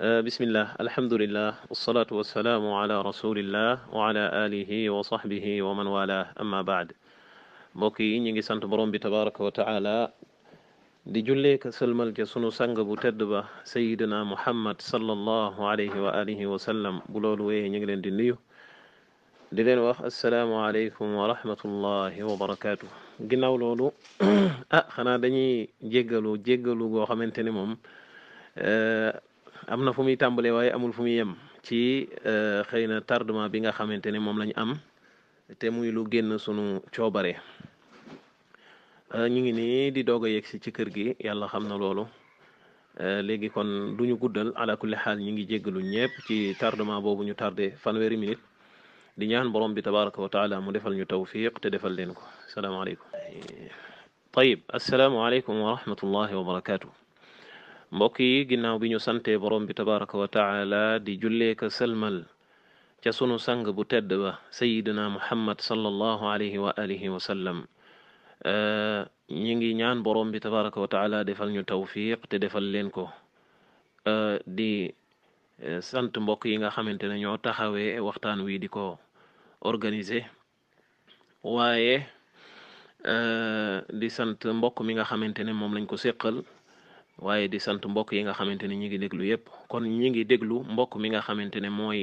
bismillah alhamdulillah wasalaatu wasalaamu ala rasulillah wa ala alihi wa sahbihi wa man wala amma baad mbokk yi ñu ngi sant borom bi tabaraka wa taala di jullee ka sëlmal ca sunu sang bu tedd ba sayidina muhammad sallallahu alayhi wa alihi wa sallam bu loolu wéyee ñu ngi leen di nuyu di leen wax assalaamu aleykum wa rahmatullahi wa barakaatu ginnaaw loolu ah xanaa dañuy jéggalu jéggalu goo xamante ni moom amna fumuy tambalé muy amul fumuy yam yem ci eh, xëy na tardement bi nga xamanteni mom lañ am té muy lu génn sunu ciobaré eh, ñu ngi nii di doga a yegg ci kër gi yalla xamna lolu eh, kon duñu guddal ala kulli hal ñi ngi jéggalu ñepp ci tardement bobu ñu tardé fanweeri minute di ñaan borom bi tabarak wa taala mu defal ñu tawfiq te defal leen ko salaamaaleykum tayib alaykum wa rahmatullahi wa barakatuh mbokk yi ginnaaw bi ñu sante borom bi tabaraka wa taala di julleeka sëlmal ca sunu sang bu tedd ba sayidina muhammad sallallahu alayhi wa alihi wa sallam euh, ñi ngi ñaan borom bi tabaraka wa taala defal ñu tawfiq te defal leen ko euh, di euh, sant mbokk yi nga xamante ne ñoo taxawee waxtaan wi di ko organise waaye di sant mbokk mi nga xamante ne moom lañ ko séqal waaye di sant mbokk yi nga xamante ne ñu ngi déglu yépp kon ñu ngi déglu mbokk mi nga xamante ne mooy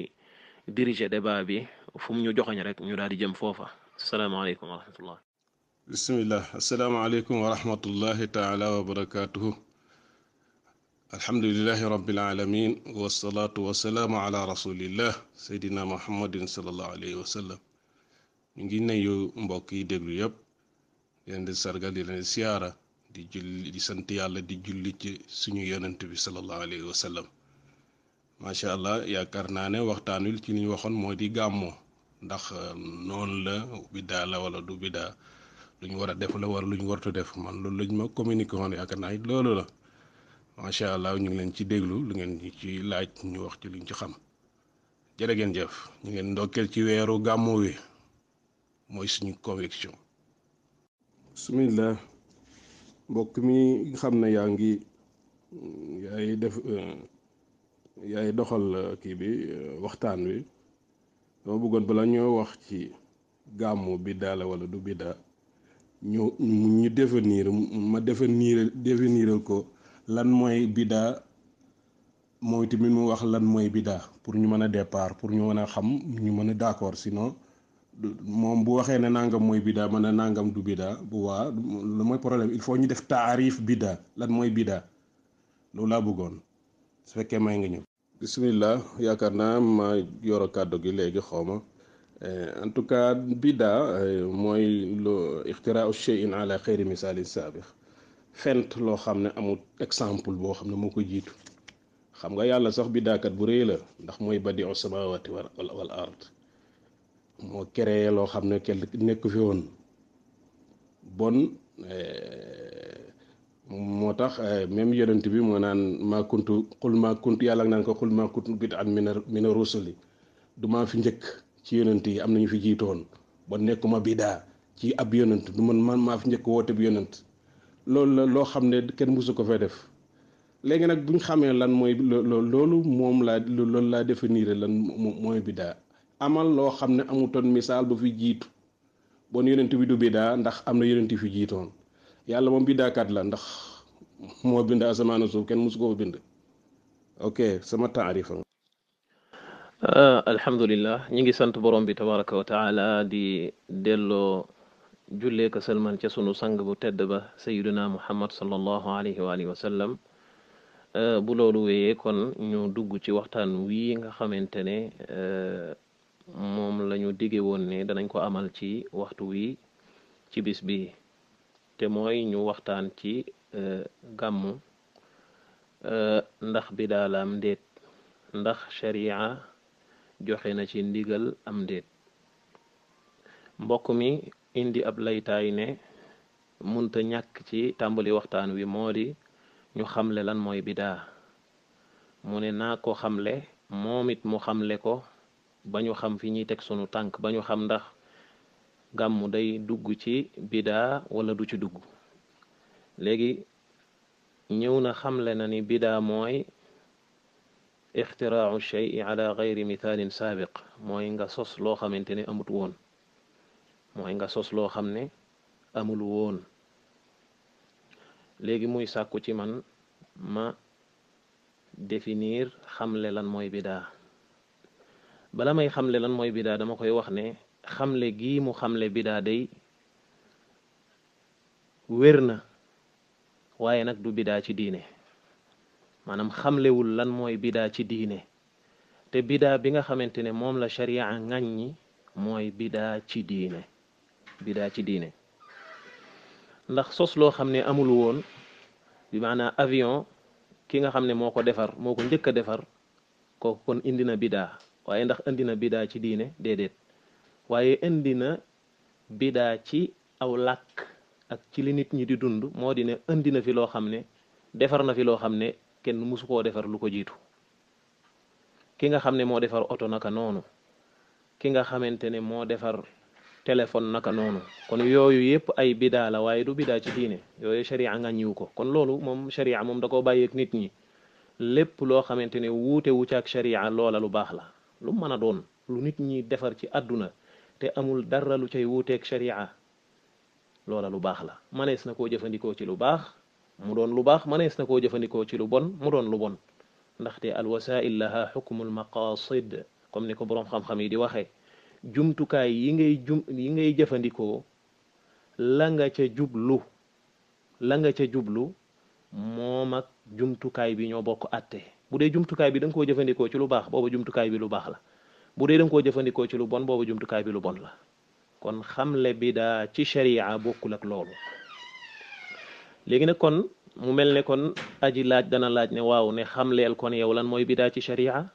diriger débat bi fu mu ñu joxoñ rek ñu daal di jëm foofa salaamaaleykum wa rahmatullah bismillah asalaamaaleykum wa rahmatullahi taala wa barakaatuhu alhamdulilahi rabbil alamin wasalaatu wasalaamu ala rasulillah seydina muhammadin salallahu alayhi wa sallam ñu ngi nuyu mbokk yi déglu yépp leen di sargal di julli di sant yàlla di julli ci suñu yonent bi sallallahu alayhi wa sallam macha allah yaakaar naa ne waxtaan wi ci li waxoon moo di gàmmoo ndax euh, noon la biddaa la wala du biddaa lu ñu war a def la wala lu ñu wartu def man loolu lañ ma communiqué woon yaakaar naa it loolu la macha allah ñu ngi leen ci déglu lu ngeen ci laaj ñu wax ci luñ ci xam jërë ngeen jëf ñu ngeen ndokkeel ci weeru gàmmoo wi mooy suñu conviction. mbokk mi xam na yaa ngi yaay def yaay doxal uh, kii bi uh, waxtaan wi dama bëggoon bala ñoo wax ci gàmmu biddaa la wala du biddaa ñu ñu définir ma définir définiral ko lan mooy biddaa mooy tamit mu wax lan mooy biddaa pour ñu mën a départ pour ñu mën a xam ñu mën a si sinon moom bu waxee ne nangam mooy bida ma ne nangam du bida bu waa lu mooy problème il faut ñu def taarif bida lan mooy bida loolu laa bëggoon su fekkee may ngi ñëw. bisimilah yaakaar naa ma yoro kàddu gi léegi xaw ma eh, en tout cas bida eh, mooy lu ixtiraau cheyin ala xeyri misaalin saabix fent loo xam ne amul exemple boo xam ne moo ko jiitu xam nga yàlla sax bidaakat bu rëy la ndax mooy badiu samawati wal art moo créé loo xam ne kenn nekku fi woon bon eh, moo tax eh, même yonent bi moo naan maa kuntu xul maa kuntu yàlla naan ko xul maa kuntu bit an mina mina rusuli du maa fi njëkk ci yonent yi am nañu fi jiitoon ba nekkuma bidaa ci ab yonent du man man maa fi njëkk woote bi yonent loolu la loo xam ne kenn mosu ko fee def léegi nag bu xamee lan mooy loolu moom laa loolu laa définir lan mooy bidaa amal loo xam ne amutoon misaal bu fi jiitu bon yonent bi du biddaa ndax am na yonent fi jiitoon yàlla moom biddaakat la ndax moo bind asamaan suuf kenn mosu koo bind ok sama taarif alhamdulillah ñi ngi sant borom bi tabaraka wa taala di delloo jullee ko salman ca sunu sang bu tedd ba sayiduna muhammad sallallahu alayhi wa alihi wa sallam bu loolu wéyee kon ñu dugg ci waxtaan wii nga xamante ne moom lañu dige woon ne danañ ko amal ci waxtu wi ci bis bi te mooy ñu waxtaan ci euh, gàmmu euh, ndax bidaa la am déet ndax sharia joxe na ci ndigal am déet mbokk mi indi ab laytaay ne munta ñàkk ci tàmbali waxtaan wi moo di ñu xamle lan mooy bidaa mu ne naa ko xamle moomit mu xamle ko bañu xam fi ñuy teg sunu tànk bañu xam ndax gàmmu day dugg ci bidaa wala du ci dugg léegi ñëw na xamle na ni bidaa mooy ixtiraau shey ala gayri mithaalin saabiq mooy nga sos loo xamante ne amut nga sos loo xam ne amul woon léegi muy sàkku ci man ma définir xamle lan mooy bidaa bala may xamle lan mooy bidaa dama koy wax ne xamle gii mu xamle bidaa day wér na waaye nag du bidaa ci diine maanaam xamlewul lan mooy bidaa ci diine te bidaa bi nga xamante ne moom la sharia ŋàññi mooy bidaa ci diine bidaa ci diine ndax sos loo xam ne amul woon bi maanaam avion ki nga xam ne moo ko defar moo ko njëkk a defar kooku kon indi na bidaa waaye ndax indina na bidaa ci diine déedéet waaye indi na bidaa ci aw làkk ak ci li nit ñi di dund moo di ne indi na fi loo xam ne defar na fi loo xam ne kenn mësu koo defar lu ko jiitu ki nga xam ne moo defar oto naka noonu ki nga xamante ne moo defar téléphone naka noonu kon yooyu yëpp ay bidaa la waaye du bidaa ci diine yooyu sharia nga ñiw ko kon loolu moom sharia moom da koo bàyyeeg nit ñi lépp loo xamante ne wuute wu caag sharia loola lu baax la lu mën a doon lu nit ñi defar ci àdduna te amul dara lu cay wuuteeg sharia loola lu baax la manees na koo jëfandikoo ci lu baax mu doon lu baax manees na koo jëfandikoo ci lu bon mu doon lu bon ndaxte alwasail laha xukmul maqasid comme ni ko boroom xam-xam yi di waxee jumtukaay yi ngay jum yi ngay jëfandikoo la nga ca jublu la nga ca jublu moom ak jumtukaay bi ñoo bokk àtte bu dee jumtukaay bi da nga koo jëfandikoo ci lu baax booba jumtukaay bi lu baax la bu dee da nga koo jëfandikoo ci lu bon booba jumtukaay bi lu bon la kon xamle bidaa ci sharia bokkul ak loolu léegi nag kon mu mel ne kon aji laaj dana laaj ne waaw ne xamleel kon yow lan mooy bidaa ci sharia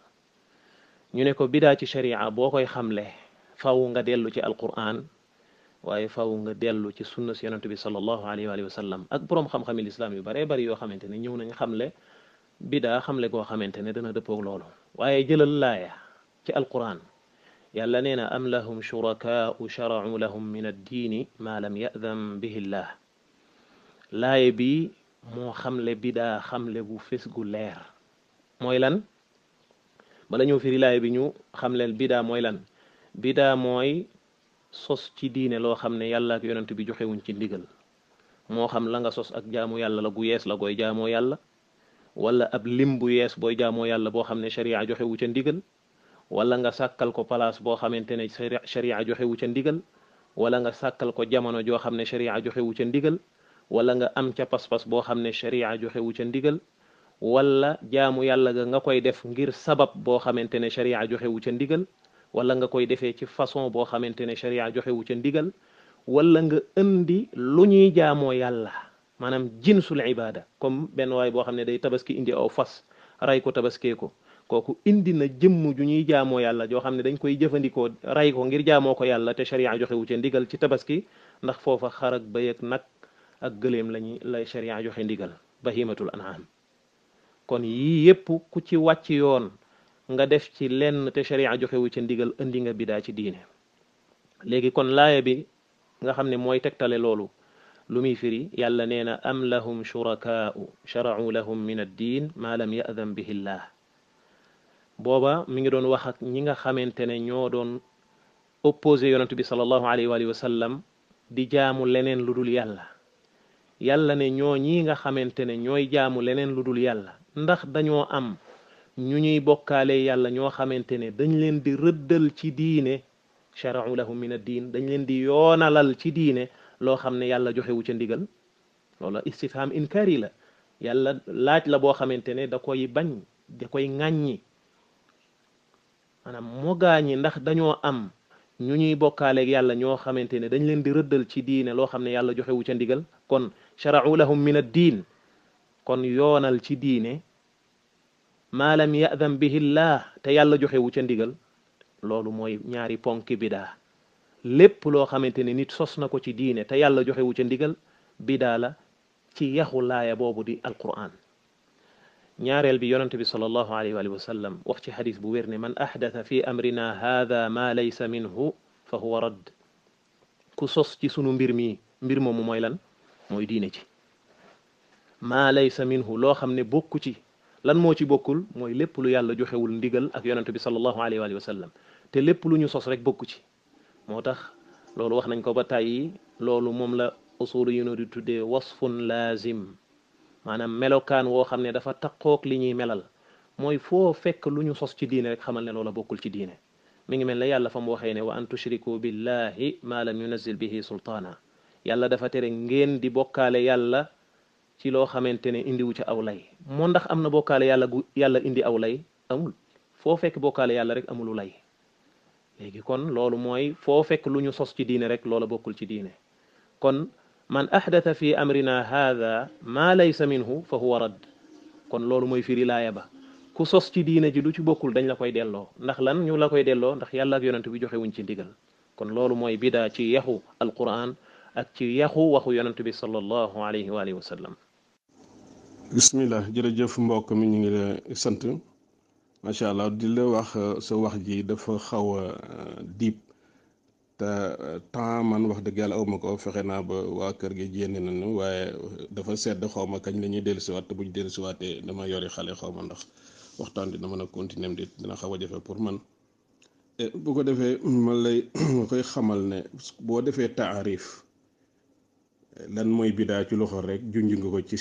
ñu ne ko bidaa ci sharia boo koy xamle faw nga dellu ci alquran waaye faw nga dellu ci sunna si yonent bi sallallahu alayhi wa sallam ak boroom xam-xami lislaam yu baree bari yoo xamante ne ñëw nañ xamle bidaa le goo xamante ne dana dëppoog loolu waaye jëlal laaya ci alquran yàlla nee na am lahum shurakaau sharacu lahum min addiini maa lam yadan bihi llah laaya bi moo xamle bidaa xamle bu fees gu leer mooy lan bala ñu firi laaya bi ñu xamleel bidaa mooy lan bidaa mooy sos ci diine loo xam ne yàlla ak yonant bi joxewuñ ci ndigal moo xam la nga sos ak jaamu yàlla la gu yees la koy jaamoo yàlla wala ab lim bu yees booy jaamoo yàlla boo xam ne sharia joxewu wu ca ndigal wala nga sàkkal ko palace boo xamante ne sharia joxe wu ca ndigal wala nga sàkkal ko jamono joo xam ne sharia joxewu wu ca ndigal wala nga am ca pas-pas boo xam ne sharia joxewu wu ca ndigal wala jaamu yàlla ga nga koy def ngir sabab boo xamante ne sharia joxe wu ndigal wala nga koy defee ci façon boo xamante ne sharia joxe wu ca ndigal wala nga indi lu ñuy jaamoo yàlla. maanaam jinsul ibada comme benn waay boo xam ne day tabaski indi aw fas ray ko tabaskee ko kooku indi na jëmm ju ñuy jaamoo yàlla joo xam ne dañ koy jëfandikoo ray ngir jaamoo ko yàlla te sharia joxe wu ci ndigal ci tabaski ndax foofa xarak ak bëy ak nag ak gëléem lañu lay sharia joxe ndigal bahimatul anam kon yii yépp ku ci wàcc yoon nga def ci lenn te sharia joxewu ca ndigal indi nga bidaa ci diine léegi kon laaya bi nga xam ne mooy tegtale loolu lu muy firi yàlla nee na am lahum shurakaa'u shara'u lahum min ad-diin maa lam ya'dan bihi llah booba mi ngi doon wax ak ñi nga xamante ne ñoo doon opposé yonent bi sallallahu alayhi wa salam di jaamu leneen lu dul yàlla yàlla ne ñoo ñi nga xamante ne ñooy jaamu leneen lu dul yàlla ndax dañoo am ñu ñuy bokkaale yàlla ñoo xamante ne dañ leen di rëddal ci diine shara'u lahum min ad-diin dañ leen di ci diine loo xam ne yàlla joxewu ca ndigal loola istifham inkaari la yàlla laaj la boo xamante ne da koy bañ da koy ŋàññi maanaam moo gaañi ndax dañoo am ñu ñuy bokkaaleeg yàlla ñoo xamante ne dañ leen di rëddal ci diine loo xam ne yàlla joxewu ca ndigal kon shara'u lahum min ad-diin kon yoonal ci diine ma lam ya'dam te yàlla joxewu ca ndigal loolu mooy ñaari ponk bidaa lépp loo xamante ne nit sos na ko ci diine te yàlla wu ca ndigal bidaa ci yaxu laaya boobu di alquran ñaareel bi yonente bi salallahu alayhi wa sallam wax ci xadis bu wér ne man axdata fi amrina haada ma laysa minhu fa huwa radd ku sos ci sunu mbir mii mbir moomu mooy lan mooy diine ci ma laysa minhu loo xam ne bokku ci lan moo ci bokkul mooy lépp lu yàlla joxewul ndigal ak yonente bi salallahu alayhi wa sallam te lépp lu ñu sos rek bokku ci moo tax loolu wax nañ ko ba tàyyi loolu moom la usul yu noo di tuddee wasfun laazim maanaam melokaan woo xam ne dafa taqook li ñuy melal mooy foo fekk lu ñu sos ci diine rek xamal ne loola bokkul ci diine mi ngi mel ne yàlla fa mu waxee ne wa an tushriku billahi ma lam yunazil bihi sultaana yàlla dafa tere ngeen di bokkaale yàlla ci loo xamante ne indiwu ca aw lay moo ndax am na bokkaale yàlla gu yàlla indi aw lay amul foo fekk bokkaale yàlla rek amulu lay léegi kon loolu mooy foo fekk lu ñu sos ci diine rek loola bokkul ci diine kon man ahdatha fi amrina haada maa laysa minhu fa huwa radd kon loolu mooy firi laaya ba ku sos ci diine ji du ci bokul dañ la koy delloo ndax lan ñu la koy delloo ndax yàlla ak yonent bi joxe wuñ ci ndigal kon loolu moy bida ci yahu alquran ak ci yahu waxu yonent bi sallallahu alayhi wa alihi wa sallam bismillah jere jeuf mbok mi ñu ngi sante macha allah di la wax sa wax ji dafa xaw a diib te temps man wax dëgg yàlla aw ma ko fexe naa ba waa kër gi jénn nañu waaye dafa sedd xaw ma kañ la ñuy dellusiwaat te buñ dellusiwaatee dama yori xale xaw ma ndax waxtaan dina mën a continuer di dina xaw a jafe pour man bu ko defee ma lay koy xamal ne boo defee taarif lan mooy bidaa ci loxo rek junj nga ko ci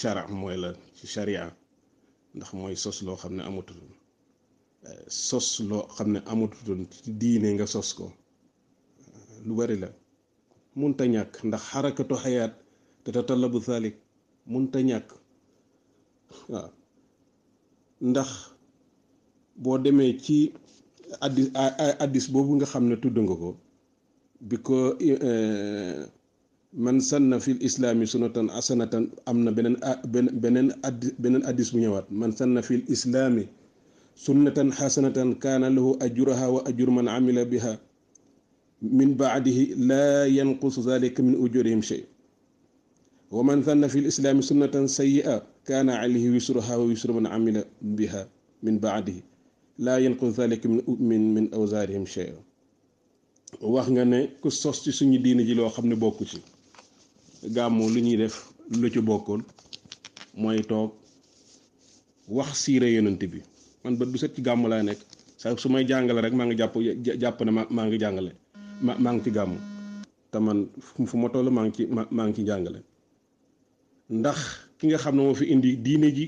chara mooy la ci sharia ndax mooy sos loo xam ne amatul sos loo xam ne amatutoon diine nga sos ko lu bari la munta ñàkk ndax xarakatu xayaat te tatalabu thalik munta ñàkk waaw ndax boo demee ci addis addis boobu nga xam ne tudd nga ko bi ko e, e, man na fil islaami sunnatan asanatan am na beneen beneen beneen addis bu ñëwaat man na fil islaami sunnatan xasanatan kaana lahu ajruha wa ajru man amila biha min baadihi laa yanqusu dalika min ujurihim shay wa man thanna fi lislaami sunnatan sayyi'a kaana alayhi wisruha wa wisru man amila biha min baadihi laa yanqusu dalika min min min awsaarihim shay wax nga ne ku sos ci suñu diine ji loo xam ne bokku ci gàmmu lu ñuy def lu ci bokkul mooy toog wax siire yonent bi man bët bu set ci gàmmu laay nekk saa su may jàngale rek maa ngi jàpp jàpp ne maa ngi jàngale ma maa ngi ci gàmm te man fu ma toll maa ngi ci ma maa ngi ci jàngale ndax ki nga xam ne moo fi indi diine ji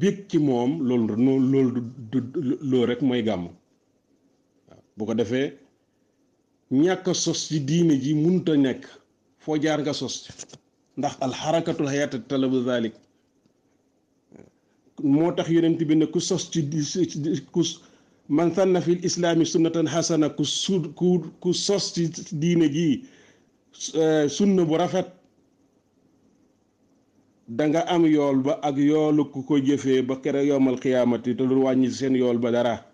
bég ci moom loolu loolu rek mooy gàmm waaw bu ko defee ñàkk a sos ci diine ji mënut a nekk foo jaar nga sos ndax alxarakatul xayaat talabu zalik moo tax yonent bi ne ku sos ci ku man sanna fil ku su ku ku diine jii eh, sunna bu rafet danga am yool ba ak yoolu ku ko jëfee ba kere yowmal xiyaamati te lu wàññi seen yool ba dara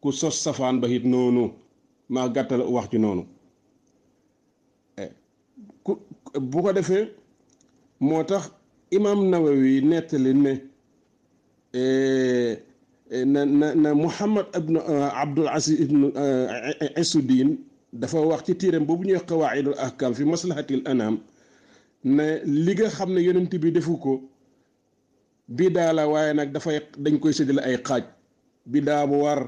ku sos safaan ba it noonu maa gàttal wax ci noonu eh, ku bu ko defee moo tax imaam Nawawi nettali ne Eh, eh, na na na Mouhamad ibn eh, Abdul Aziz ibn Isuddin dafa wax ci tiiram boobu ñuy wax qawaidul ahkam fi maslahatil anam ne li nga xam ne yonent bi defu ko bidaa la waaye nag dafay dañ koy séddale ay xaaj bidaa bu war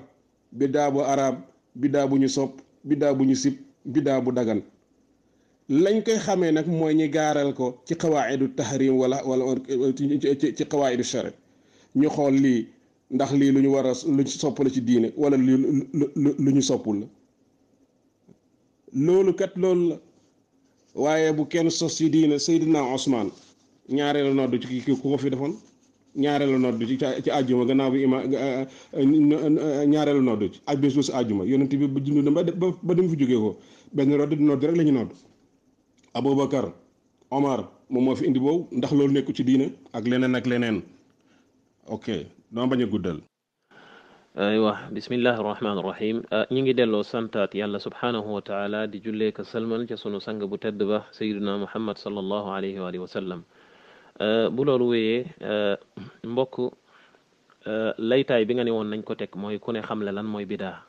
biddaa bu arab bidaa bu ñu sopp bidaa bu ñu sib bidaa bu dagan lañ koy xamee nag mooy ñi gaaral ko ci qawaidu tahrim wala wala ci ci qawaidu sharia ñu xool lii ndax lii lu ñu war a lu ñu sopp la ci wala lii lu ñu soppul la loolu kat loolu la waaye bu kenn sos ci diine Seydina Ousmane ñaareelu nodd ci ki ku ko fi defoon ñaareelu nodd ci ci àjjuma gannaaw bi ima ñaareelu nodd ci aj bés bésu àjjuma yonent bi ba dund ba ba dem fi jógee ko benn rodd di nodd rek la ñu nodd Aboubacar Omar moom moo fi indi boobu ndax loolu nekku ci diine ak leneen ak leneen ok dama bañ a guddal aywa bismillahi irrahmani irrahim ah, ñi ngi delloo santaat yàlla subhaanahu wa di jullee ka salmal ca sunu sang bu tedd ba sayiduna muhammad sallallahu alayhi wa alihi wa sallam ah, bu loolu wéyee ah, mbokk laytaay bi nga ne woon nañ ko teg mooy ku ne xamle lan mooy bidaa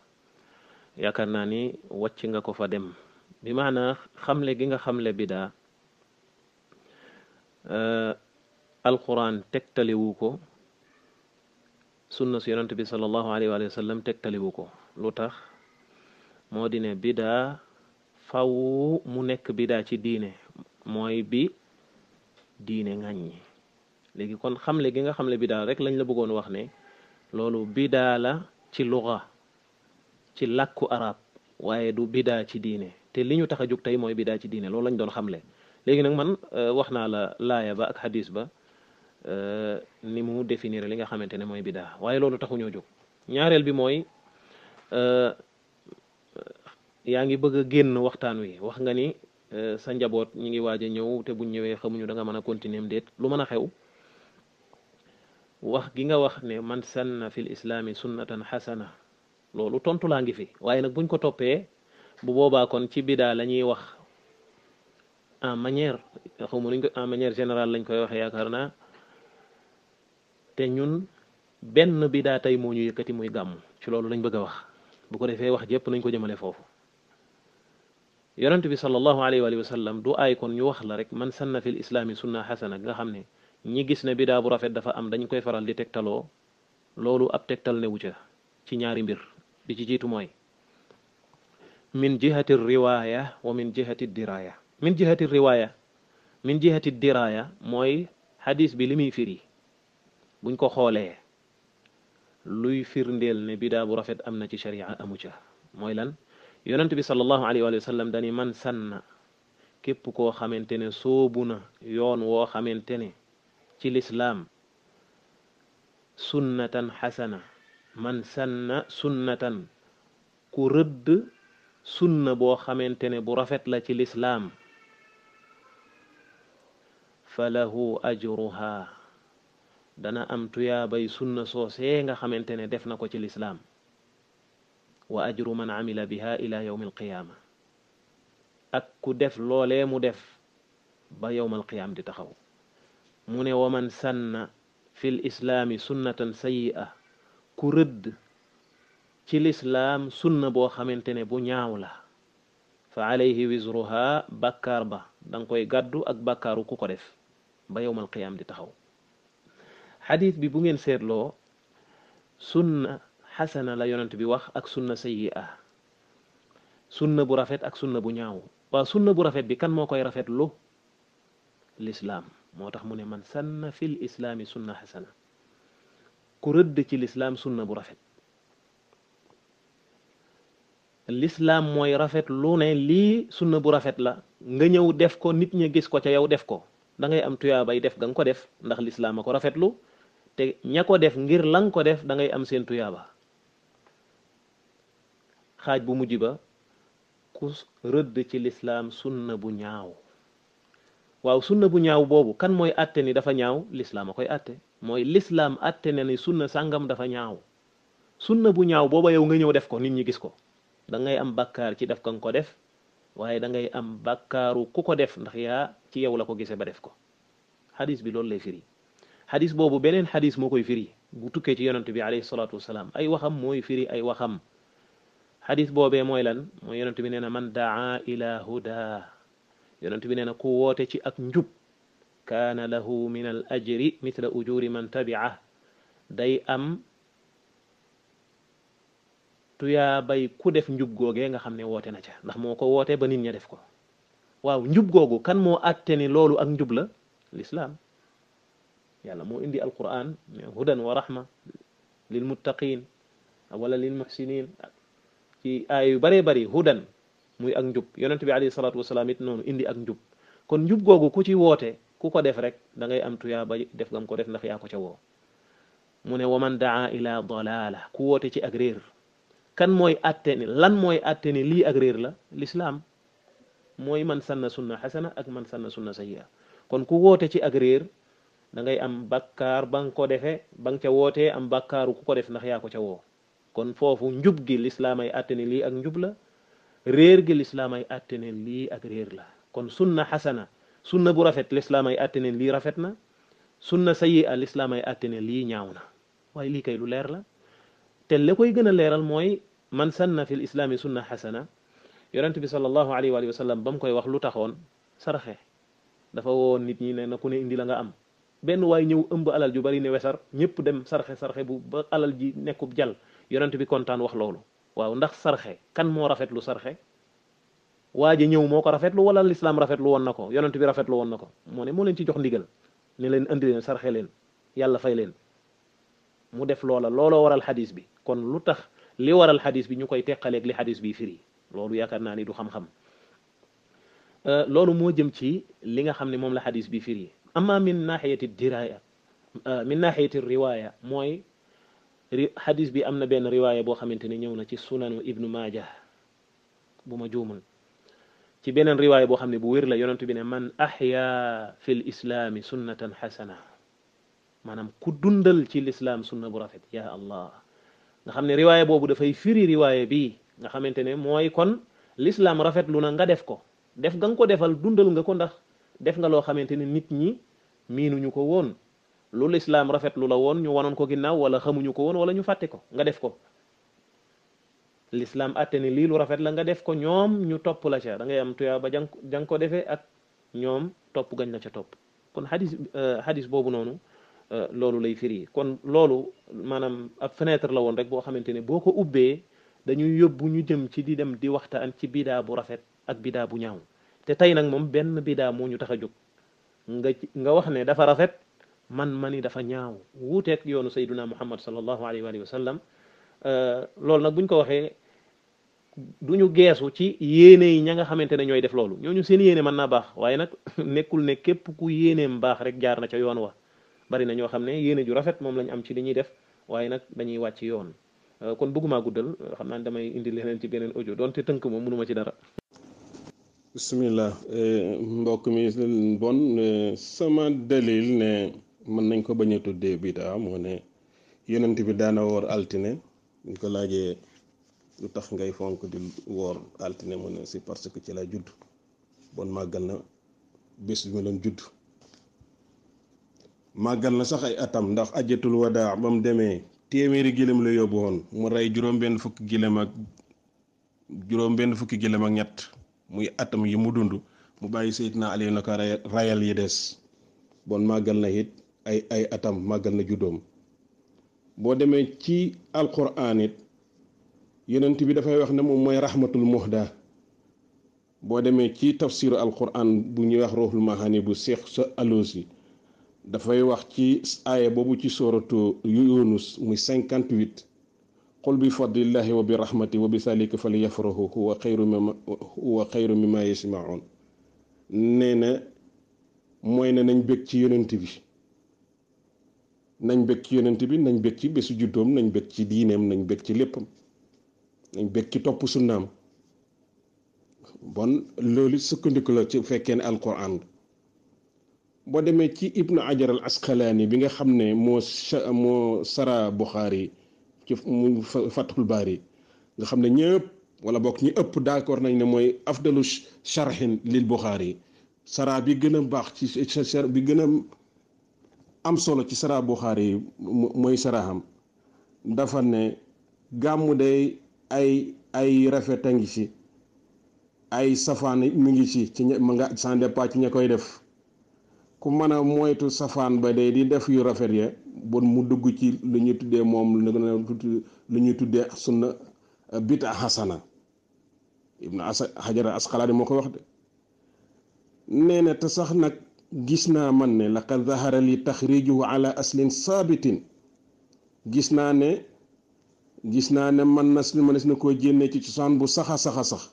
yaakaar naa ni wàcc nga ko fa dem bi maanaa xamle gi nga xamle bidaa alquran tegtaliwu ko sunna su yonante bi sallallahu alayhi wa sallam tegtaliwu ko lutax modi ne bida faw mu nek bida ci diine moy bi diine ŋàññi legi kon xamle gi nga xamle bida rek lañ la bëggoon wax ne lolu bida la ci lugha ci lakku arab waye du bida ci diine te liñu taxajuk tay moy bida ci diine lolu lañ doon xamle legi nak man euh, waxna la laaya ba ak hadis ba Euh, ni mu définir li nga xamante ne mooy bidaa waaye loolu taxu ñoo jóg ñaareel bi mooy euh, yaa ngi bëgg a génn waxtaan wi wax nga ni euh, sa njaboot ñi ngi waaj a ñëw te buñ ñëwee xamuñu da nga mën a continuer déet lu mën a xew wax gi nga wax ne man sanna fil islaami sunnatan xasana loolu tontu laa ngi fi waaye nag buñ ko toppee bu boobaa kon ci bidaa la ñuy wax en manière xaw ma nuñ ko en manière générale lañ koy waxee yaakaar naa te ñun benn bidaa tey moo ñu yëkkati muy gàmm ci loolu lañ bëgg a wax bu ko defee wax jëpp nañ ko jëmale foofu yonent bi sallallahu alayhi wa sallam du ay kon ñu wax la rek man sanna fil islaami sunna xasana nga xam ne ñi gis ne biddaa bu rafet dafa am dañ koy faral di tegtaloo loolu ab tegtal ne wu ca ci ñaari mbir di ci jiitu mooy min jihati riwaaya wa min jihati diraaya min jihati riwaaya min jihati diraaya mooy xadis bi li muy firi buñ ko xoolee luy firndeel ne bidaa bu rafet am na ci sharia amu ca mooy lan yonent bi sallallahu alayhi wa sallam dani man sanna képp koo xamante ne soobu na yoon woo xamante ne ci lislaam sunnatan xasana man sanna sunnatan ku rëdd sunna boo xamante ne bu rafet la ci lislaam fa lahu dana am tuyaabay sunna soosee nga xamante ne def na ko ci lislaam wa ajru man amila biha ila yowmi alqiyaama ak ku def loole mu def ba yowm alqiyaam di taxaw mu ne wa man sànna fi l islaami sunnatan sayi'a ku rëdd ci lislaam sunna boo xamante ne bu ñaaw la fa alayhi wisruha bakkaar ba danga koy gàddu ak bakkaaru ku ko def ba yowm alqiyaam di taxaw xadis bi bu ngeen seetloo sunna xasana la yonent bi wax ak sunna sayyi'a sunna bu rafet ak sunna bu ñaaw waa sunna bu rafet bi kan moo koy rafetlu lislaam moo tax mu ne man sanna fil islaami sunna xasana ku rëdd ci lislaam sunna bu rafet lislaam mooy rafet lu ne lii sunna bu rafet la nga ñëw def ko nit ña gis ko ca yow def ko da ngay am tuyaabay def ga nga ko def ndax lislaam a ko rafetlu te ña ko def ngir lan ko def dangay am seen tuyaaba xaaj bu mujj ba ku rëdd ci lislaam sunna bu ñaaw waaw sunna bu ñaaw boobu kan mooy àtte ni dafa ñaaw lislaam a koy àtte mooy lislaam àtte ne ni sunna sàngam dafa ñaaw sunna bu ñaaw booba yow nga ñëw def ko nit ñi gis ko dangay am bakkaar ci def kan ko def waaye da ngay am bakkaaru ku ko def ndax yaa ci yow la ko gisee ba def ko xadis bi loolu lay firi xadis boobu beneen xadis moo koy firi bu ci yonent bi alayhi salaatu wasalaam ay waxam mooy firi ay waxam xadis boobe mooy lan mooy yonent bi nee na man daa ila huda yonent bi nee na ku woote ci ak njub kaana lahu min al ajri mithla ujuri man tabi'ah day am tu bay ku def njub googee nga xam ne woote na ca ndax moo ko woote ba nit ña def ko waaw njub googu kan moo àtte ni loolu ak njub la lislaam yàlla moo indi alquran hudan wa rahma lil muttaqin wala lil muhsinin ci aay yu bëree bëri hudan muy ak njub yonent bi alayhi salaatu wasalaam noonu indi ak njub kon njub googu ku ci woote ku ko def rek da ngay am tuyaa ba def gam ko def ndax yaa ko ca woo mu ne waman daa ila dalaala ku woote ci ak réer kan mooy atte ni lan mooy atte lii ak réer la lislaam mooy man sanna sunna xasana ak man sanna sunna sayia kon ku woote ci ak réer da ngay am bakkaar ba nga ko defee ba nga wootee am bakkaaru ku ko def ndax yaa ko woo kon foofu njub gi lislaamay ay lii ak njubla la réer gi lislaam ay àtte ne lii ak réer la sunna bu rafet lislaam ay àtte ne lii rafet na sunna sayi a lislaam ay àtte lii ñaaw na waaye lii kay lu leer la te la koy gën a leeral mooy man sanna fi lislaami sunna xasana yonent bi sallallahu alayhi wa sallam ba mu koy wax lu taxoon saraxe dafa woon nit ñi ne na ku ne indi la nga am benn waay ñëw ëmb alal ju bari ne wesar ñëpp dem sarxe sarxe bu ba alal ji nekku jal yonent bi kontaan wax loolu waaw ndax sarxe kan moo rafetlu sarxe waa ji ñëw moo ko rafetlu wala lislaam rafetlu woon na ko yonent bi rafetlu woon na ko moo ne moo leen ci jox ndigal ne leen indi leen sarxe leen yàlla fay leen mu def loola looloo waral xadis bi kon lu tax li waral xadis bi ñu koy teqaleeg li xadis bi firi loolu yaakaar naa ni du xam-xam euh, loolu moo jëm ci li nga xam ne moom la xadis bi firi amma min naaxiyati diraya ah, min naaxiyati riwaya mooy xadis bi am na benn riwaaya boo xamante ne ñëw na ci sunanu ibnu maaja bu ma juumul ci beneen riwaaya boo xam ne bu wér la yonentu bi ne man axyaa fi lislaami sunnatan xasana maanaam ku dundal ci lislaam sunna bu rafet yaa allah nga xam ne riwaaya boobu dafay firi riwaaya bi nga xamante ne mooy kon lislaam rafetlu na nga def ko def nga nga ko defal dundal nga ko ndax def nga loo xamante ni nit ñi miinuñu ko woon lu lislaam rafetlu la woon ñu wanoon ko ginnaaw wala xamuñu ko woon wala ñu fàtte ko nga def ko lislaam àtte ni lii lu rafet la nga def ko ñoom ñu topp la ca da ngay am tuyaa ba jang jang ko defee ak ñoom topp gañ la ca topp kon xadis xadis euh, boobu noonu euh, loolu lay firi kon loolu maanaam ab fenêtre la woon rek boo xamante ne boo ko ubbee dañuy yóbbu ñu jëm ci di dem di waxtaan ci bidaa bu rafet ak bidaa bu ñaaw te tay nak mom benn bida moo ñu tax nga nga wax ne dafa rafet man mani dafa ñaaw wutek yoonu sayyiduna muhammad sallallahu alaihi wa sallam euh, lool nak buñ ko waxe duñu ñu ci yene yi ña nga xamante ne def loolu ñooñu seen yene man na bax waye nak nekkul ne kep ku yéeneem bax rek jaar na ca yoon wa bari na ño xamne ne ju rafet mom lañ am ci li def waye nak dañuy wacc yoon euh, kon bëggumaa guddal xamna naa damay indi leneen ci benen audio donte teunk moom mënuma ci dara bismillah eh, mbokk mi bon eh, sama dalil ne mën nañ ko bañ a tuddee bidaa moo ne yonent bi daana woor altine ñu ko laajee lu tax ngay fonk di woor altine mu ne si parce que ci la judd bon màggal na bés bi ma doon judd màggal na sax ay atam ndax ajatul wadaa ba mu demee téeméeri gilem la yóbbu woon mu rey juróom-benn fukki gilem ak juróom-benn fukki gilem ak ñett muy atam yi mu dund mu bàyyi Seydina Aliou naka rayal yi des bon màggal na it ay ay atam màggal na juddoom boo demee ci alquran it yonent bi dafay wax ne moom mooy rahmatul muhda boo demee ci tafsiru alquran bu ñuy wax ruuxul mahani bu Cheikh sa Alousi dafay wax ci aaya boobu ci sooratu Yunus muy cinquante-huit قل بفضل الله وبرحمته وبذلك فليفرحوا هو خير مما هو خير مما يسمعون نينا موي نا نان بك سي يوننتي بي نان بك سي يوننتي بي نان بك سي بيس جودوم نان بك سي دينم نان بك سي ليپم نان بك سي توپ سنام بون لولي سكنديكو لا سي فكين القران بو ديمي سي ابن عجر العسقلاني بيغا خامني مو مو سرا بخاري ci mu Fathul yi nga xam ne ñëpp wala bokk ñi ëpp d'accord nañ ne mooy afdalu sharhin lil yi saraa bi gën a baax ci sar bi gën a am solo ci saraa Buxaari yi mooy saraxam dafa ne gàmmu day ay ay rafet a ngi ci ay safaan mu ngi ci ci ma nga sans ci ña koy def ku mën a moytu safaan ba day di def yu rafet ya bon mu dugg ci lu ñu tuddee moom lu ñu tuddee sunna bita xasana ibnu asa xajara asqalaani moo ko wax de nee na te sax nag gis naa man ne laqad zahara li taxrijuhu ala aslin saabitin gis naa ne gis naa ne man na si mënees na koo jénne ci cosaan bu saxa saxa sax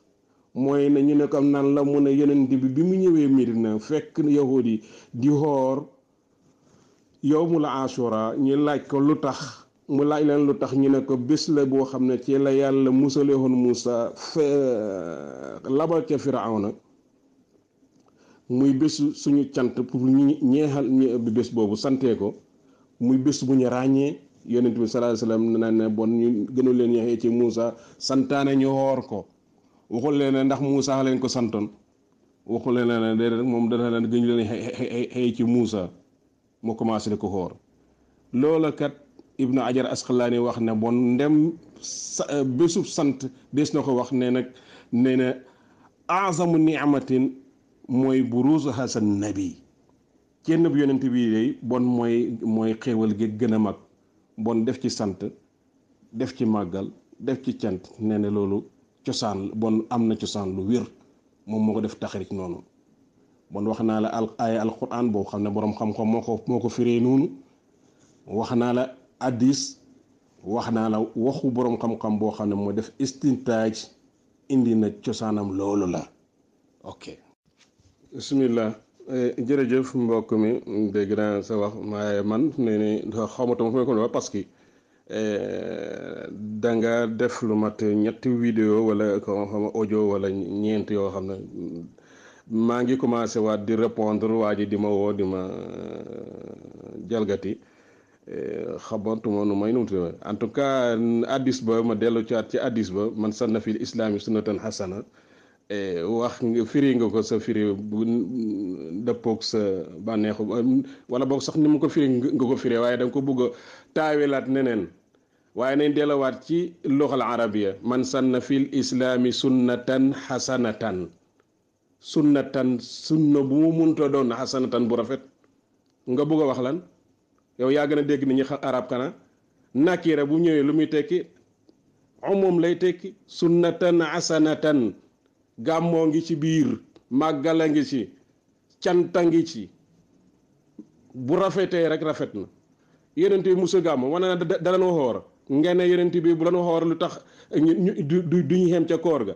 mooy ne ñu ne ko nan la mu a yonent bi bi mu ñëwee Medina fekk yahud yi di mu la ashura ñu laaj ko lu tax mu laaj leen lu tax ñu ne ko bés la boo xam ne ci la yàlla musaleexoon Muusa fe labal ca na muy bésu suñu cant pour ñeexal ñu bés boobu santee ko muy bés bu ñu ràññee yonent bi sallallahu alayhi wasallam na ne bon ñu gënu leen ci Muusa santaane ñu xoor ko waxul leen ne ndax Moussa leen ko santoon waxul leen ne déedéet moom dana leen gëñ leen xëy ci Moussa mu commencé di ko xoor loola kat Ibnu Ajar Asqalaani wax ne bon ndem sa euh, sant bés na ko wax ne nag nee na azamu niamatin mooy buruusu hasan nabi kenn bu yonent bi day bon mooy mooy xéewal gi gën a mag bon def ci sant def ci màggal def ci cant nee loolu cosaan bon am na cosaan lu wér moom moo ko def taxarik noonu bon wax naa la al aaya boo xam ne boroom xam-xam moo ko moo ko firee noonu wax naa la addis wax naa la waxu boroom xam-xam boo xam ne moo def istintaaj indi na cosaanam loolu la ok bismillah eh, jërëjëf mbokk mi dégg naa sa wax maaye man ne ne xawma tam fu may ko parce que Eh, da nga def lu mat ñetti vidéo wala ko xam audio wala ñeent yoo xam ne maa ngi commencé waat di répondre waa ji di ma woo di ma eh, jalgati eh, xamatuma nu may numti en tout cas addis ba ma dellu caat ci addis ba man sanna fil islaami sunnatan hasana wax nga firi nga ko sa firi bu dëppoog sa bànneexu wala boog sax ni mu ko firi ko firi waaye da ko bëgg a taawilaat neneen waaye nañ delawaat ci luxal arabiya man sanna fil islaami sunnatan xasanatan sunnatan sunna bu mu munta doon xasanatan bu rafet nga bëgg wax lan yow yaa gën a dégg nit ñi arab kana nakira bu ñëwee lu muy tekki umum lay tekki sunnatan xasanatan gàmmoo ngi ci biir màggala ngi ci canta ngi ci bu rafetee rek rafet na yeneen bi musa gàmm wane na dalan waxoor nga ne yonent bi bu lañu xor lu tax du du ñu xem ca koor ga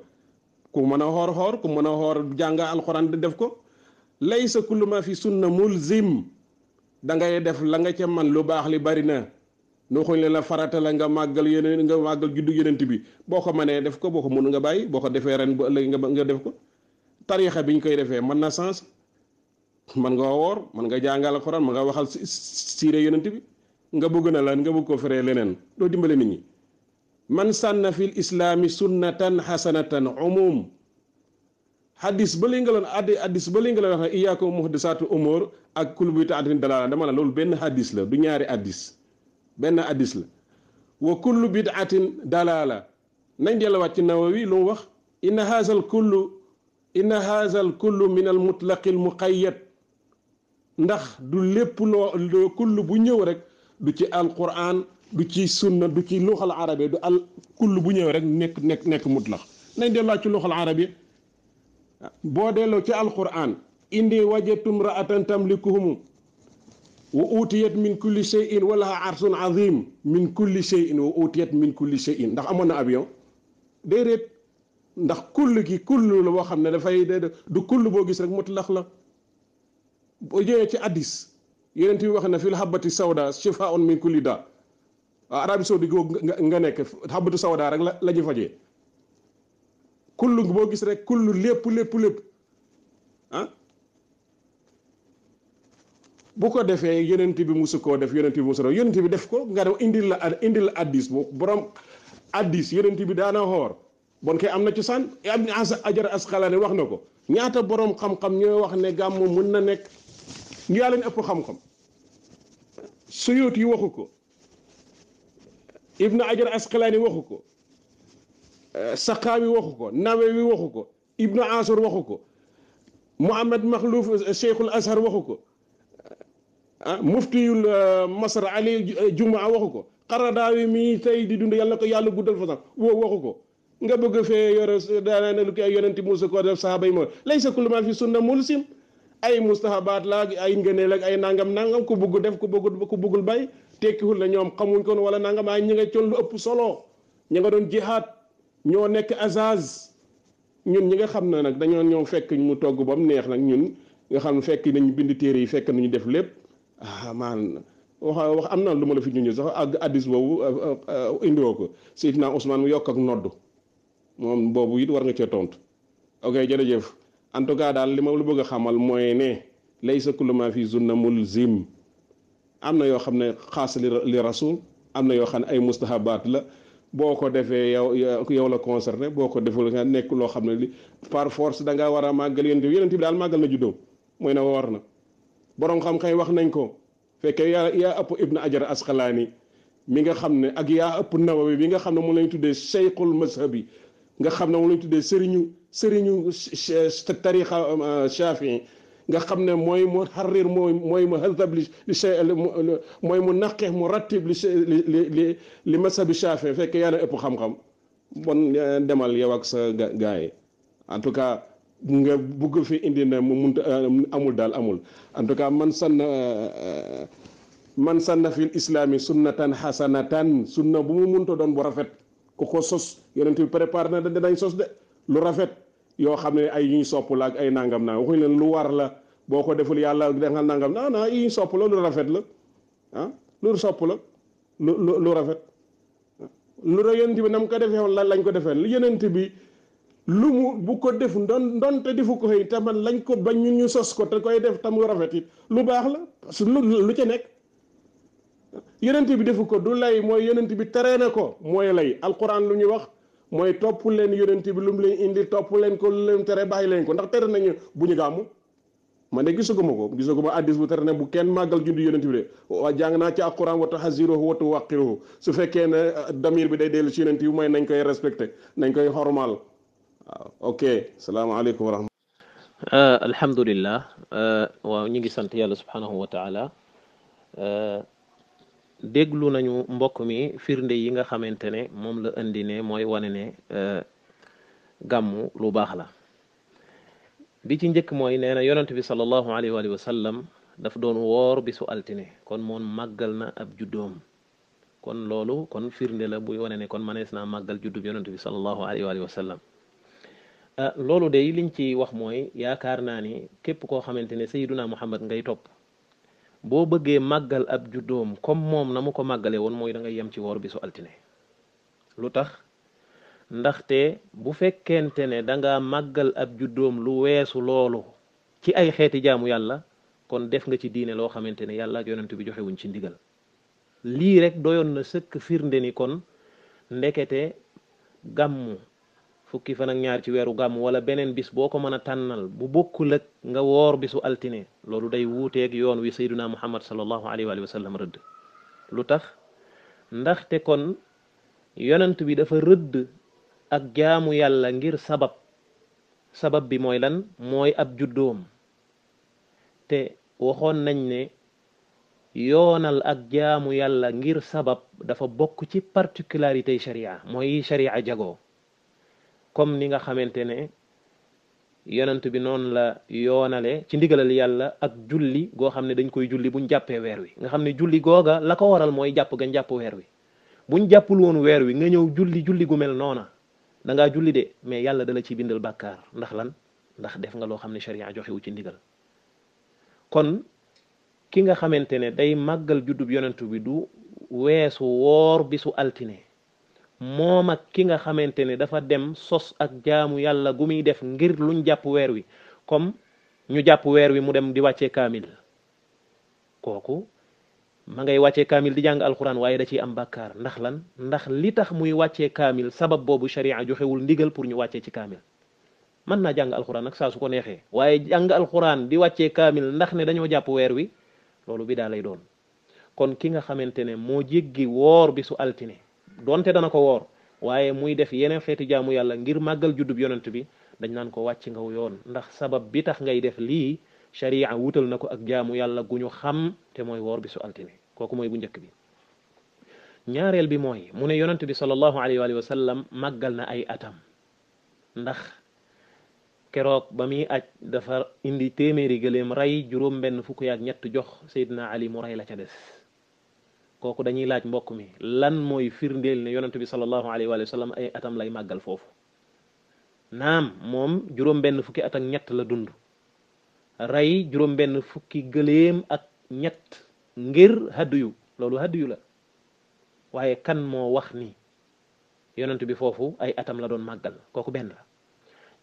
ku mëna xor xor ku mëna xor jang alquran de def ko laysa kullu ma fi sunna mulzim da ngay def la nga ca man lu bax li bari na no xuñ la farata la nga magal yeneen nga magal giddu yonent bi boko mané def ko boko mënu nga bàyyi boko defé ren bu ëlëg nga def ko tariixa biñ koy defé man na sens man nga wor man nga jangal alquran man nga waxal sire yonent bi nga bëgg na lan nga bëgg ko feree leneen doo dimbale nit ñi man sànna fil islaami sunnatan xasanatan umum hadis ba li nga loon addi hadis ba nga loon wax ne iyaakum muhdasatu la loolu benn hadis la du ñaari hadis benn hadis la wa kullu bid'atin dalala nañ delluwaat ci nawawi lu mu wax inna haazal kullu inna haazal kullu min al mutlaqil muqayyad ndax du lépp loo kullu bu ñëw rek du ci alquran du ci sunna du ci luxal arabe du al kull bu ñëw rek nekk nekk nekk mutlax nañ delloo ci luxal arabe boo delloo ci alquran indi wajatum raatan tamlikuhum wa utiyat min kulli shay'in wa laha arsun azim min kulli shay'in wa utiyat min kulli shay'in ndax amoon avion déedéet ndax kull gi kull la boo xam ne dafay du kull boo gis rek mutlax la boo jëlee ci hadis yeneen bi wax na fil habati sawda shifaa'un min kulli da ah, arabi saudi go nga nek habatu sawda rek la ji faje kullu bo gis rek kullu lepp lepp lepp ah bu ko defee yenent bi musu koo def yenent bi musu koo yenent bi def ko nga dem indil la indil hadith bo borom addis yenent bi dana hor bon kay am na cosaan am ajar asqalani wax nako ñaata borom xam-xam ñoy wax ne gàmm mun na nek yaa leen ëpp xam-xam suyuut yi waxu ko ibnu ajar asqalaani waxu ko saqaawi waxu ko nawawi waxu ko ibnu ansor waxu ko muhammad maxluuf cheikhul azhar waxu ko ah muftiyul masar ali jumaa waxu ko xaradaawi mi tey di dund yàlla ko yàlla guddal fa sax woo waxu ko nga bëgg fee yore daanaka lu koy yonenti Muusa ko def saxaaba yi ma laysa kullu ma fi sunna mulsim ay mustahabaat la ay ngëneel ak ay nangam nangam ku bugg def ku bëgg ku bëggul bay tekkiwul la ñoom xamuñ ko wala nangam ay ñi nga coon lu ëpp solo ñi nga doon jihaat ñoo nekk azaz ñun ñi nga xam ne nag dañoo ñoo fekk mu togg ba neex nag ñun nga xam fekk nañu bind téere yi fekk nañu def lépp ah man wax am na lu ma la fi ñu sax ak addis boobu euh, euh, euh, indiwoo ko Seydina Ousmane mu yokk ak nodd moom boobu it war nga cee tontu ok jërëjëf. en tout cas dal li ma lu bëgg xamal moy ne laysa kullu ma fi sunna mulzim amna yo xamné khas li rasul amna yo xamné ay mustahabat la boko defé yow yow la concerné boko deful nga nek lo xamné li par force da nga wara magal màggal yonent bi yonent na juddoo na war na borom xam-xam wax nañ ko fekkee ya ya ëpp ibn ajar asqalani mi nga xamné ak ya ëpp nawawi bi nga xamné mo lay tuddé shaykhul cheikhul nga xamné mo lay tuddé tuddee sëriñu sëriñu tariqa euh, Shafii nga xam ne mooy mu xarir mooy mooy mu hazab li mooy mu naqix mu rattib li li li li fekk yaa na ëpp xam-xam bon euh, demal yow ak sa gaa yi en tout cas nga bugg fi indi ne mu munta euh, amul daal amul en tout cas man sann man sanna fil islaami sunnatan xasanatan sunna bu mu munta doon bu rafet ku ko sos yonent bi na danañ sos de lu rafet yoo xam ne ay ñuy sopp la ak ay nangam nangam waxuñu leen lu war la boo ko deful yàlla defal nangam non non yi sopp la lu rafet la ah lu sopp la lu rafet lu ra yonent bi nam ko defee woon lañ ko defee lu yonent bi lu mu bu ko def ndon ndonte defu ko xëy taman lañ ko bañ ñun ñu sos ko te koy def tam rafet yi lu baax la parce que lu ci nekk yonent bi defu ko du lay mooy yenent bi tere na ko mooy lay alquran lu ñuy wax mooy topp leen yonent bi lu leen indi topp leen ko lu leen tere bàyyi leen ko ndax tere nañu bu ñu gàmmu man de gisaguma ko gisaguma addis bu tere ne bu kenn màggal juddu yonent bi de waa jàng naa ci a wa tahziruhu wa tuwaqiruhu su fekkee ne euh, damir bi day dellu si yonent bi mooy nañ koy respecté nañ koy xormaal waaw ok salaamaaleykum wa rahmatulah. Euh, euh, waaw ñu ngi sant yàlla subhanahu wa déglu nañu mbokk mi firnde yi nga xamante ne moom la indi mooy wane ne euh, gàmmu lu baax la bi ci njëkk mooy nee na yonent bi sallallahu alayhi wa daf doon woor bi su altine kon moom màggal na ab juddoom kon loolu kon firnde la buy wane ne kon manees naa màggal juddub yonent bi sallallahu alayhi wa euh, loolu de liñ ci wax mooy yaakaar naa ni képp koo xamante ne naa Muhammad ngay topp boo bëggee màggal ab juddoom comme moom na mu ko màggalee woon mooy dangay yem ci woor bi su altine lu tax ndaxte bu fekkente ne danga nga màggal ab juddoom lu weesu loolu ci ay xeeti jaamu yàlla kon def nga ci diine loo xamante ne yàlla ak yonent bi joxewuñ ci ndigal lii rek doyoon na sëkk firnde ni kon ndekete gàmmu fukki fan ak ñaar ci weeru gàmm wala beneen bis boo ko mën a tànnal bu bokkul ak nga woor bisu altine loolu day wuuteeg yoon wi sayduna muhammad sallallahu alayhi wa sallam rëdd lu tax ndaxte kon yonent bi dafa rëdd ak jaamu yàlla ngir sabab sabab bi mooy lan mooy ab juddoom te waxoon nañ ne yoonal ak jaamu yàlla ngir sabab dafa bokk ci particularité sharia mooy sharia jago comme ni nga xamante ne yonent bi noonu la yoonale ci ndigalal yàlla ak julli goo xam ne dañ koy julli buñ jàppee weer wi nga xam ne julli googa la ko waral mooy jàpp gañ jàpp weer wi buñ jàppul woon weer wi nga ñëw julli julli gu mel noona da ngaa julli de mais yàlla dala ciy bindal bàkkaar ndax lan ndax def nga loo xam ne sharia joxewu ci ndigal kon ki nga xamante ne day màggal juddub yonent bi du weesu woor bisu altine mom ak ki nga xamantene dafa dem sos ak jaamu yalla gu def ngir luñ japp wèr wi comme ñu japp wèr wi mu dem di wacce kamil koku ma ngay wacce kamil di jang waye da ci am bakkar ndax lan ndax li tax muy wacce kamil sabab bobu sharia joxewul ndigal pour ñu wacce ci kamil man na jang alxuraan ak sa su ko nexé waye jang alxuraan di wacce kamil ndax ne dañu japp wèr wi lolu bi da lay doon kon ki nga xamantene ne moo jéggi bisu altine donte dana ko woor waaye muy def yeneen xeeti jaamu yàlla ngir màggal juddub yonent bi dañ naan ko wàcc ngaw yoon ndax sabab bi tax ngay def lii sharia wutal na ko ak jaamu yàlla gu ñu xam te mooy woor bi su altine kooku mooy bu njëkk bi ñaareel bi mooy mu ne yonent bi sallallahu alayhi wa sallam màggal na ay atam ndax keroog ba muy aj dafa indi téeméeri gëléem rey juróom benn fukk yaak ñett jox Seydina Ali mu rey la ca des kooku dañuy laaj mbokk mi lan mooy firndeel ne yonent bi sallallahu alayhi wa sallam ay atam lay màggal foofu naam moom juróom-benn fukki at ak ñett la dund rey juróom-benn fukki gëléem ak ñett ngir haddiyu loolu haddiyu la waaye kan moo wax ni yonent bi foofu ay atam la doon màggal kooku benn la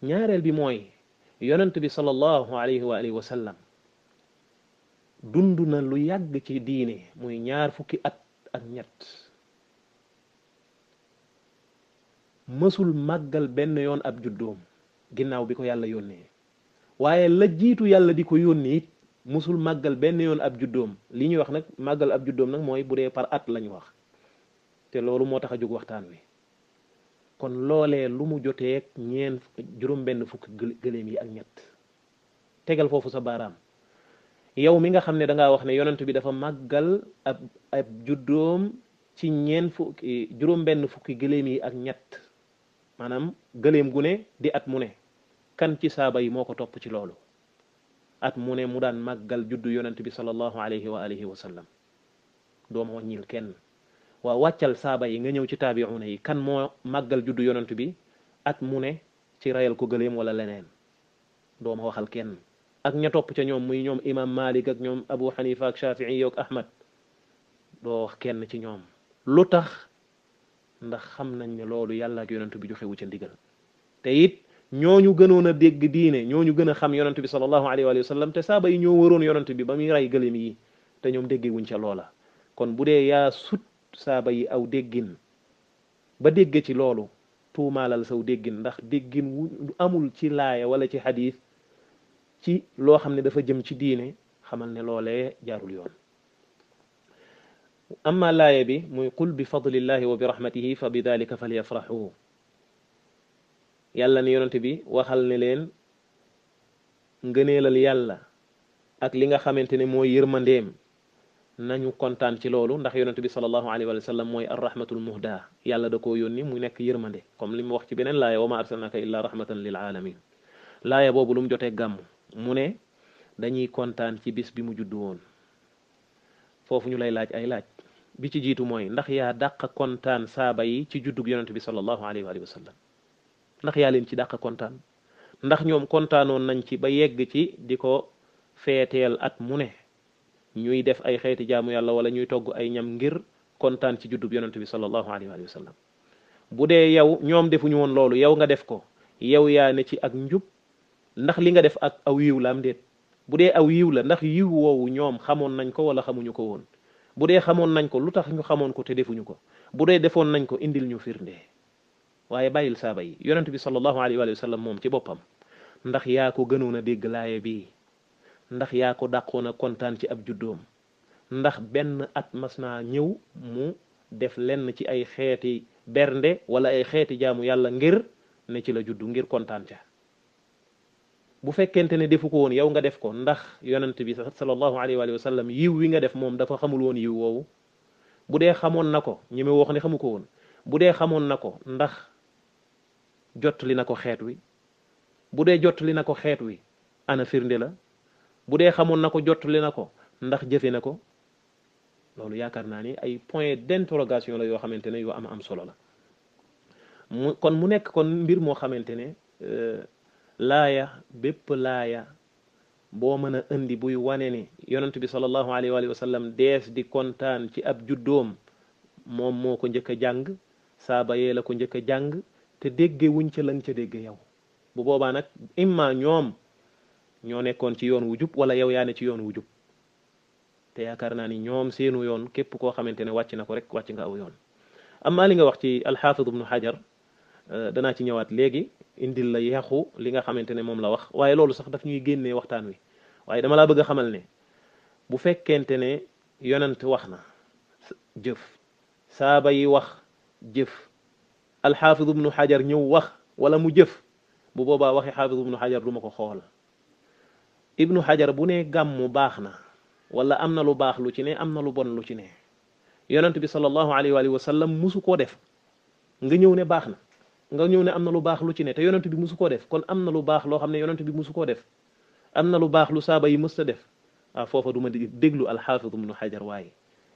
ñaareel bi mooy yonent bi sallallahu alayhi wa dund na lu yàgg ci diine muy ñaar fukki at an-ñett mësul màggal benn yoon ab juddoom ginnaaw bi ko yàlla yónnee waaye la jiitu yàlla di ko yónni it mësul màggal benn yoon ab juddoom li ñuy wax nag màggal ab juddoom nag mooy bu dee par at lañu wax te loolu moo tax a waxtaan wi kon loolee lu mu joteeg ñeen juróom benn fukk gëléem yi ak ñett tegal foofu sa baaraam yow mi nga xam ne da ngaa wax ne yonent bi dafa màggal ab ab juddoom ci ñeen fukki juróom-benn fukki gëléem yi ak ñett maanaam gëléem gu di at mu kan ci saaba yi moo ko ci loolu at mune ne mu daan màggal juddu yonent bi sallallahu alayhi wa alihi wa sallam doo ken. ñil kenn waa wàccal saaba yi nga ñëw ci yi kan moo màggal juddu yonent bi at mune ne ci rayal ko gëléem wala leneen doo ma waxal kenn ak ña topp ca ñoom muy ñoom imam malik ak ñoom abu xanifa ak shafii yoog ahmad doo wax kenn ci ñoom lu tax ndax xam nañ ne loolu yàlla ak yonent bi joxewu ca ndigal te it ñu gënoon a dégg diine ñooñu gën a xam yonent bi sallallahu alayhi wa sallam te saaba yi ñoo waroon yonent bi ba muy rey gëlëm yi te ñoom déggewuñ ca loola kon bu dee yaa sut saaba yi aw déggin ba dégg ci loolu tuumaalal saw déggin ndax déggin wu amul ci laaya wala ci xadiis ci lo xamne dafa jëm ci diine xamal ne lolé jaarul yoon amma laaya bi muy qul bi fadlillahi wa bi rahmatihi fa bi dhalika falyafrahu yàlla ni yonent bi waxal ne len ngeeneelal yàlla ak li nga xamantene moy yermandem nañu kontaan ci loolu ndax yonent bi sallallahu alayhi wa sallam moy arrahmatul muhda yàlla da koo yónni mu nekk yërmande comme lim wax ci benen laaya wa ma arsalnaka illa rahmatan lil alamin laaya boobu lu mu jotee gàmmu mu ne dañuy kontaan ci bis bi mu judd woon foofu ñu lay laaj ay laaj bi ci jiitu mooy ndax yaa dàq kontaan saaba yi ci juddu yonent bi sallallahu alayhi wa sallam ndax yaa leen ci dàq kontaan ndax ñoom kontaanoon nañ ci ba yegg ci di ko feeteel at mu ne ñuy def ay xeeti jaamu yàlla wala ñuy togg ay ñam ngir kontaan ci juddub yonent bi sallallahu alayhi wa sallam bu dee yow ñoom defuñu woon loolu yow nga def ko yow yaa ne ci ak njub ndax li nga def ak aw yiw la déet bu dee aw yiw la ndax yiw woowu ñoom xamoon nañ ko wala xamuñu ko woon bu dee xamoon nañ ko lu tax ñu xamoon ko te defuñu ko bu dee defoon nañ ko indil ñu firnde waaye bàyyil saaba yi yonent bi sallallahu alayhi wa sallam moom ci boppam ndax yaa ko gënoon a dégg laaye bi ndax yaa ko dàqoon a kontaan ci ab juddoom ndax benn at mas naa ñëw mu def lenn ci ay xeeti bernde wala ay xeeti jaamu yàlla ngir ne ci la juddu ngir kontaan ca bu fekkente ne defu ko woon yow nga def ko ndax yonent bi sallallahu alayhi wa sallam yiw wi nga def moom dafa xamul woon yiw woowu bu dee xamoon na ko ñi muy wax ne xamu ko woon bu dee xamoon na ko ndax jottali na ko xeet wi bu dee jottali na ko xeet wi ana la bu dee xamoon na ko jottali na ko ndax jëfe na ko loolu yaakaar naa ni ay point d'interrogation la yoo xamante ne yoo am am solo la kon mu nekk kon mbir moo xamante ne euh, laaya bépp laaya boo mën a indi buy wane ni yonent bi sallallahu alayhi wa sallam dees di kontaan ci ab juddoom moom moo ko njëkk jàng saaba yee la ko njëkk jàng te dégge wuñ ca lan ca dégge yow bu boobaa nag imma ñoom ñoo nekkoon ci yoon wu jub wala yow yaa ne ci yoon wu jub te yaakaar naa ni ñoom seenu yoon képp koo xamante ne wàcc na ko rek wàcc nga aw yoon amma li nga wax ci alxaafid ibnu xajar Euh, danaa ci ñëwaat léegi indil la yàqu li nga xamante ne moom la wax waaye loolu sax daf ñuy génnee waxtaan wi waaye dama laa bëgg xamal ne bu fekkente ne yonent wax na jëf saaba yi wax jëf alxaafiz ibnu xajar ñëw wax wala mu jëf bu boobaa waxi xaafiz ibnu xajar du ma ko xool ibnu xajar bu ne gàmmu baax na walla am na lu baax lu ci ne am na lu bon lu ci ne yonent bi sallallahu alayhi wa sallam musu koo def nga ñëw ne baax na nga ñëw ne am na lu baax lu ci ne te yonent bi musu koo def kon am na lu baax loo xam ne yonent bi musu ko def am na lu baax lu saaba yi mës ta def ah foofa du ma déglu alxaafid ibnu xajar waaye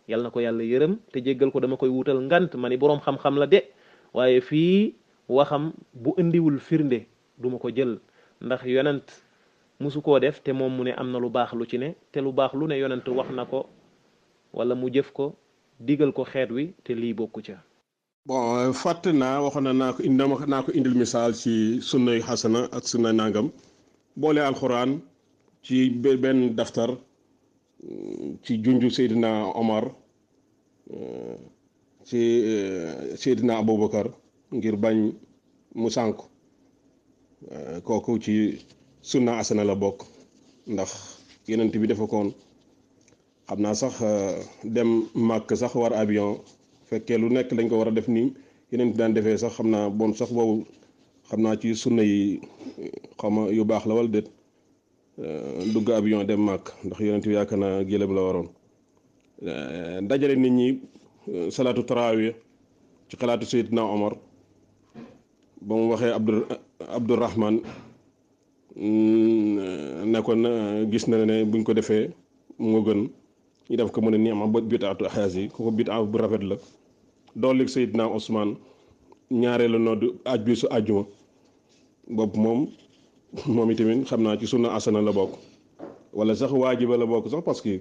yal na ko yàlla yërëm te jéggal ko dama koy wutal ngant ma ni boroom xam-xam la de waaye fii waxam bu indiwul firnde du ma ko jël ndax yonent musu koo def te moom mu ne am na lu baax lu ci ne te lu baax lu ne yonent wax na ko wala mu jëf ko digal ko xeet wi te lii bokku ca bon euh, fàtte naa waxoon naa ko naa ko indil misaal ci sunnay xasana ak sunnay nangam boole alxuraan ci benn daftar mm, ci junju Seydina Omar euh, ci euh, Seydina Aboubacar ngir bañ mu sànk kooku ci sunna asana la bokk ndax yenent bi dafa xam naa sax dem màkk sax war avion fekkee lu nekk lañ ko war a def nii yeneen daan defee sax xam naa bon sax boobu xam naa ci sunna yi xaw ma yu baax la wala déet euh, dugg avion dem màkk ndax yonent bi yaakaar naa gélém la waroon euh, dajale nit ñi euh, salaatu ci xalaatu Seydina Omar ba waxee Abdu Abdurahman mm, ne gis na ne buñ ko defee moo gën ñu def ko mën na nii am ba bitaatu xaasi kooku bitaat bu rafet la dolli Seydina Ousmane ñaareelu nodd aj bi su àjjuma bopp moom moom itamit xam naa ci sunna asana la bokk wala sax waajiba la bokk sax parce que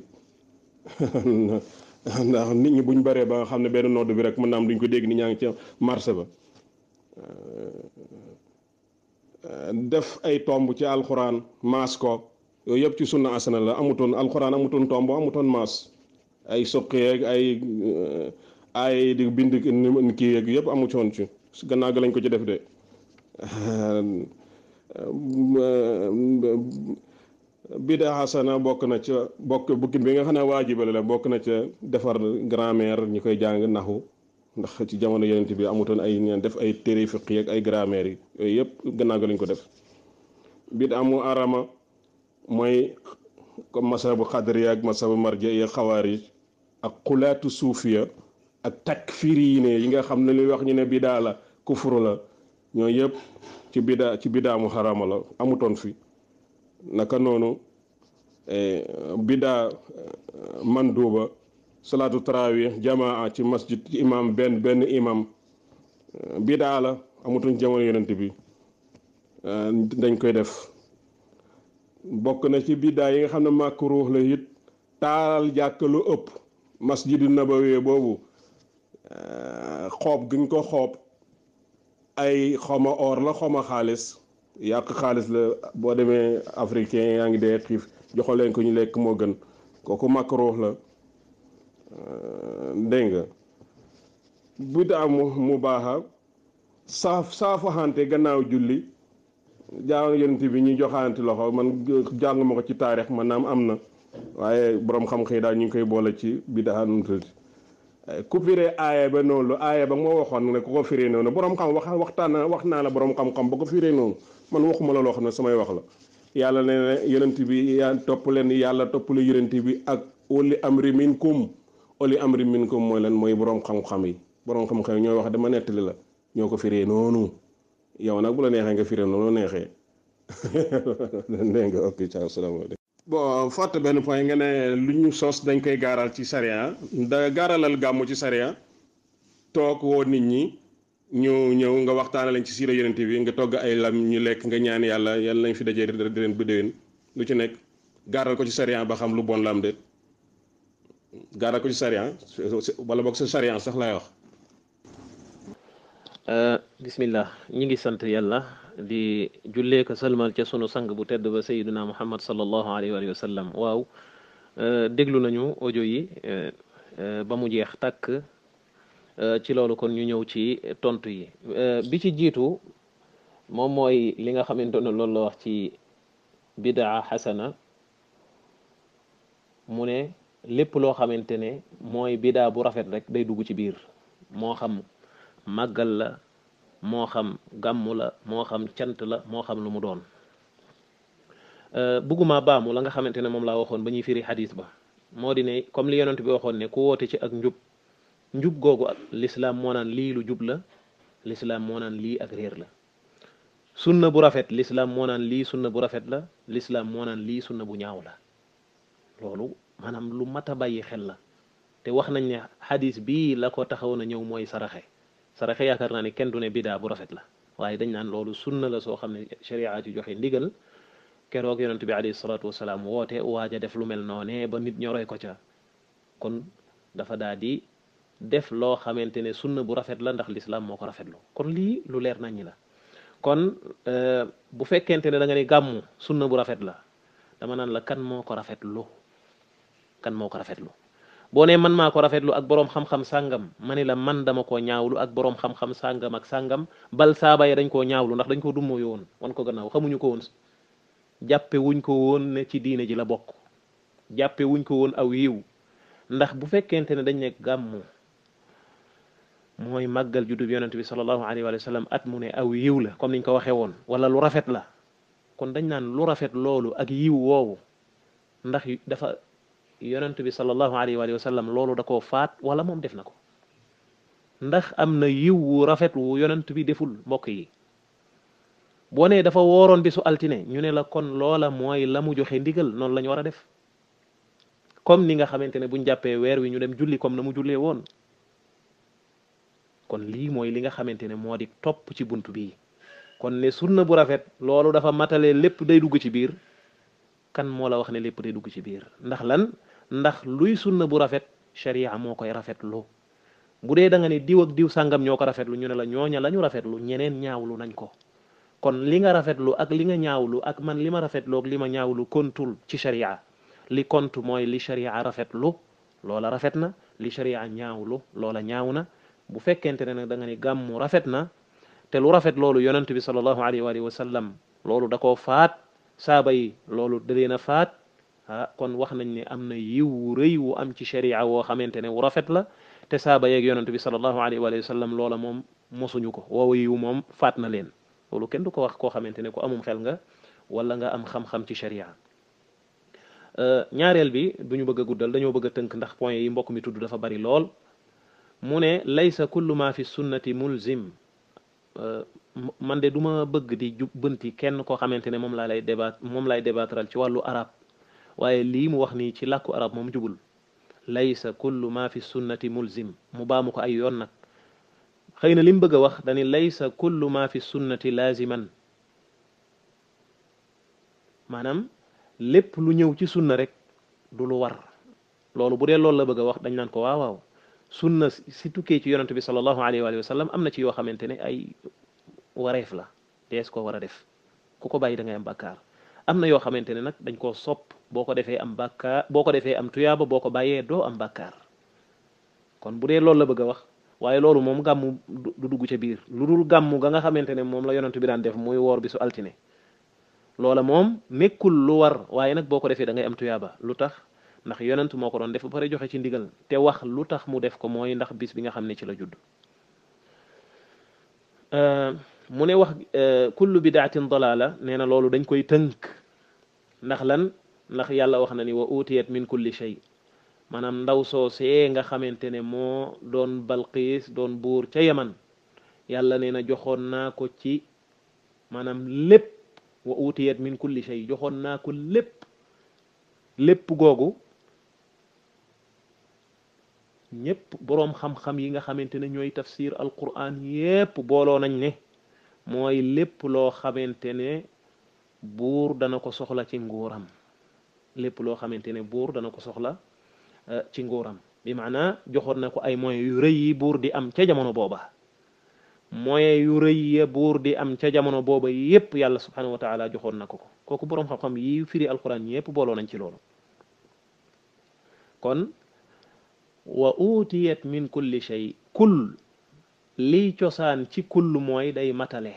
ndax nit ñi buñ baree ba nga xam ne benn nodd bi rek mën naa am duñ ko dégg ni ñaa ngi ci marché ba def ay tomb ci alxuraan maasko yooyu yëpp ci sunna asana la amutoon alxuraan amutoon tomb amutoon maas ay soqeeg ay euh, ay di bind kii yeeg yëpp amu coon ci gannaaw ga lañ ko ci def de bida bokk na ca bokk bukkin bi nga xam ne waajibale la bokk na ca defar grammaire ñi koy jàng naxu ndax ci jamono yonent bi amutoon ay ñaan def ay téere fiq yeeg ay grammaire yi yëpp gannaaw ga lañ ko def bid amu arama mooy comme masabu bu ak masabu marjiya xawaarij ak xulaatu suufiya ak takfiri ne yi nga xam ne luy wax ñu ne bidaa la kufru la ñoo yëpp ci bidaa ci bidaa mu xaraama la amutoon fi naka noonu eh, bidaa eh, manduuba salaatu tarawih jamaa ci masjid ci imam benn benn imam eh, bidaa la amutoon jamono yonent bi dañ koy def bokk na ci biddaa yi nga xam ne makruux la it taaral jàkk lu ëpp masjidu nabawi boobu eh, xoob gi ñu ko xoob ay xoma or la xoma xaalis yàq xaalis la boo demee africain yaa ngi dee xiif joxo leen ko ñu lekk moo gën kooku makruux la eh, dégg nga biddaa mu mu baaxa saaf saafaxante gannaaw julli jaaw bi ñu joxaanti loxo man jàng ma ko ci taarix man naam am na waaye borom xam yi daal ñu ngi koy boole ci biddaa numtati ku firee aaya ba noonu lu ba moo waxoon ne ku ko firee noonu borom xam waxtaan na wax naa la borom xam-xam ba ko man waxuma la loo xam ne samay wax la yàlla ne ne bi topp leen yàlla topp la yonent bi ak wali amri minkum wali amri minkum mooy lan mooy borom xam-xam yi borom xam-xam yi ñooy wax dama nettali la ñoo ko firee noonu yow nag bu la neexee nga firam loolu neexee nee nga ok ciao salaamaaleykum bo fàtte benn point nga ne sos dañ koy gaaral ci sariya da gaaralal gàmmu ci sariya toog woo nit ñi ñu ñëw nga waxtaana lañ ci siira yonent bi nga togg ay lam ñu lekk nga ñaan yàlla yàlla nañ fi di leen bi lu ci nekk gaaral ko ci sariya ba xam lu bon la am déet ko ci sariya wala boog sa sariya sax wax Euh, bismillah ñi ngi sant yàlla di jullee ko salmal ca sunu sang bu tedd ba sayiduna muhammad sallallahu alayhi wa sallam waaw euh, déglu nañu audio yi euh, ba mu jeex takk ci loolu kon ñu ñëw ci tontu yi bi ci jiitu moom mooy li nga xamante ne loolu wax ci bidaa xasana mu ne lépp loo xamante ne mooy bidaa bu rafet rek day dugg ci biir moo xam màggal la moo xam gàmmu la moo xam cant la moo xam lu mu doon euh, bëgguma baamu la nga xamante ne moom laa waxoon ba ñuy firi xadis ba moo di ne comme li yonent bi waxoon ne ku woote ci ak njub njub googu ak lislaam moo naan lii lu jub la lislaam moo naan lii ak réer la sunna bu rafet lislaam moo naan lii sunna bu rafet la lislaam moo naan bu ñaaw la loolu maanaam lu mat a bàyyi xel la te wax nañ ne xadis bii la ko taxaw na ñëw mooy saraxe saraxe yaakaar naa ne kenn du ne bidaa bu rafet la waaye dañ naan loolu sunna la soo xam ne sharia ci joxe ndigal keroog yonent bi alayhi salaatu wasalaam woote waaja def lu mel noonee ba nit ñoroy ko ca kon dafa daal di def loo xamante ne sunna bu rafet la ndax lislaam moo ko rafetlu kon lii lu leer nañ ñi la kon euh, bu fekkente ne da nga ne gàmmu sunna bu rafet la dama naan la kan moo ko rafetlu kan moo ko rafetlu boo nee man maa ko rafetlu ak boroom xam-xam sàngam ma la man dama koo ñaawlu ak boroom xam-xam sàngam ak sàngam bal saaba yi dañ koo ñaawlu ndax dañ ko dummoo woon wan ko gannaaw ñu ko woon jàppe wuñ ko woon ne ci diine ji la bokk jàppe wuñ ko woon aw yiw ndax bu fekkente ne dañ ne gàmmu mooy màggal juddub yonent bi sallallahu alayhi wa sallam at mu ne aw yiw la comme niñ ko waxee woon wala lu rafet la kon dañ naan lu rafet loolu ak yiw woowu yonent bi sallallahu alayhi wa sallam loolu da koo faat wala moom def na ko ndax am na yiw wu rafet wu yonent bi deful mbokk yi boo nee dafa wooroon bi su altine ñu ne la kon loola mooy la mu joxe ndigal noonu lañu war a def comme ni nga xamante ne buñ jàppee weer wi ñu dem julli comme na mu jullee woon kon lii mooy li nga xamante ne moo di topp ci bunt bii kon ne sunna bu rafet loolu dafa matale lépp day dugg ci biir kan moo la wax ne lépp day dugg ci biir ndax lan ndax luy sunna bu rafet sharia moo koy rafetlu bu dee da nga ne diw ak diw sàngam ñoo ko rafetlu ñu ne la ñooña la ñu rafetlu ñeneen ñaawlu nañ ko kon li nga rafetlu ak li nga ñaawlu ak man li ma rafetloo li ma ñaawlu kontul ci sharia li kont mooy li sharia rafetlu loola rafet na li sharia ñaawlu loola ñaaw na bu fekkente ne nag da nga ne gàmmu rafet na te lu rafet loolu yonent bi sallallahu alayhi wa sallam loolu da faat saaba yi loolu da leen faat kon wax nañ ni am na yiw wu rëy wu am ci sharia woo xamante ne wu rafet la te saaba yeeg yonent bi sallallahu alayhi wa sallam loola moom mosuñu ko woowu yiw moom faat na leen loolu kenn du ko wax koo xamante ne ku amum xel nga wala nga am xam-xam ci sharia ñaareel bi duñu bëgg a guddal dañoo bëgg a tënk ndax point yi mbokk mi tudd dafa bari lool mu ne laysa kullu ma fi sunnati mulzim man de duma bëgg di bënti kenn koo xamante ne moom laa lay débat moom lay débattral ci wàllu arab waye li mu wax ni ci lakku arab mom jubul laysa kullu ma fi sunnati mulzim mu baamu ko ay yon nak xeyna lim bëgg wax dani laysa kullu ma fi sunnati laziman manam lepp lu ñew ci sunna rek du lu war lolu bu de lolu la bëgg wax dañ nan ko waaw waaw sunna si tuké ci yaronte bi sallallahu alayhi wa sallam amna ci yo xamantene ne ay waref la des ko wara def kuko ko da ngay am bàkkaar amna yo xamantene nak dañ ko sopp boko defé am bàkkaar boko yaba am tuyaba boko bayé do am bakkar kon bu lolo loolu la bëgg wax waaye loolu mom gamu du dugg ci biir nga xamantene ne la yonentou bi daan def muy wor bi su altine loola mom, nekkul lu war waye nak boko defé da ngay am tuyaba lutax ndax yonentou moko don def bari joxe ci ndigal te wax lutax mu def ko moy ndax bis bi nga xamné ci la judd euh mune wax euh, kullu bid'atin dalala neena loolu dañ koy teunk ndax lan ndax yàlla wax na ni wa utiyat min kulli shay maanaam ndaw soosee nga xamante ne moo doon balqiis doon buur ca yaman yàlla nee na joxoon naa ko ci maanaam lépp wa utiyat min kulli shay joxoon naa ko lépp lépp googu ñépp boroom xam-xam yi nga xamante ne ñooy tafsir alquran yépp booloo nañ ne mooy lépp loo xamante ne buur dana ko soxla ci nguuram lépp loo xamante ne buur dana ko soxla euh, ci nguuram bi maanaa joxoon na ko ay moyens yu rëy yi buur di am ca jamono booba moyens yu rëy ya am ca jamono booba yépp yàlla subhanahu wa joxoon na ko ko kooku boroom xam-xam yi firi alquran yépp booloo nañ ci loolu kon wa utiyat min kulli shay kull liy cosaan ci kull mooy day matale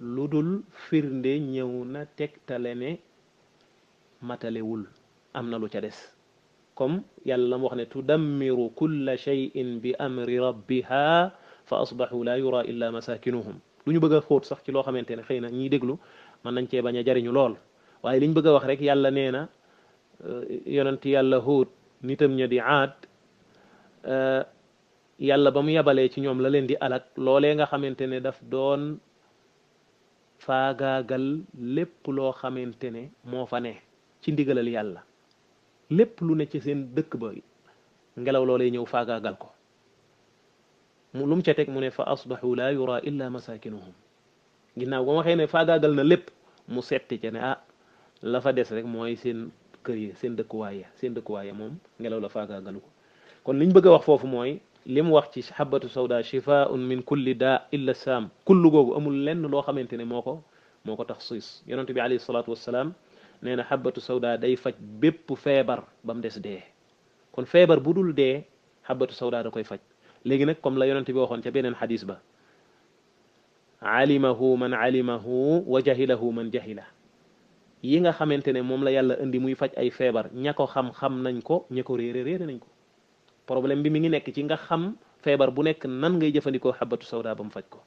lu dul firnde ñëw na tegtale ne matalewul am na lu ca des comme yàlla la mu wax ne tu tudammiru kulla shay'in bi amri rabbiha fa asbaxu laa yura illa masakinuhum lu ñu bëgg a xóot sax ci loo xamante ne xëy na ñiy déglu mën nañ cee bañ a jariñu lool waaye liñ bëgg a wax rek yàlla nee na eh, yonent yàlla Huud nitam ña di aad eh, yàlla ba mu yabalee ci ñoom la leen di alak loole nga xamante ne daf doon faagaagal lépp loo xamante ne moo fa ne ci ndigalal yàlla lépp lu ne ci seen dëkk ba ngelaw loolee ñëw faagaagal ko mu lu mu ca teg mu ne fa asbaxu laa yura illa masakinuhum ginnaaw ba ma waxee ne faagaagal na lépp mu setti ca ne ah la fa des rek mooy seen kër yi seen dëkkuwaay ya seen dëkkuwaay ya moom ngelaw la faagaagalu ko kon liñ bëgg a wax foofu mooy li mu wax ci xabatu sawda shifaun min kulli daa illa saam kullu googu amul lenn loo xamante ne moo ko moo ko tax suis yonente bi alayhi salaatu wassalaam nee na xabatu sawda day faj bépp feebar ba mu des dee kon feebar bu dul dee xabatu sawda da koy faj léegi nag comme la yonent bi waxoon ca beneen xadis ba alimahu man alimahu wa jahilahu man jahila yi nga xamante ne moom la yàlla indi muy faj ay feebar ña ko xam-xam nañ ko ña ko réere réere nañ ko problème bi mu ngi nekk ci nga xam feebar bu nekk nan ngay jëfandikoo xabatu sawda ba mu faj ko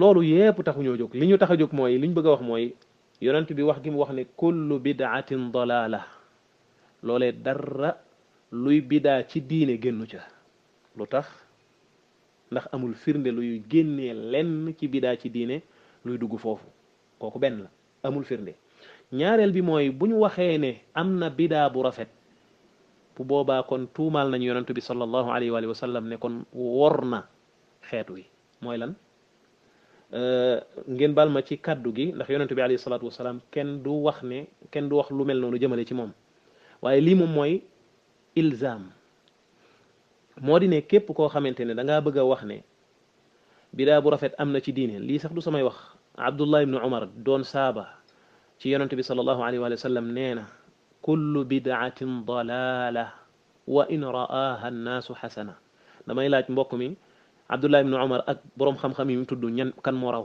loolu yépp taxuñoo jóg li ñu tax a jóg mooy li ñu bëgg a wax mooy yonent bi wax gi mu wax ne kullu bidaatin dalaala loolee dara luy bidaa ci diine génnu ca lu tax ndax amul firnde luy génnee lenn ci bidaa ci diine luy dugg foofu kooku benn la amul firnde ñaareel bi mooy bu ñu waxee ne am na bidaa bu rafet bu boobaa kon tuumaal nañu yonent bi sallallahu alayhi wa sallam ne kon wor na xeet wi mooy lan Euh, ngeen baal ma ci kaddu gi ndax yonentu bi alayhi salaatu kenn du wax ne kenn du wax lu mel noonu jamale ci moom waaye lii moom mooy ilzaam moo di ne képp koo xamante ne da ngaa bëgg a wax ne bidaa bu rafet am na ci diin lii sax du samay wax abdullah ibnu umar doon saaba ci yonentu bi salallahu alayhi wa sallam nee na kullu bidaatin dalaala wa in ra'aaha annaasu xasana damay laaj mbokk mi abdullah ibnu omar ak boroom xam-xam yi mu tudd ñan kan moo raw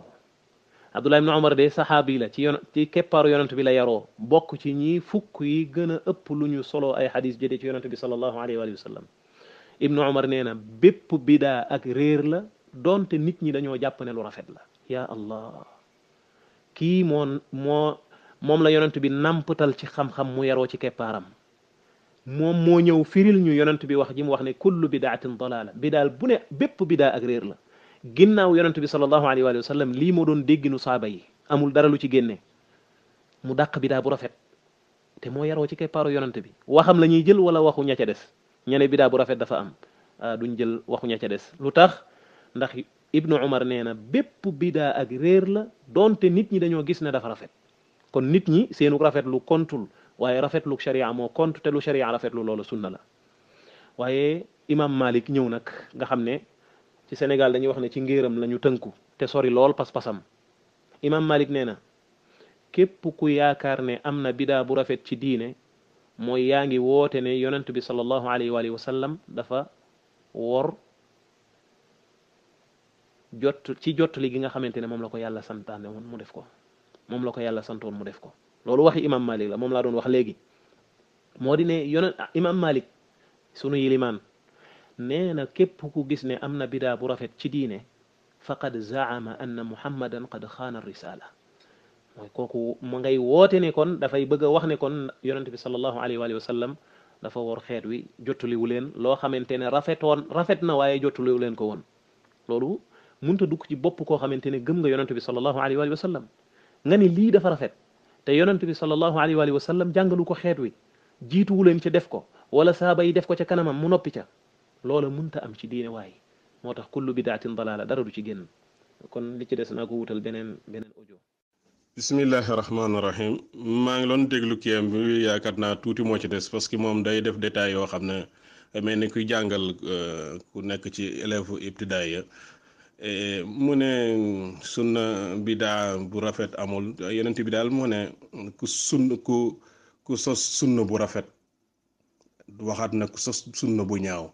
abdullah ibnu omar de saxaabi la ci yon ci keppaaru yonent bi la yaroo bokk ci ñi fukk yi gën a ëpp lu ñu solo ay xadis jëde ci yonent bi sallallahu alayhi wa sallam ibnu omar nee na bépp bidaa ak réer la doonte nit ñi dañoo jàpp ne lu rafet la yaa allah kii moo moo moom la yonent bi nampatal ci xam-xam mu yaroo ci keppaaram moom moo ñëw firil ñu yonent bi wax ji mu wax ne kullu bidaatin dalaala bidaal bu ne bépp bidaa ak réer la ginnaaw yonent bi sallallahu alayhi wa sallam lii moo doon dégginu saaba yi amul dara lu ci génne mu dàq bidaa bu rafet te moo yaroo ci keppaaru yonent bi waxam la jël wala waxu ña ca des ñene bidaa bu rafet dafa am duñ jël waxu ña ca des ndax ibnu umar nee bépp bidaa ak réer la doonte nit ñi dañoo gis ne dafa rafet kon nit ñi seenu rafet lu kontul waaye rafetlu sharia moo compte te lu sharia rafetlu loolu sunna la waaye imam malik ñëw nag nga xam ne ci Sénégal dañuy wax ne ci ngéeram lañu tënku te sori lool pas-pasam imam malik nee na képp ku yaakaar ne am na bidaa bu rafet ci diine mooy yaa ngi woote ne yonent bi sallallahu alayhi wa sallam dafa wor jot ci jottali gi nga xamante ne moom la ko yàlla santaane woon mu def ko moom la ko yàlla santoon mu def ko loolu waxi imam malik la moom laa doon wax léegi moo di ne yonent ah, imam malik sunu yilimaan nee na képp ku gis ne am na bidaa bu rafet ci diine faqad zaama anna muhammadan qad xaana risala mooy kooku mu ngay woote ne kon dafay bëgg a wax ne kon yonent bi sallallahu alayhi wa sallam dafa war xeet wi jotuliwu leen loo xamante ne rafetoon rafet na waaye jotuliwu leen ko woon loolu munta dugg ci bopp koo xamante ne gëm nga yonent bi sallallahu alayhi wa sallam nga lii dafa rafet te yonent bi sallallahu alayhi wa sallam jàngalu ko xeet wi jiituwu leen ci def ko wala saaba yi def ko ca kanamam mu noppi ca loola munta am ci diine waay moo tax kullu bidaatin dalaala dara du ci génn kon li ci des naa ko wutal beneen beneen audio bismillahi rahmaani maa ngi doon déglu kiyam bi yaakaar naa tuuti moo ci des parce que moom day def détails yoo xam ne mel ni kuy jàngal euh, ku nekk ci élève ibtidaaya Eh, mu ne sunna bidaa bu rafet amul yonent bi daal moo ne ku sunn ku ku sos sunna bu rafet waxaat na ku sos sunna bu ñaaw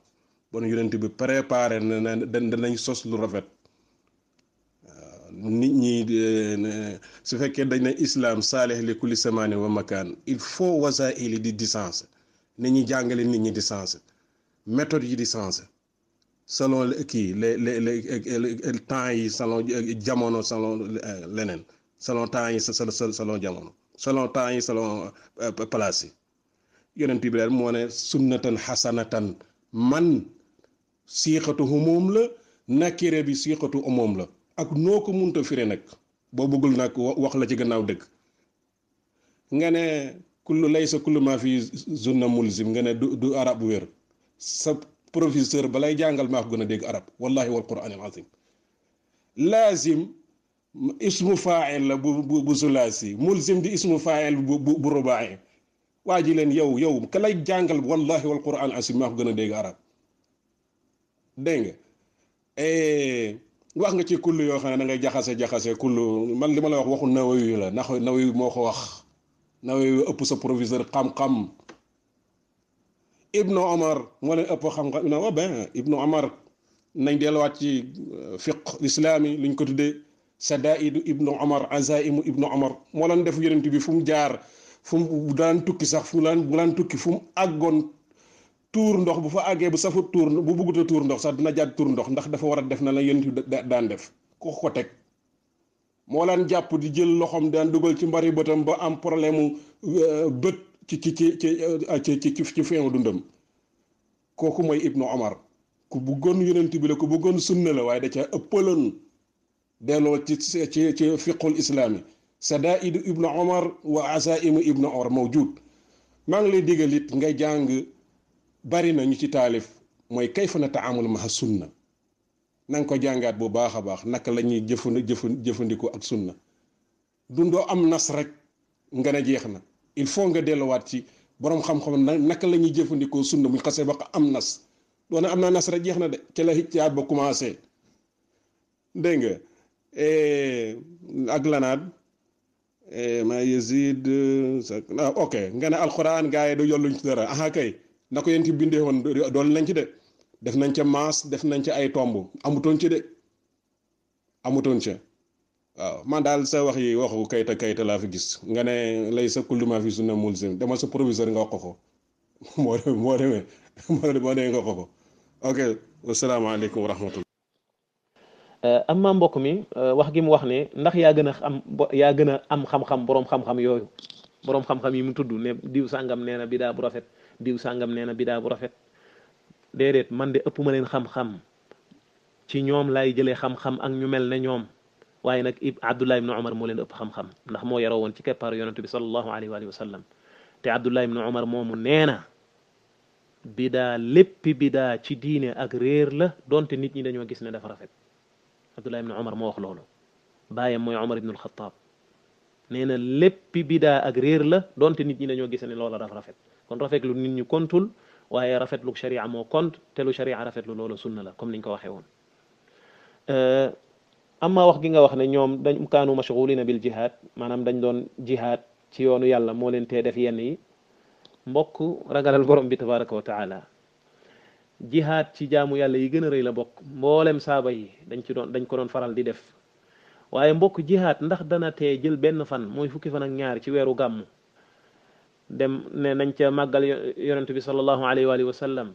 bon yonent bi préparé na na nañ sos lu rafet nit ñi eh, su fekkee dañ ne islaam saalih li kulli samaani wa makaan il faut wasaili di di sens ni ñuy jàngale nit ñi di sens méthode yi di sens selon kii le le les temps yi selon jamono selon leneen selon temps yi selon jamono selon temps yi selon euh, place yi yonent bi daal moo ne sunnatan xasanatan man siixatu humum la nakire bi siixatu umum la ak noo ko munta firi nag boo bëggul nag wax la ci gannaaw dëgg nga ne kullu lay sa ma fi na mulzim nga ne du du arab wér professeur balay jàngal maa ko gën a dégg arab wallahi wal quran al azim laazim ismu faail la bu bu bu sulaasi mulzim di ismu faail bu bu bu rubaai waa ji leen yow yow ka jàngal wallahi wal quran al azim maa ko gën a dégg arab dégg nga eh, wax nga ci kull yoo xam ne da ngay jaxase jaxase kull man li ma la wax waxu nawawi la ndax nawawi moo ko wax nawawi ëpp sa proviseur xam-xam. ibnu omar moo leen ëpp xam-xam ibnu omar ben ibnu omar nañ delluwaat ci euh, fiq lislaami luñ ko tuddee sadaidu ibnu omar azaimu ibnu omar moo leen def yonent bi fu mu jaar fu daan tukki sax fu mu daan tukki fu mu àggoon tuur ndox bu fa àggee bu safut tuur bu bugguta tuur ndox sax dina jaar tuur ndox ndax dafa war a def na la yonent bi daan def ku ko teg moo laan jàpp di jël loxoom daan dugal ci mbari bëtam ba am problème mu euh, bët ci ci euh, ci ci ci ci feeñu dundam kooku mooy Ibnu Omar ku bëggoon yonent bi la ku bëggoon sunna la waaye da ca ëppaloon delloo ci ci ci fiqul islaami Ibnu Omar wa asaimu Ibnu Omar mawjud maa ngi lay digal it nga jàng bari na ñu ci taalif mooy kayfa nataamul maha sunna na nga ko jàngaat bu baax a baax naka lañuy ñuy jëfandikoo jëfandikoo ak sunna dundoo am nas rek nga ne jeex na. il faut nga delluwaat ci boroom xam-xam nag lañuy jëfandikoo sunna bu ñu xasee ba am nas doona am naa nas rek jeex na de ca la xicaat ba commencé dégg nga eh, ak lanaat eh, ma yazid ah, ok nga ne alxuraan gaa yi du yolluñ ci dara aha kay na ko yéen bindee woon dool nañ ci de def nañ ca maas def nañ ci ay tomb amutoon ci de amutoon ca waaw man daal sa wax yi waxu kayta kayta laa fi gis nga ne lay sa ma fi sunna mulzim dama sa proviseur nga wax ko moo demee moo demee nga wax ko ok asalaamaaleykum wa rahmatullah euh, am ma mbokk mi euh, wax gi mu wax ne ndax yaa gën a am am xam-xam boroom xam-xam yooyu boroom xam yi mu tudd ne diw sàngam nee na bidaa bu rafet diw sàngam nee na bidaa bu rafet déedéet man de ëpp ma leen xam-xam ci ñoom laay jële xam-xam ak ñu mel ne ñoom waye nak abdullah ibn umar mo len upp xam xam-xam ndax mo yaro won ci kepar yonentu bi sallallahu alayhi wa sallam te abdullah ibn umar momu neena bida lepp bida ci diine ak réer la donte nit ñi dañu gis ne dafa rafet abdullah ibn umar mo wax lolu baye moy umar ibn al-khattab neena lepp bida ak réer la donte nit ñi dañu gis ne lolu dafa rafet kon rafet lu nit ñi kontul waye rafet lu sharia mo kont te lu sharia rafet lu lolu sunna la comme niñ ko waxee woon amma wax gi nga wax ne ñoom dañ kanu mashghulina bil jihad manam dañ doon jihad ci yoonu yalla mo leen te def yenn yi mbokk ragalal borom bi tabaraka wa taala jihad ci jaamu yalla yi gëna reey la bok mbolem saaba yi dañ ci doon dañ ko doon faral di def waaye mbokk jihad ndax dana te jël benn fan mooy fukki fan ak ñaar ci weeru gàmm dem ne nañ ca màggal yonent bi sallallahu alayhi wa sallam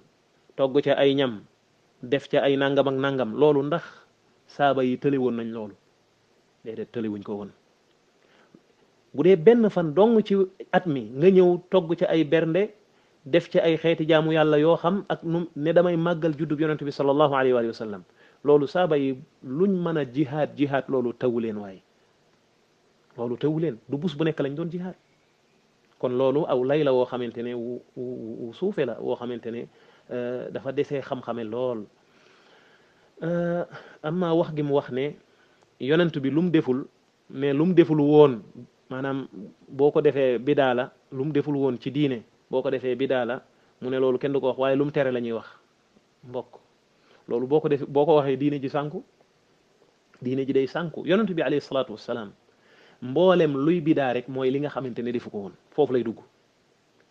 togg ca ay ñam def ca ay nangam ak nangam loolu ndax saaba yi tële woon nañ loolu déedéet de wuñ ko woon bu dee benn fan dong ci at mi nga ñëw togg ci ay bernde def ci ay xeeti jaamu yàlla yoo xam ak nu ne damay màggal juddu yonent bi sallallahu alayhi wa sallam loolu saaba yi luñ mën a jihaad jihaad loolu tawu leen waaye loolu tawu leen du bus bu nekk lañ doon jihaad kon loolu aw lay la woo xamante ne wu suufee la woo xamante ne euh, dafa dese xam-xame lool Eh, amma wax gi mu wax ne yonent bi lum deful mais lum deful woon maanaam boo ko defee bidaa la lum deful woon ci diine boo ko defee bidaa la mu ne loolu kenn du ko wax waaye lum tere la ñuy wax mbokk loolu boo ko def boo ko waxee diine ji sànku diine ji day sànku yonent bi alayhi salaatu wassalaam mboolem luy bidaa rek mooy li nga xamante ne defu ko woon foofu lay dugg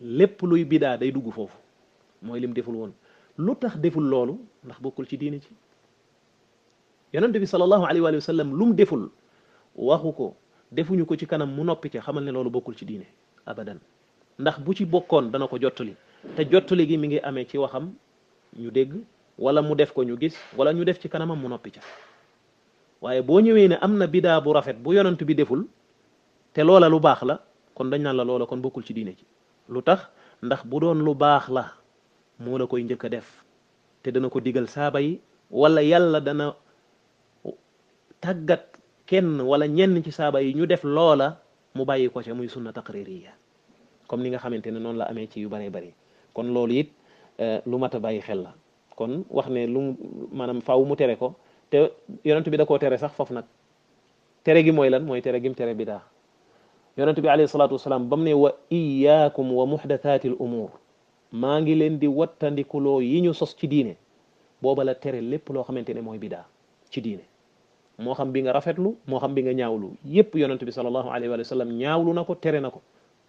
lépp luy bidaa day dugg foofu mooy lim deful woon lu tax deful loolu ndax bokkul ci diine ci yonent bi sallallahu alayhi wa sallam lu mu deful waxu ko defuñu ko ci kanam mu noppi ca xamal ne loolu bokkul ci diine abadan ndax bu ci bokkoon dana ko jottali te jottali gi mi ngi amee ci waxam ñu dégg wala mu def ko ñu gis wala ñu def ci kanamam mu noppi ca waaye boo ñëwee ne am na biddaa bu rafet bu yonent bi deful te loola lu baax la kon dañ naan la loola kon bokkul ci diine ci lu tax ndax bu doon lu baax la moo la koy njëkk a def te dana ko digal saaba yi wala tàggat kenn wala ñenn ci saaba yi ñu def loola mu bàyyi ko ca muy sunna taqririya comme ni nga xamante ne noonu la amee ci yu bare bëri kon loolu it euh, lu mat a bàyyi xel la kon wax ne lu maanaam faw mu tere ko te yonent bi da koo tere sax foofu nag tere gi mooy lan mooy tere gim tere bidaa yonent bi alayhi salaatu ba mu ne wa iyaakum wa muhdathaatil umur maa ngi leen di wattandikuloo yi ñu sos ci diine booba la tere lépp loo xamante ne mooy bidaa ci diine moo xam bi nga rafetlu moo xam bi nga ñaawlu yépp yonent bi salallahu alayhi wa sallam ñaawlu na ko tere na ko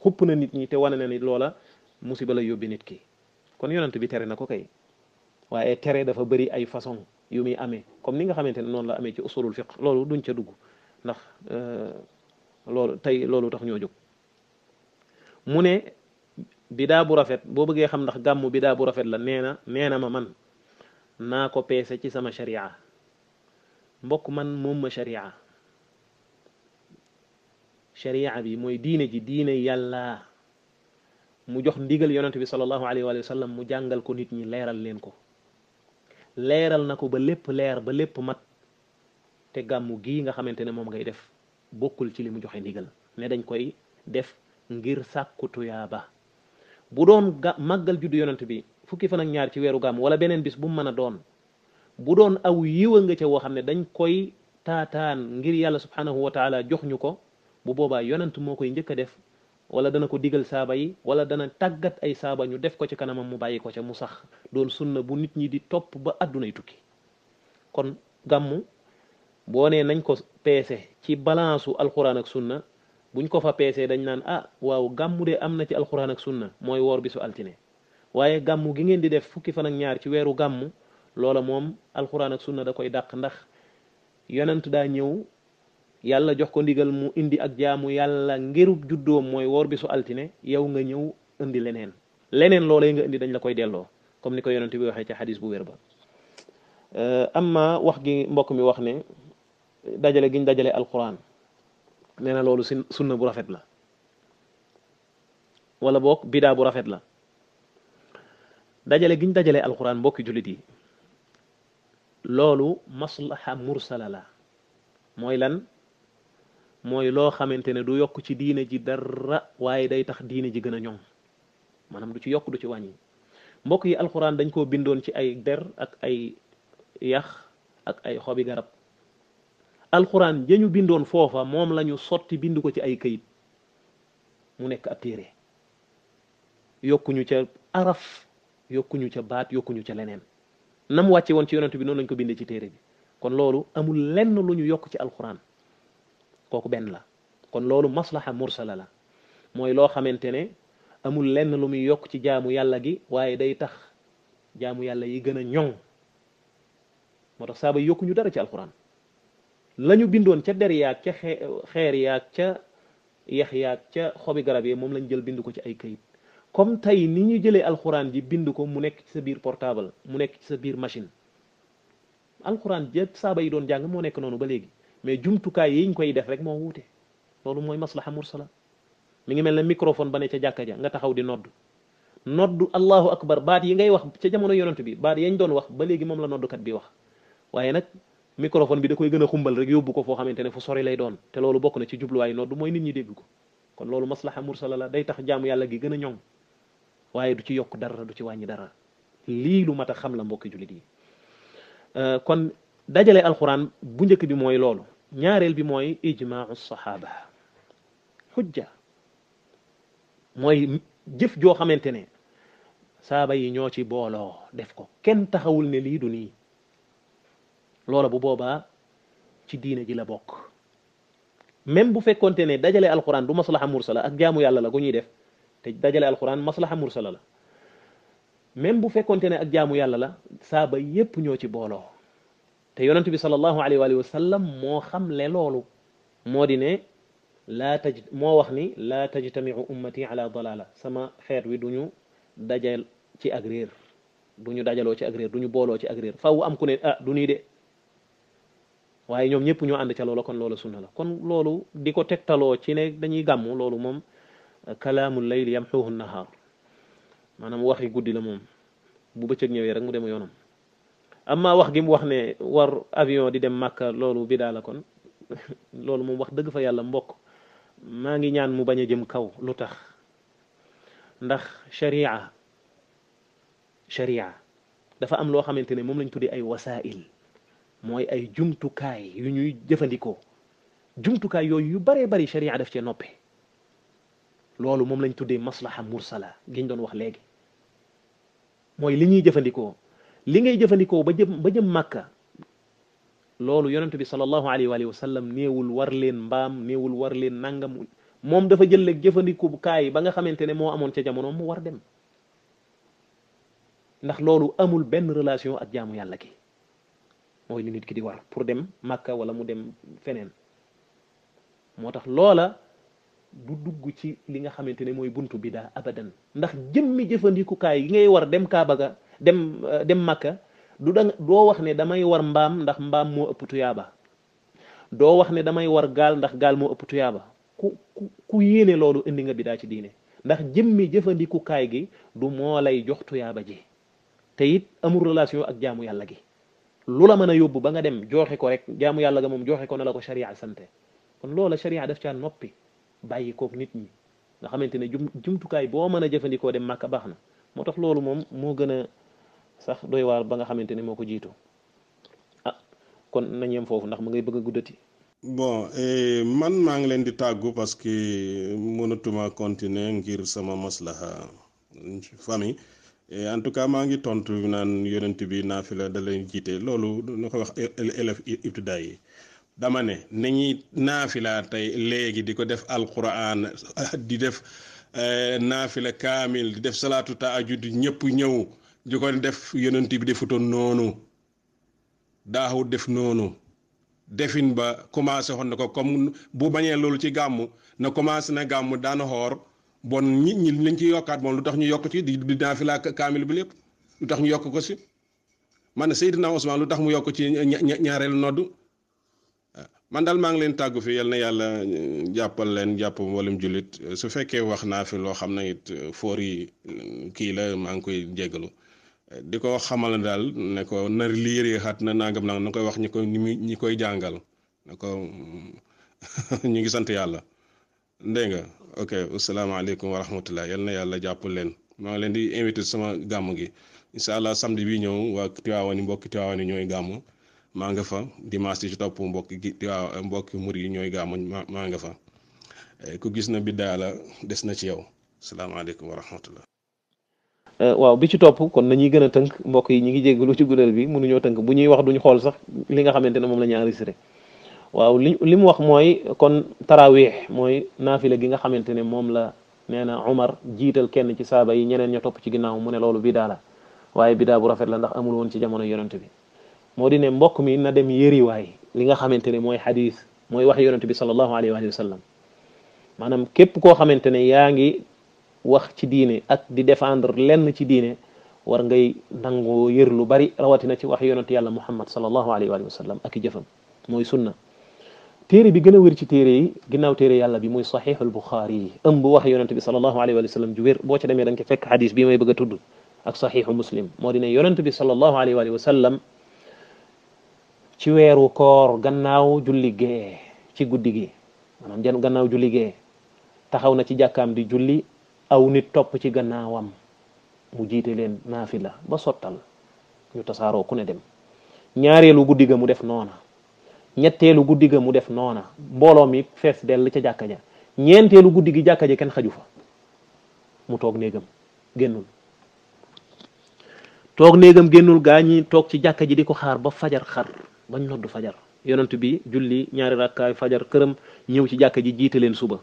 xupp na nit ñi te wane na ni loola musiba la yóbbi nit ki kon yonent bi tere na ko kay waaye tere dafa bëri ay façon yu muy amee comme ni nga xamante ne noonu la amee ci usulul fiq loolu duñ ca dugg ndax loolu tey loolu tax ñoo jóg mu ne bidaa bu rafet boo bëggee xam ndax gàmmu bidaa bu rafet la nee na nee na ma man naa ko peese ci sama sharia mbokk man moom ma sharia sharia bi mooy diine ji diine yàlla mu jox ndigal yonent bi sallallahu alayhi wa sallam mu jàngal ko nit ñi leeral leen ko leeral na ko ba lépp leer ba lépp mat te gàmmu gii nga xamante ne moom ngay def bokkul ci li mu joxe ndigal ne dañ koy def ngir sàkku ba bu doon ga màggal juddu yonent bi fukki fan ak ñaar ci weeru gàmm wala beneen bis bu mu mën a doon bu doon aw yiwa nga ca woo xam ne dañ koy taataan ngir yàlla subhanahu wa taala jox ñu ko bu boobaa yonent moo koy njëkk a def wala dana ko digal saaba yi wala dana tàggat ay saaba ñu def ko ci kanamam mu bàyyi ko ca mu sax doon sunna bu nit ñi di topp ba addunay tukki kon gàmmu boo nee nañ ko peese ci balance su alxuraan ak sunna buñ ko fa peesee dañ naan ah waaw gàmmu de am na ci alxuraan ak sunna mooy woor bi su altine waaye gàmmu gi ngeen di def fukki fan ak ñaar ci weeru gàmmu loola moom alquran ak sunna da koy dàq ndax yonent daa ñëw yàlla jox ko ndigal mu indi ak jaamu yàlla ngirub juddoom mooy woor bi su altine yow nga ñëw indi lenen. leneen loolee nga indi dañ la koy delloo comme ni ko yonent bi waxee ci xadis bu wér ba euh, amma wax gi mbokk mi wax ne dajale giñ dajale alquran nee na loolu sunna bu rafet la wala bok bida bu rafet la dajale giñ dajale alquran mbokki julit yi loolu maslaha mursala la mooy lan mooy loo xamante ne du yokk ci diine ji dara waaye day tax diine ji gën a ñoŋ maanaam du ci yokk du ci wàññi mbokk yi alxuraan dañ koo bindoon ci ay der ak ay yax ak ay xobi garab alxuraan ja ñu bindoon foofa moom lañu sotti bind ko ci ay kayit mu nekk ab téere yokkuñu ca araf yokkuñu ca baat yokkuñu ca leneen nam wacce Won ci yonent bi non lañ ko bindé ci téré bi kon loru, amul lenn luñu yok ci alquran koku ben la kon loru maslaha mursala la moy lo xamantene amul lenn lu muy yok ci jaamu yalla gi waye day tax jaamu yalla yi gëna ñong ñoŋ moo tax saaba yokku ñu dara ci alquran lañu bindoon ca der yaag ca xeer yaag ca yax yaag ca xobi garab yi mom lañ jël bindu ko ci ay kayit comme tey ni ñu jëlee alxuraan ji bind ko mu nekk ci sa biir portable mu nekk ci sa biir machine alxuraan ja saaba yi doon jàng moo nekk noonu ba léegi mais jumtukaay yi ñu koy def rek moo wuute loolu mooy maslaha mursala mi ngi mel ne microphone ba ne ca jàkka ja nga taxaw di nodd nodd allahu akbar baat yi ngay wax ca jamono yonent bi baat yañ doon wax ba léegi moom la noddukat bi wax waaye nag microphone bi da koy gën a ko foo xamante ne fu sori lay doon te loolu bokk na ci jubluwaayu nodd mooy nit ñi dégg ko kon loolu maslaha mursala la day tax jaamu yàlla gi gën a ñoŋ waaye du ci yokk dara du ci wàññi dara lii lu mat a xam la mbokki jullit yi euh, kon dajale alxuraan bu njëkk bi mooy loolu ñaareel bi mooy ijmaau saxaaba xujja mooy jëf joo xamante ne saaba yi ñoo ci booloo def ko kenn taxawul ne lii du nii loola bu boobaa ci diina ji la bokk même bu fekkonte ne dajale alxuraan du maslaha mursala ak jaamu yàlla la gu ñuy def te dajale alxuraan maslaha mursala la même bu fekkonte ne ak jaamu yàlla la saaba yépp ñoo ci booloo te yonent bi sallallahu alayhi wa la moo xamle loolu moo di ne laa taj moo wax ni laa tajtamiu ummati ala dalala sama xeet wi duñu dajal ci ak réer duñu dajaloo ci ak réer booloo ci ak réer am ku ne ah du nii de waaye ñoom ñëpp ñoo ànd ca loola kon loola sunna la kon loolu di ko tegtaloo ci ne dañuy gàmm loolu moom kalaamu layl yamxuuhu nahaar maanaam waxi guddi la moom bu bëccëg ñëwee rek mu dem yoonam amma wax gi mu wax ne war avion di dem màkka loolu bi daala kon loolu moom wax dëgg fa yàlla mbokk maa ngi ñaan mu bañ a jëm kaw lu tax ndax sharia sharia dafa am loo xamante ne moom lañ tuddee ay wasaa'il mooy ay jumtukaay yu ñuy jëfandikoo jumtukaay yooyu yu baree bari sharia def cee noppe loolu moom lañ tuddee maslaha mursala gi ñu doon wax léegi mooy li ñuy jëfandikoo li ngay jëfandikoo ba jëm ba jëm màkka loolu yonent bi sallallahu alayhi wa sallam néewul war leen mbaam néewul war leen nangam moom dafa jël rek jëfandiku kaay ba nga xamante ne moo amoon ca jamono mu war dem ndax loolu amul benn relation ak jaamu yàlla ki mooy li nit ki di war pour dem màkka wala mu dem feneen moo tax loola du dugg ci li nga xamante ne mooy buntu bidaa abadan ndax jëmmi jëfandikukaay yi ngay war dem Kaaba ga dem euh, dem Makka du da doo wax ne damay war mbaam ndax mbaam moo ëpp tuyaaba doo wax ne damay war gaal ndax gaal moo ëpp tuyaaba ku ku yéene loolu indi nga bidaa ci diine ndax jëmmi jëfandikukaay gi du moo lay jox tuyaaba ji te it amul relation ak jaamu yàlla gi lu la mën a yóbbu ba nga dem joxe ko rek jaamu yàlla ga moom joxe ko na la ko sharia sante kon loola sharia daf caa noppi. bàyyi kook nit ñi nga xamante ne jum jumtukaay boo mën a jëfandikoo dem màkka baax na moo tax loolu moom moo gën a sax doy waar ba nga xamante ne moo ko jiitoo a ah, kon na yem foofu ndax mu ngay bëgg a guddati. bon eh, man maa ngi leen di tàggu parce que mënatuma continuer ngir sama maslaha famille eh, en tout cas maa ngi tontu naan yonent bi naafila da leen jiite loolu nu ko wax élèves ibtidaa yi dama ne ñi naafila tey léegi di ko def alquran di def eh, naafila kaamil di def salaatu taajud ñëpp ñëw di ko def yonent bi defutoon noonu daaxut def noonu defin ba commencé xoon na ko comme bu bañee loolu ci gàmmu na commencé na gàmm daana xoor bon nit ñi lañ ci yokkaat moom lu tax ñu yokk ci di di naafila kaamil bi lépp lu tax ñu yokk ko si man Seydina Ousmane lu tax mu yokk ci ñaareelu noddu man daal maa ngi leen tàggu fi yal na yàlla euh, jàppal leen jàpp walum jullit euh, su fekkee wax naa fi loo xam ne it euh, foor yi kii la maa ngi koy jégalu di ko xamal daal ne ko nar liiree xat na nangam nag na koy wax ñi ko ñi koy jàngal ne ko mm, ñu ngi sant yàlla dégg nga ok asalaamaaleykum wa rahmatullah yal na yàlla jàppal leen maa ngi leen di invité sama gàmm gi incha allah samedi bi ñëw waa Tivaouane mbokki Tivaouane ñooy gàmm maa nga fa dimanche ci topp mbokki waaw mbokki mur yi ñooy gaamu maa nga fa eh, ku gis na biddaa des na ci yow salaamaaleykum wa rahmatullah eh, waaw bi ci topp kon nañuy gën a tënk mbokk yi ñi ngi jéggalu ci guddal bi ñoo tënk bu ñuy wax duñ xool sax li nga xamante ne moom la ñu enregistré waaw li li mu wax mooy kon tarawih mooy naafila gi nga xamante ne moom la nee na Umar jiital kenn ci saaba yi ñeneen ña topp ci ginnaaw mu ne loolu bidaa la waaye bidaa bu rafet la ndax amul woon ci jamono yonent bi moo di ne mbokk mi na dem yëriwaay li nga xamante ne mooy xadis mooy wax yonent bi sallallahu alayhi wa sallam maanaam képp koo xamante ne yaa ngi wax ci diine ak di défendre lenn ci diine war ngay nangoo yër lu bari rawatina ci wax yonent yàlla muhammad sallallahu ak i jëfam mooy sunna téere bi gën a wér ci téere yi ginnaaw téere yàlla bi muy saxiixul buxaari yi ëmb wax yonent bi sallallahu alayhi wa sallam ju wér boo ci demee da nga ci fekk xadis a tudd ak saxiixu muslim moo di ne yonent bi sallallahu alayhi wa sallam ci weeru koor gannaaw julli gee ci guddi gi maanaam gannaaw julli gee taxaw na ci jàkkaam di julli aw nit topp ci gannaawam mu jiite leen la ba sottal ñu tasaaroo ku ne dem ñaareelu guddi ga mu def noona ñetteelu guddi ga mu def noona mbooloo mi fees dell ca jàkka ja ñeenteelu guddi gi jàkka ja kenn xaju fa mu toog néegam génnul toog néegam génnul gaa ñi toog ci jàkka ji di ko xaar ba fajar xar bañ noddu fajar yonent bi julli ñaari rakkaay fajar këram ñëw ci jàkka ji jiite leen suba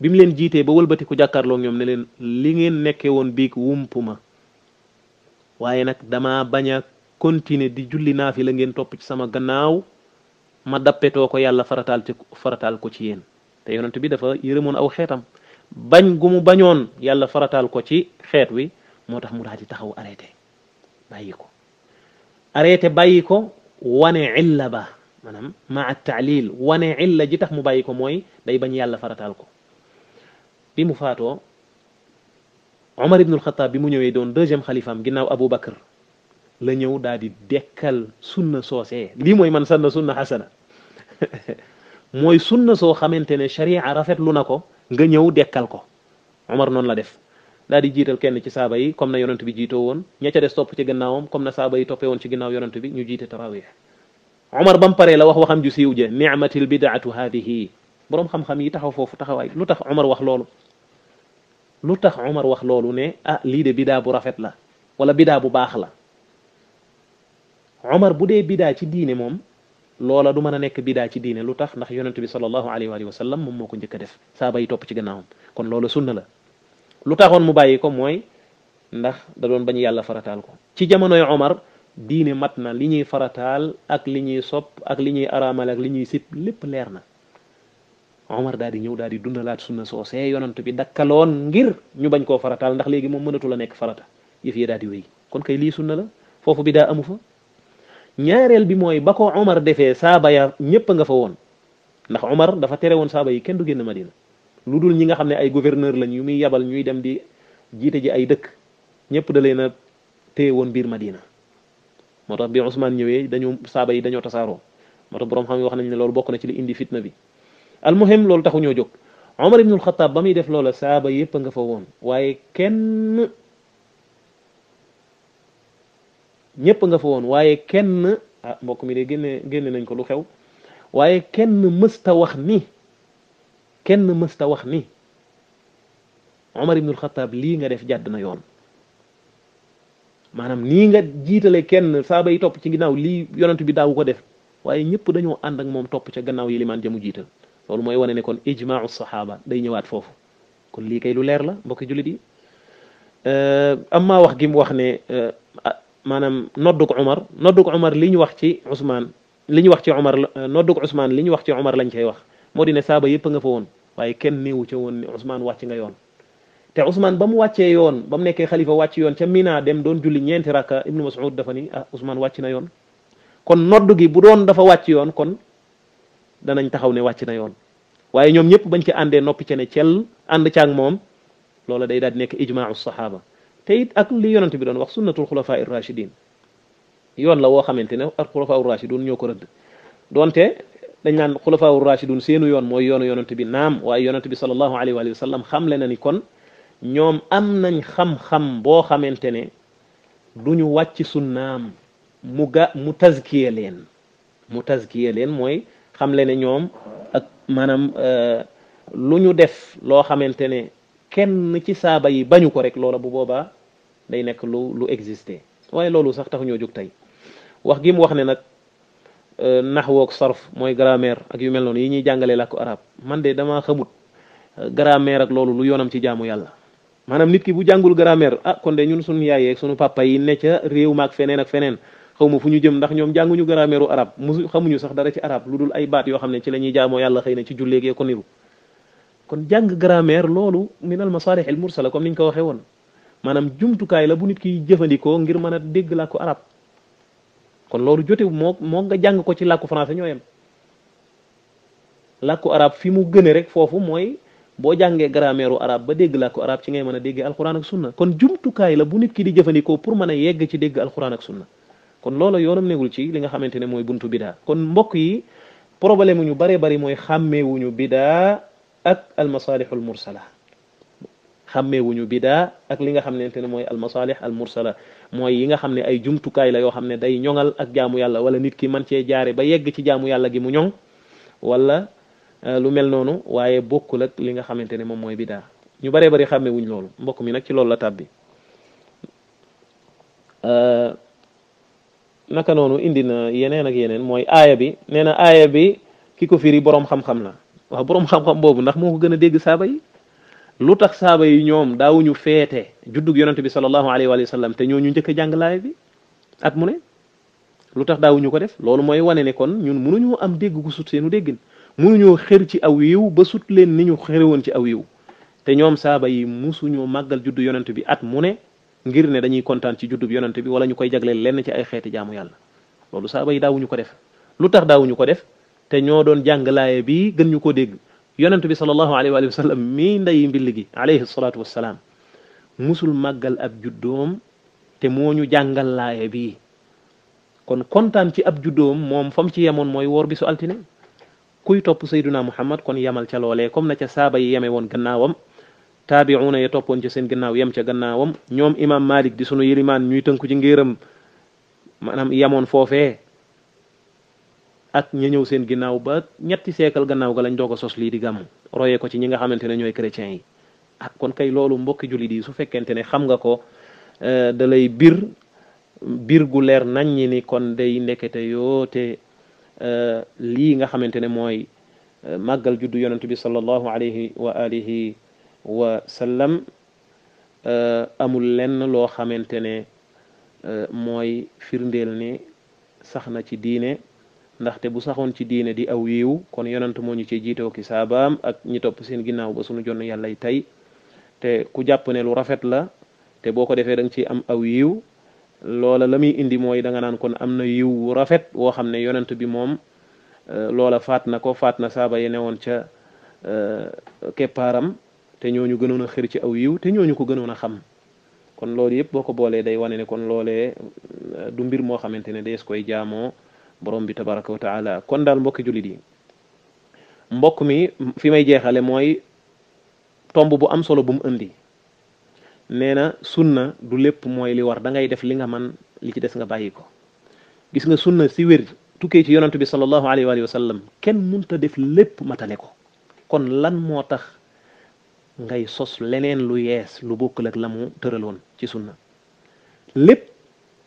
bi mu leen jiitee ba wëlbati ku jàkkaarloo ñoom ne leen li ngeen nekkee woon biig wumpu ma waaye nag dama bañ a continuer di julli naa fi la ngeen topp ci sama gannaaw ma dappetoo ko yàlla farataal ko ci yéen te yonent bi dafa yërëmoon aw xeetam bañ gu mu bañoon yàlla farataal ko ci xeet wi moo tax mu daal di taxaw arrêté bàyyi ko arrêté bàyyi ko wane illa ba maanaam maa taalil wane illa ji tax mu bàyyi ko day bañ yàlla farataal ko bi mu faatoo Omar ibnul Xataab bi mu ñëwee doon deuxième xalifaam ginnaaw Abu Bakr la ñëw daal di dekkal sunna soosee lii mooy man sanna sunna xasana mooy sunna soo xamante sharia rafet na ko nga ñëw dekkal ko Omar non la def daal di jiital kenn ci saaba yi comme na yonent bi jiitoo woon ña ca des topp ci gannaawam comme na saaba yi toppee woon ci gannaaw yonent bi ñu jiite tarawih omar ba mu paree la wax waxam ju siiw ja nicmatil bidaatu haadihi boroom xam-xam yi taxaw foofu taxawaay lu tax omar wax loolu lu tax omar wax loolu ne ah lii de bidaa bu rafet la wala bidaa bu baax la omar bu dee bidaa ci diine moom loola du mën a nekk bidaa ci diine lu tax ndax yonent bi sallallahu alayhi wa sallam moom moo ko njëkk a def saaba yi topp ci gannaawam kon loola sunna la lu taxoon mu bàyyi ko mooy ndax da doon bañ yàlla farataal ko ci jamonoy Omar diine mat na li ñuy farataal ak li ñuy sopp ak li ñuy araamal ak li ñuy sib lépp leer na Omar daal di ñëw daal di dundalaat sunna soosee yonant bi dakkaloon ngir ñu bañ koo farataal ndax léegi moom mënatu la nekk farata yëf yi daal di wéy kon kay lii sunna la foofu bi daa amu fa ñaareel bi mooy ba ko Omar defee saaba ya ñépp nga fa woon ndax Omar dafa tere woon saaba yi kenn du génn Madina lu dul ñi nga xam ne ay gouverneur lañu yu muy yabal ñuy dem di jiite ji ay dëkk ñëpp da leen a téye woon biir Madina moo tax bi Ousmane ñëwee dañoo saaba yi dañoo tasaaroo moo tax boroom xam yi wax nañ ne loolu bokk na ci li indi fitna bi almuhim loolu taxu ñoo jóg Omar ibnul Xataab ba muy def loola saaba yépp nga fa woon waaye kenn ñépp nga fa woon waaye kenn ah, mbokk mi de génne génne nañ ko lu xew waaye kenn mësta wax ni kenn mësta wax ni Omar al-Khattab li nga def jadd na yoon manam ni nga jitalé kenn saaba yi top ci ginaaw li yonent bi daawu ko def waye ñepp dañu and ak mom top ci gannaaw yi jamu jital loolu moy wone ne kon ijmaau sahaba day ñëwaat fofu kon li kay lu leer la mbokk julit yi euh, amma wax gi mu wax ne euh, maanaam nodduk Omar nodduk Omar li ñu wax ci Usman? li ñu wax ci Omar euh, nodduk Usman? li ñu wax ci Omar lañ cey wax ne saaba nga fa won waaye kenn newu ca woon ni Ousmane wàcc nga yoon te Ousmane ba mu wàccee yoon ba nekkee xalifa wàcc yoon ca Mina dem doon julli ñeenti rakka Ibnu Mas'ud dafa ni ah Ousmane wàcc na yoon kon nodd gi bu doon dafa wàcc yoon kon danañ taxaw ne wàcc na yoon waaye ñoom ñëpp bañ ci àndee noppi ca ne cel ànd caag moom loola day daal di nekk ijmaau saxaaba te it ak li yonent bi doon wax sunnatul xulafaa ir rachidin yoon la woo xamante ne al xulafaa ir ñoo ko rëdd dañ naan xulafaawu rachidun seenu yoon mooy yoonu yonent bi naam waaye yonent bi sallallahu alayhi wa xam xamle na ni kon ñoom am nañ xam-xam boo xamante ne du ñu wàcc sunnaam mu ga mu tazkiye leen mu tazkiye leen mooy xamle ne ñoom ak maanaam euh, lu ñu def loo xamante ne kenn ci saaba yi bañu ko rek loola bu boobaa day nekk lu lu existé waaye loolu sax tax ñoo jóg tey wax gi wax ne nag Euh, nax wook sarf mooy grammaire ak yu mel noonu yi ñuy jàngalee làkku arab man de damaa xamut euh, grammaire ak loolu lu yoonam ci jaamu yàlla maanaam nit ki bu jàngul grammaire ah de ñun suñu yaay ak suñu papa yi ne ca réew maak feneen ak feneen xaw ma fu ñu jëm ndax ñoom jànguñu grammaire u arab musu xamuñu sax dara ci arab lu dul ay baat yoo xam ne ci la ñuy jaamoo yàlla xëy na ci julleegee ko niru kon jàng grammaire loolu min al masalih al mursala comme niñ ko waxee woon maanaam jumtukaay la bu nit ki jëfandikoo ngir mën a dégg làkku arab kon lolu jote mo mo nga jang ko ci làkku français ñoyam yem arab fi mu gëne rek fofu moy bo jangé grammaire arab ba dégg làkku arab ci ngay mëna dégg alcorane ak sunna kon kay la bu nit ki di jëfëndiko pour mëna yegg ci dégg alcorane ak sunna kon lolu yoonam neegul ci li nga xamantene moy buntu bida. kon mbokk yi problème ñu bari bari xamé wuñu bida ak almasalihul mursala wuñu bida ak li nga xamantene moy al masalih al mursala mooy yi nga xam ne ay jumtukaay la yoo xam ne day ñoŋal ak jaamu yàlla wala nit ki man cee jaare ba yegg ci jaamu yàlla gi mu ñoŋ wala euh, lu mel noonu waaye bokkul ak li nga xamante ne moom mooy bidaa ñu baree bari xàmme wuñ loolu mbokk mi nag ci loolu la tàbbi euh, naka noonu indi na yeneen ak yeneen mooy aaya bi nee na aaya bi ki ko firi boroom xam-xam la waaw boroom xam-xam boobu ndax moo ko gën a dégg saaba yi lu tax saaba yi ñoom daawuñu feete juddug yonente bi salallahu alayhi wa sallam te ñoo ñu njëkk a jàng laaya bi at mu ne lu tax daawuñu ko def loolu mooy wane ne kon ñun mënuñoo am dégg sut seenu déggin mënuñoo xër ci aw yiw ba sut leen ni ñu xëre woon ci aw yiw te ñoom saaba yi musuñoo màggal juddu yonent bi at mu ne ngir ne dañuy kontaan ci juddub yonent bi wala ñu koy jagleel lenn ci ay xeeti jaamu yàlla loolu saaba yi daawuñu ko def lu tax daawuñu ko def te ñoo doon jàng laaya gën ñu ko dégg yonent bi sallallahu alayhi wa mii ndeyi mbill gi alayhi salaatu wassalaam musul màggal ab juddoom te moo ñu jàngal laaye kon kontaan ci ab juddoom moom fam ci yemoon mooy woor bi su altine kuy topp sayduna muhammad kon yamal ca loolee comme na ca saaba yi yeme woon gannaawam taabiuuna ya toppoon ca seen gannaaw yem ca gannaawam ñoom imam malik di sunu yilimaan ci ngéeram maanaam yemoon ak ña ñew seen ginnaw ba ñetti sékkal gannaaw ga lañ doog a sos li di gam royé ko ci ñi nga xamantene ñoy chrétien yi ah kon kay loolu mbokk julli di su fekkente ne xam nga ko euh dalay bir bir gu leer nañ ni kon day nekkete yote te euh, lii nga xamantene moy euh, magal juddu yonent bi sallallahu alayhi wa alihi wa sallam euh, amul lenn loo xamantene euh moy firndel ni saxna ci diine ndaxte bu saxoon ci diine di aw yiw kon yonent moo ñu ci jiitoo ki saabaam ak ñi topp seen ginnaaw ba sunu jonn yàlla yi te ku jàpp ne lu rafet la te boo ko defee da ci am aw yiw loola la muy indi mooy da nga naan kon am na yiw wu rafet woo xam ne yonent bi moom euh, loola faat na ko faat na saaba yi newoon ca euh, keppaaram te ñooñu gënoon a xër ci aw yiw te ñooñu ko gënoon a xam kon loolu yépp boo ko boolee day wane ne kon loolee euh, du mbir moo xamante ne dees koy jaamoo borom bi tabaraka wa taala kon daal mbokki jullit yi mbokk mi fi may jeexale mooy tomb bu am solo bu mu indi nee na sunna du lépp mooy li war da ngay def li nga man li ci des nga bàyyi ko gis nga sunna si wér tukkee ci yonantu bi sallallahu alayhi wa sallam kenn munta def lépp matale ko kon lan moo tax ngay sos leneen lu yees lu bokk la la mu tëraloon ci sunna lépp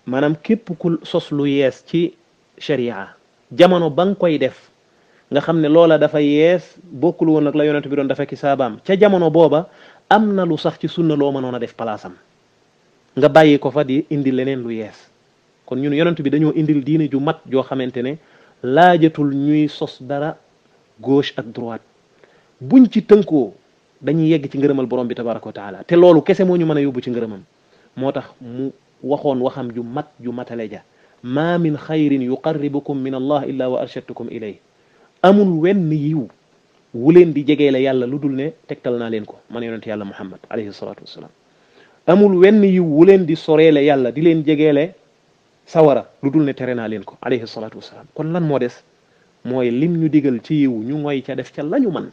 maanaam képp ku sos lu yees ci sharia jamono ba nga koy def nga xam ne loola dafa yees bokkul woon nag la yonent bi doon dafa ki saabaam ca jamono booba am na lu sax ci sunna loo mënoon a def palaasam nga bàyyi ko fa di indi leneen lu yees kon ñun yonent bi dañoo indi diine ju mat joo xamante ne laajatul ñuy sos dara gauche ak droit buñ ci tënkoo dañuy yegg ci ngërëmal borom bi tabaraka wa taala te loolu kese moo ñu mën a yóbbu ci ngërëmam moo tax mu waxoon waxam ju mat ju matale ja maa min xayrin yuqarribukum min allah illaa wa arshadtukum ilay amul wenn yiw wu leen di jegee la yàlla lu dul ne tegtal naa leen ko man yonent yàlla muhammad alayhi salaatu wassalaam amul wenn yiw wu leen di soreele yàlla di leen jegele sawara lu dul ne tere naa leen ko alayhi salaatu wassalaam kon lan moo des mooy lim ñu digal ci yiw ñu ngoy ca def ca lañu man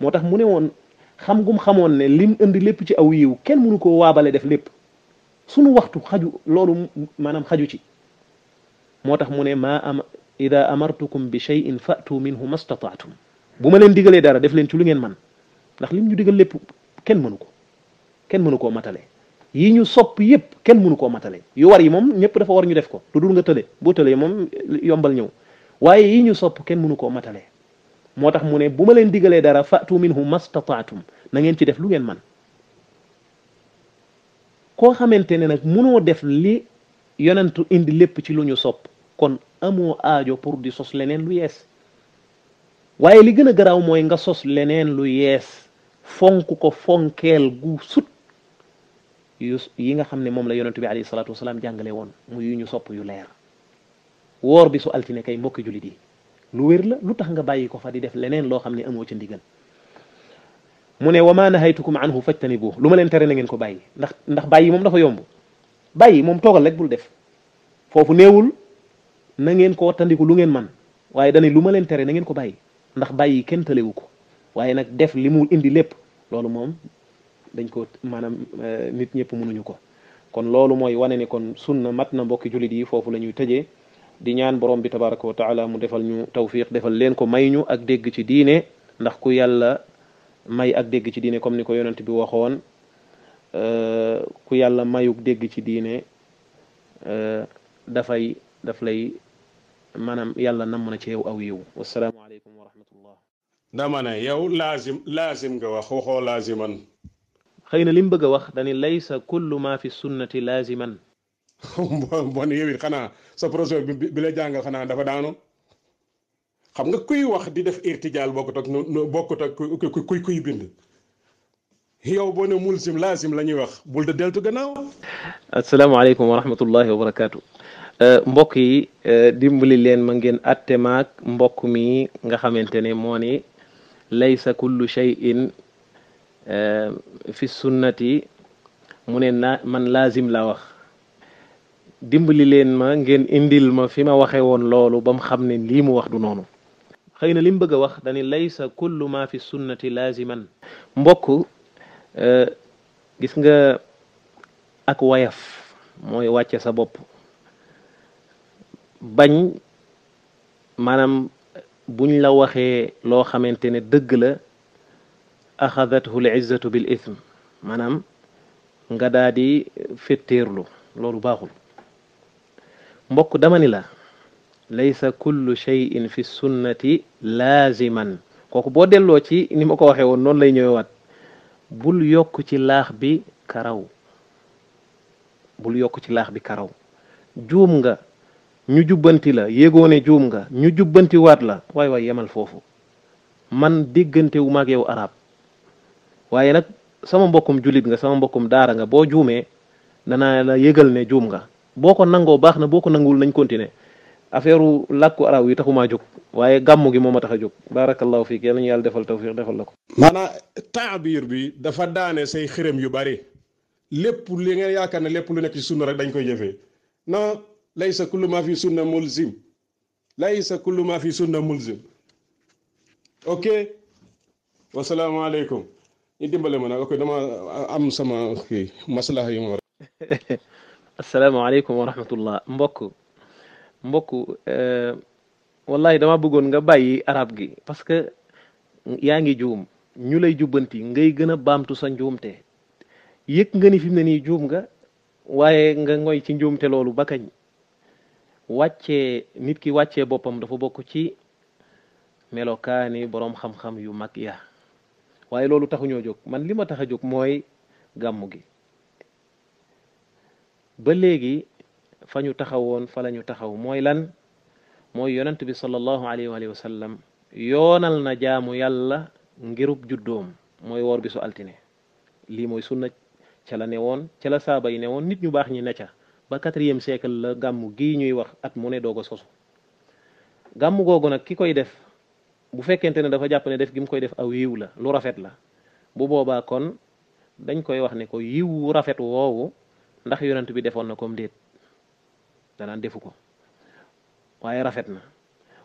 moo tax mu ne woon xam gum xamoon ne lim indi lépp ci aw yiw kenn mënu koo waabale def lépp sunu waxtu xaju loolu maanaam xaju ci moo tax mu ne maa am ida amartukum bi cheyin fatu minhu mastataatum bu ma leen digalee dara def leen ci lu ngeen man ndax lim ñu diggal lépp kenn mënu ko kenn mënu koo matale yi ñu sopp yépp kenn mënu koo matale yu war yi moom ñëpp dafa war ñu def ko lu nga tële boo tëlee moom yombal ñëw waaye yi ñu sopp kenn mënu koo matale moo tax mu ne bu ma leen digalee dara fatu minhu mastataatum na ngeen ci def lu ngeen man koo xamante ne nag munoo def li yonentu indi lépp ci lu ñu sopp kon amoo aajo pour di sos leneen lu yees waaye li gën a garaaw mooy nga sos leneen lu yees fonk ko fonkeel gu sut yu yi nga xam ne moom la yonent bi alayhi salaatu wasalaam jàngale woon mu yu ñu sopp yu leer woor bi su altine kay mbokki jullit yi lu wér la lu tax nga bàyyi ko fa di def leneen loo xam ne amoo ca ndigal mu ne wa ma nahaytukum anhu fajtanibuhu lu ma leen tere na ngeen ko bàyyi ndax ndax bàyyi moom dafa yomb bàyyi moom toogal rek def na ngeen ko wattandiku lu ngeen man waaye dani lu ma leen tere na ko bàyyi ndax bàyyi kenn talewu ko waaye nag def li mu indi lépp loolu moom dañ ko maanaam euh, nit ñëpp mënuñu ko kon loolu mooy wane ni kon sunna mat na mbokki jullit yi foofu lañuy ñuy tëjee di ñaan borom bi tabaraka wa mu defal ñu tawfiq defal leen ko may ñu ak dégg ci diine ndax ku yàlla may ak dégg ci diine comme ni ko yonent bi waxoon euh, ku yàlla mayuk dégg ci diine euh, dafay دفلي منام يلا نمنا تيو او يو والسلام عليكم ورحمه الله نمنا يو لازم لازم غوا خو لازما خينا لم بغا واخ داني ليس كل ما في السنه لازما بون يوي خنا سو بروجي خنا دا دانو xam nga kuy wax di def irtijal bokut ak bokut ak kuy kuy bind yow bo ne mulsim lazim lañuy wax bul de deltu gannaaw assalamu Euh, mbokk yi euh, dimbali leen ma ngeen atte maag mbokk mi nga xamante ne moo ni laysa kullu shay'in euh, fi sunnati mu ne na man laazim la wax dimbali leen ma ngeen indil ma fi ma waxe woon loolu ba mu xam ne lii mu wax du noonu xëy na li mu bëgg a wax dani laysa kullu ma fi sunnati laaziman mbokk gis nga ak wayaf mooy wàcce sa bopp bañ maanaam buñ la waxee loo xamante ne dëgg la axadathu l izzatu bil ithm maanaam nga daa di fettéerlu loolu baaxul mbokk dama ni la laysa kullu cheyin fi sunnati laaziman kooku boo delloo ci ni ma ko waxee woon noonu lay ñëwewaat bul yokk ci laax bi karaw bul yokk ci laax bi karaw juum nga ñu jubbanti la yéegoone juum nga ñu jubbanti waat la waaye waay yemal foofu man déggante wu maag yow arab waaye nag sama mbokkum jullit nga sama mbokkum daara nga boo juumee danaa la yëgal ne juum nga boo ko nangoo baax na boo ko nanguwul nañ continuer affaire u làkku arab yi maa jóg waaye gàmmu gi moom a tax a jóg barakallahu fiik yal nañu yàlla defal tawfiq defal la ko maanaam taabiir bi dafa daane say xërëm yu bari lépp li ngeen yaakaar ne lépp lu rek dañ koy jëfee laysa kullu ma fi sunna mulzim laysa kullu ma fi sunna mulzim ok wasalaamaaleykum ñu dimbale ma nag ok dama am sama kii maslaha yu ma war asalaamaaleykum wa rahmatullah mbokk mbokk eh, wallahi dama bëggoon nga bàyyi arab gi parce que yaa ngi juum ñu lay jubbanti ngay gën a baamtu sa njuumte yëg nga ni fi mu ne nii juum nga waaye nga ngoy ci njuumte loolu ba kañ wacce nit ki wacce bopam dafa bokk ci melokaani borom xam-xam yu mag ya waaye loolu ñoo jóg man li ma tax a jóg mooy gàmmu gi ba léegi fa ñu taxawoon fa la ñu taxaw mooy lan mooy yonent bi sallallahu alayhi wa sallam yoonal na jaamu yàlla ngirub juddoom mooy woor bisu altine lii mooy sunna ca la ne woon ca la saaba yi nit ñu baax ñi ne ba quatrième siècle la gàmm gii ñuy wax at mu ne doog a sosu gàmm googu nag ki koy def bu fekkente ne dafa jàpp ne def gi mu koy def aw yiw la lu rafet la bu boobaa kon dañ koy wax ne ko yiwu rafet woowu ndax yonent bi defoon na comme déet danaan defu ko waaye rafet na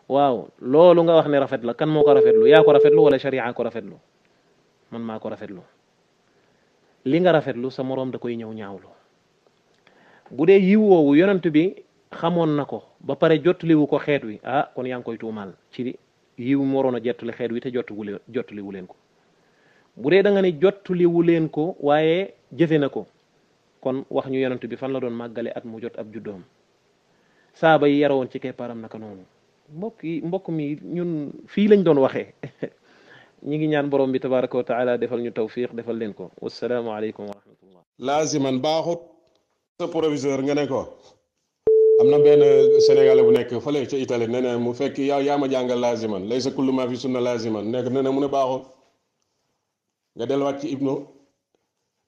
waaw loolu nga wax ne rafet la kan moo ko rafetlu yaa ko rafetlu wala sharia ko rafetlu man maa ko rafetlu li nga rafetlu sa moroom da koy ñëw ñaawlu bu dee yiw woowu yonent bi xamoon na ko ba pare jottaliwu ko xeet wi ah kon yaa ngi koy tuumaal ci yiw mu waroon a jottali xeet wi te jottaliwu jottaliwu leen ko bu dee da nga ne jottaliwu leen ko waaye jëfe na ko kon wax ñu yonent bi fan la doon màggale at mu jot ab juddoom saaba yi yaroon ci keppaaram naka noonu mbokk yi mbokk mi ñun fii lañ doon waxee ñi ngi ñaan borom bi tabaraka wa defal ñu tawfiq defal leen ko wasalaamu aleykum wa rahmatullah sa proviseur nga ne ko am na benn sénégalais bu nekk fële ca Italie nee na mu fekk yaa yaa ma jàngal laaziman lay sa kulluma fi sunna laaziman nekk nee na mu ne baaxul nga delluwaat ci ibnu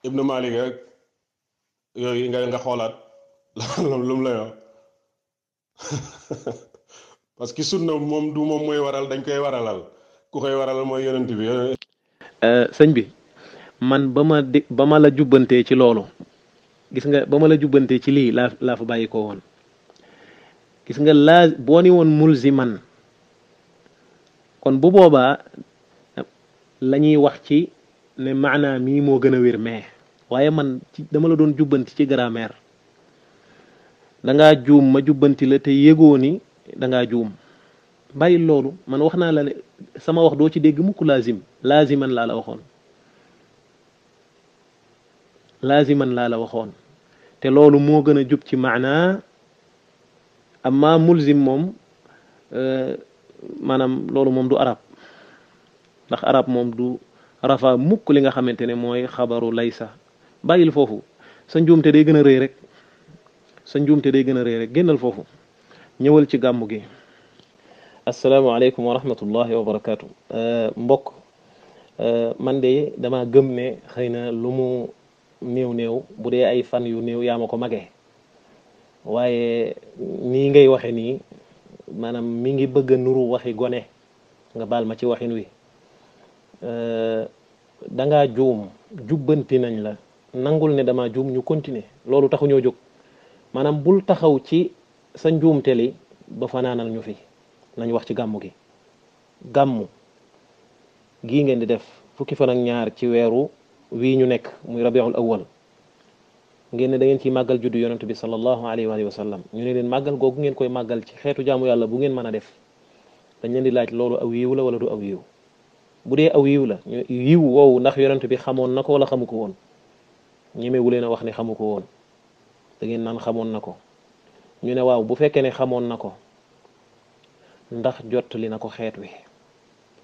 ibnu Malik rek yooyu nga nga xoolaat lu que sunna moom du moom mooy waral dañ koy waralal ku koy waralal mooy yonent bi. Euh, sëñ bi man ba ma di ba la jubbantee ci loolu. gis nga ba ma la jubbante ci lii laa laa fa bàyyi ko woon gis nga laa boo ni woon mul mulziman kon bu boobaa la ñuy wax ci ne maanaam mii moo gën a wér mais waaye man ci dama la doon jubbanti ci grammaire da ngaa juum ma jubbanti la te yégoo ni da juum bàyyi loolu man wax naa la ne sama wax doo ci dégg mukk laazim laaziman laa la waxoon لازم لا لا وخون تي لولو مو غنا جوب تي معنى اما ملزم موم آه، مانام لولو موم دو عرب داخ عرب موم دو رفا موك ليغا خامتيني موي خبر ليس بايل فوفو سا نجومتي داي غنا ري رك سا نجومتي داي غنا ري رك генال فوفو نيوال تي غامو جي السلام عليكم ورحمه الله وبركاته آه، مبوك man de dama gëm ne xëy na lu mu néew néew bu dee ay fan yu néew yaa ma ko magee waaye nii ngay waxe nii maanaam mi ngi bëgg a nuru waxi gone nga baal ma ci waxin wi dangaa juum jubbanti nañ la nangul ne dama juum ñu continuer loolu taxu ñoo jóg maanaam bul taxaw ci sa njuumte li ba fanaanal ñu fi nañ wax ci gàmmu gi gàmmu gii ngeen di def fukki fan ak ñaar ci weeru wii ñu nekk muy rabiul awal ngeen ne da ngeen ciy màggal juddu yonent bi sallallahu alayhi wa sallam ñu ne leen màggal googu ngeen koy màggal ci xeetu jaamu yàlla bu ngeen mën a def dañ leen di laaj loolu aw yiw la wala du aw yiw bu dee aw yiw la yiw woowu ndax yonent bi xamoon na ko wala xamu ko woon ñemewu leen a wax ne xamu ko woon da ngeen naan xamoon na ko ñu ne waaw bu fekkee ne xamoon na ko ndax jottali na ko xeet wi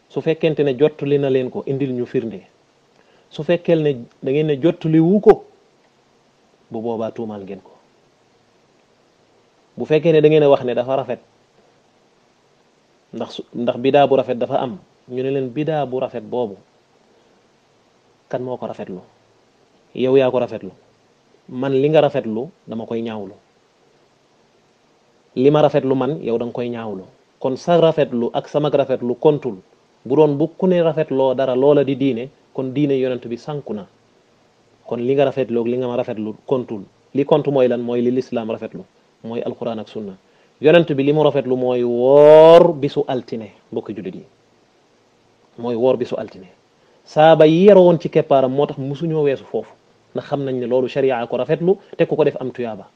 su fekkente ne jottali na leen ko indil ñu firnde su fekkee ne da ngeen ne jottali wu ko bu boobaa tuumaal ngeen ko bu fekkee ne da ngeen wax ne dafa rafet ndax su ndax bidaa bu rafet dafa am ñu ne leen biddaa bu rafet boobu kan moo ko rafetlu yow yaa ko rafetlu man li nga rafetlu dama koy ñaawlu li ma rafetlu man yow danga koy ñaawlu kon sa rafetlu ak sama rafetlu kontul bu doon bu ku ne rafetloo dara loola di diine kon diine yonent bi sànku na kon li nga rafetlu li nga ma rafetlu kontul li kontu moy lan moy li lislaam rafetlu moy alquran ak sunna yonent bi li mu rafetlu moy wor bisu altine mbokki julit yi moy wor bisu altine sa yi yeroon ci keppaaram motax tax musuñoo weesu foofu ndax ne lolu sharia ko rafetlu te ku ko def am tuyaba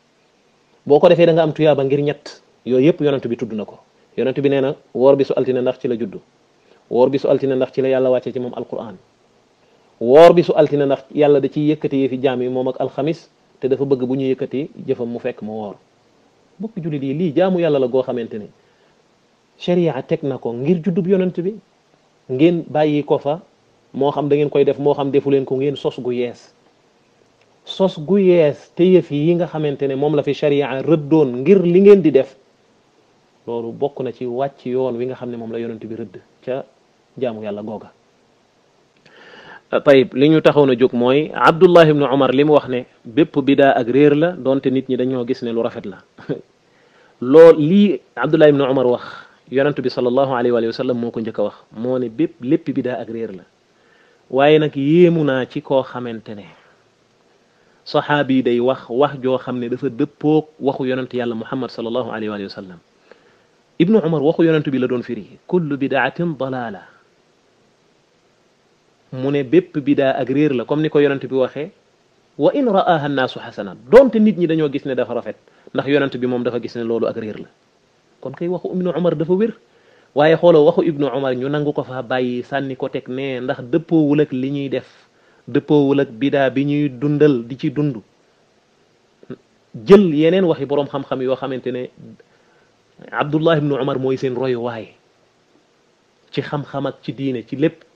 boko defé da nga am tuyaba ngir ñett yoy yep yonent bi tuddu nako yonent bi neena wor bisu altine ndax ci la juddu wor bisu altine ndax ci la yalla wacce ci mom alquran wor bi su altina ndax yalla da ci yëkëti fi jami mom ak al khamis te dafa bëgg bu ñu yëkëti jëfam mu fekk mu wor bokk julit yi li jaamu yalla la go xamanteni sharia tek nako ngir juddub yonent bi ngeen bayyi ko fa mo xam da ngeen koy def mo xam defu len ko ngeen sos gu yes sos gu yes te yef yi nga xamantene mom la fi sharia reddon ngir li ngeen di def lolu bokku na ci wacc yoon wi nga xamne mom la yonent bi redd ca jaamu yalla goga tayib li ñu taxoon a jóg mooy abdullah ibnu omar li mu wax ne bépp bidaa ak réer la donte nit ñi dañoo gis ne lu rafet la lool lii abdullah ibnu omar wax yonent bi salallahu alayhi wa sallam moo ko njëkk a wax moo ne bépp lépp bidaa ak réer la waaye nag yéemu naa ci koo xamante ne saxaabi yi day wax wax joo xam ne dafa dëppoog waxu yonent yàlla muhammad salallahu alayhi wa sallam ibnu omar waxu yonent bi la doon firi kullu bidaatin dalaala mune bépp bida ak rir la comme niko yonent bi waxe wa in an-nas xasanan doonte nit ñi dañu gis ne dafa rafet ndax yonent bi mom dafa gis ne lolu ak rir la kon kay waxu ibn umar dafa wér waye xolo waxu ibn umar ñu nangu ko fa bàyyi sànni ko tek ne ndax dëppoowul ak li ñuy def dëppoowul ak bida bi ñuy dundal di ci dund jël yenen waxi borom xam-xam yo xamantene abdullah ibn umar moy seen roy waye ci xam-xam ak ci diine ci lépp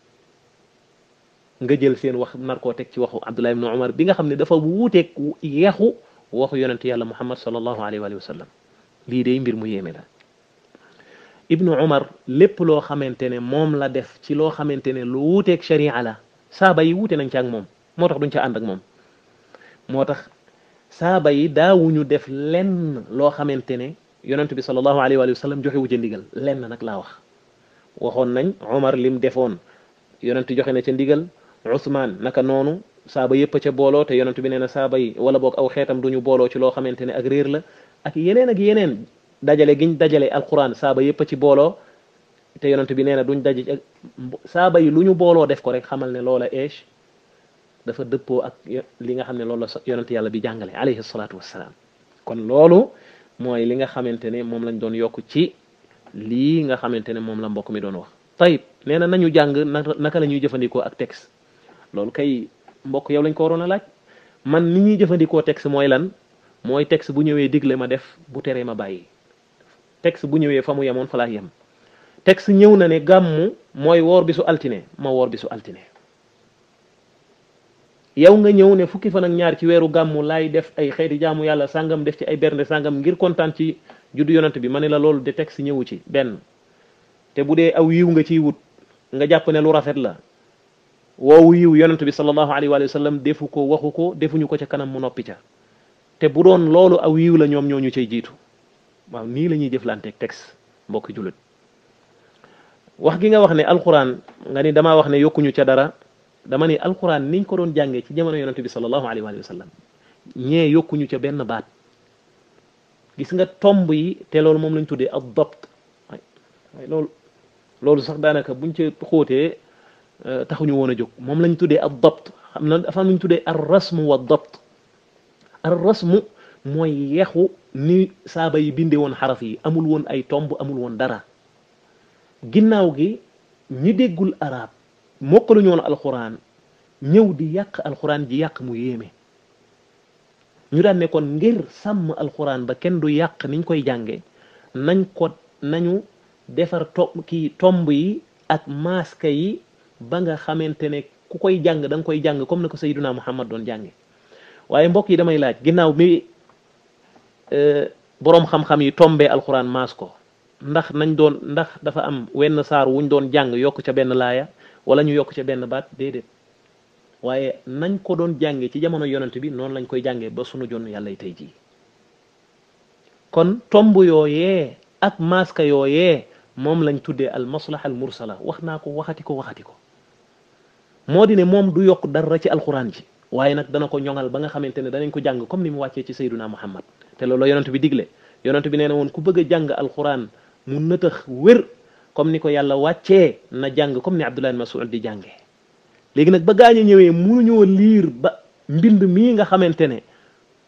nga jël seen wax nar koo teg ci waxu Abdullah ibn Umar bi nga xam ne dafa wuuteeg yexu waxu yonent yàlla Muhammad sallallahu alayhi wa sallam lii day mbir mu yéeme la ibnu Umar lépp loo xamante ne moom la def ci loo xamante ne lu wuuteeg sharia la saaba yi wuute nañ ci ak moom moo tax duñ ca ànd ak moom moo tax saaba yi daawuñu def lenn loo xamante ne yonent bi sallallahu alayhi wa sallam joxe wu ca ndigal lenn nag laa wax waxoon nañ Umar lim defoon yonent joxe na ca ndigal Ousmane naka noonu saaba yëpp ca booloo te yonent bi saaba yi wala boog aw xeetam duñu booloo ci loo xamante ne ak réer la ak yeneen ak yeneen dajale giñ dajale alquran saaba yëpp ci booloo te yonent bi nee na duñ daje ak saaba yi lu ñu booloo def ko rek xamal ne loola eesh dafa dëppoo ak li nga xam ne loolu la yonent yàlla bi jàngale alayhi salaatu wassalaam kon loolu mooy li nga xamante ne moom lañ doon yokk ci lii nga xamante ne moom la mbokk mi doon wax tayib nee na nañu jàng naka la ñuy jëfandikoo ak texte loolu kay mbokk yow lañ ko waroon a laaj man ni ñuy jëfandikoo texte mooy lan mooy texte bu ñëwee digle ma def bu teree ma bàyyi texte bu ñëwee fa mu yemoon fa laa yem texte ñëw na ne gàmmu mooy woor bi su altine ma woor bi su altine yow nga ñëw ne fukki fan ak ñaar ci weeru gàmmu laay def ay xeeti jaamu yàlla sàngam def ci ay bernde sàngam ngir kontaan ci juddu yonant bi ma ne la loolu de texte ñëwu ci benn te bu dee aw yiw nga ciy wut nga jàpp ne lu rafet la woowu yiw yonent bi sallallahu alayhi wa sallam defu ko waxu ko defuñu ko ca kanam mu noppi ca te bu doon loolu aw yiw la ñoom ñoo ñu cay jiitu waaw nii la ñuy jëflanteeg texte mbokki jullit wax gi nga wax ne alquran nga ni damaa wax ne yokkuñu ca dara dama ni alquran niñ ko doon jàngee ci jamono yonent bi sallallahu alayhi wa sallam ñee yokkuñu ca benn baat gis nga tomb yi te loolu moom lañ tuddee ak dopt loolu sax daanaka buñ ca xóotee Euh, taxuñu woon a jóg moom lañ tuddee ab dabt xam na dafa am tuddee ar rasmu wa dabt ar rasmu mooy yeexu ni saaba yi bindee woon xaraf yi amul woon ay tomb amul woon dara ginnaaw gi ñu déggul arab mokkaluñu woon alxuraan ñëw di yàq alxuraan ji yàq mu yéeme ñu daan nekkoon ngir sàmm alxuraan ba kenn du yàq niñ koy jànge nañ ko nañu defar to kii tomb yi ak maska yi ba nga xamante ne ku koy jàng da koy jàng comme na ko sayyiduna muhammad doon jànge waaye mbokk yi damay laaj ginnaaw mi e, boroom xam-xam yi tombee alxuraan maas ko ndax nañ doon ndax dafa am wenn saar wuñ doon jàng yokk ca benn laaya wala ñu yokk ca benn baat déedéet waaye nañ ko doon jànge ci jamono yonent bi noonu lañ koy jàngee ba sunu jonn yàlla tey jii kon tomb yooyee ak maaska yooyee moom lañ tuddee al maslaha al mursala wax naa ko waxati ko waxati ko moo di ne moom du yokk dara ci alxuraan ji waaye nag dana ko ñoŋal ba nga xamante ne danañ ko jàng comme ni mu wàccee ci sayduna muhammad te loolu yonent bi digle yonent bi nee na woon ku bëgg a jàng alxuraan mu nëtëx wér comme ni ko yàlla wàccee na jàng comme ni abdullah mas'ud di jàngee léegi nag ba gaañ a ñëwee mënuñoo liir ba mbind mii nga xamante ne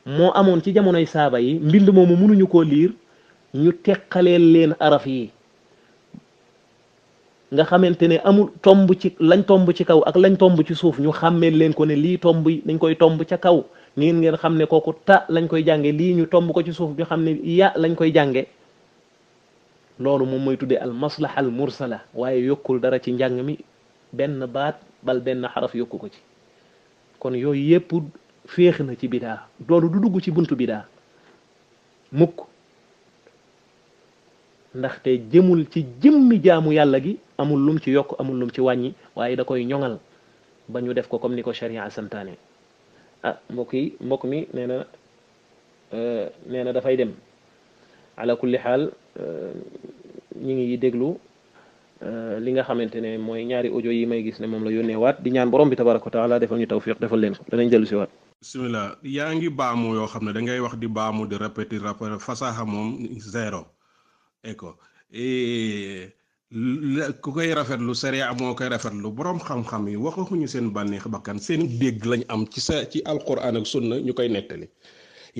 moo amoon ci jamonoy saaba yi mbind moomu mënuñu koo liir ñu teqaleel leen araf yi nga xamante ne amul tomb ci lañ tomb ci kaw ak lañ tomb ci suuf ñu xàmmee leen ko ne lii tomb dañ koy tomb ca kaw ngeen ngeen xam ne kooku ta lañ koy jànge lii ñu tomb ko ci suuf ñu xam ne yà lañ koy jànge loolu moom mooy tuddee al maslaha al mursala waaye yokkul dara ci njàng mi benn baat bal benn xaraf yokku ko ci kon yooyu yépp féex na ci bidaa loolu du dugg ci buntu bidaa mukk ndaxte jëmul ci jëmmi jaamu yàlla gi amul lum ci yokk amul lum ci wàññi waaye da koy ñoŋal ba ñu def ko comme ni ko sharia santaane ah mbokk yi mbokk mi nee na eh, nee na dafay dem ala kulli xaal eh, ñi ngi déglu eh, li nga xamante ne mooy ñaari audio yi may gis ne moom la yónnee waat di ñaan borom bi tabaraka wa taala defal ñu tawfiq defal leen ko danañ dellu si waat bisimilah yaa ngi baamu yoo xam ne da wax di baamu di répéter répéter fasaxa moom zéro écho ku koy rafetlu sariya moo koy rafetlu boroom xam-xam yi waxuñu seen bànneex bakkan seen dégg lañ am ci sa ci alquran ak sunna ñu koy nettali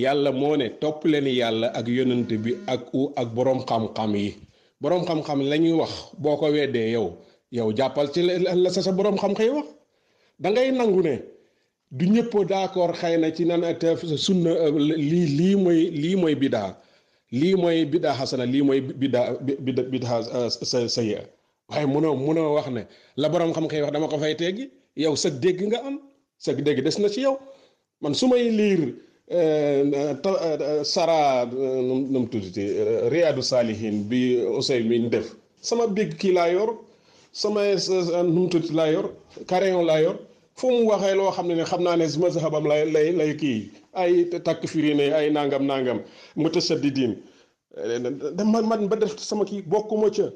yàlla moo ne topp leen yàlla ak yonent bi ak u ak boroom xam-xam yi boroom xam-xam la ñuy wax boo ko weddee yow yow jàppal ci la sa sa boroom xam-xam yi wax da ngay nangu ne du ñëpp d'accord xëy na ci nan at sunna lii lii mooy lii mooy bidaa li moy bida hasana li moy bida bida bida sayya sa ya waaye wax ne la borom xam xey wax dama ko fay teggi yow sa deg nga am sa deg des na ci yow man sumay lire euh sara num mu riyadu salihin bi bi min def sama big ki la yor sama num mu la yor carayon la yor fu mu waxee loo xam ne ne xam mazhabam lay lay ki ay takk firine ay nangam nangam mutasaddidiin eh, man man ba def sama kii bokkuma ca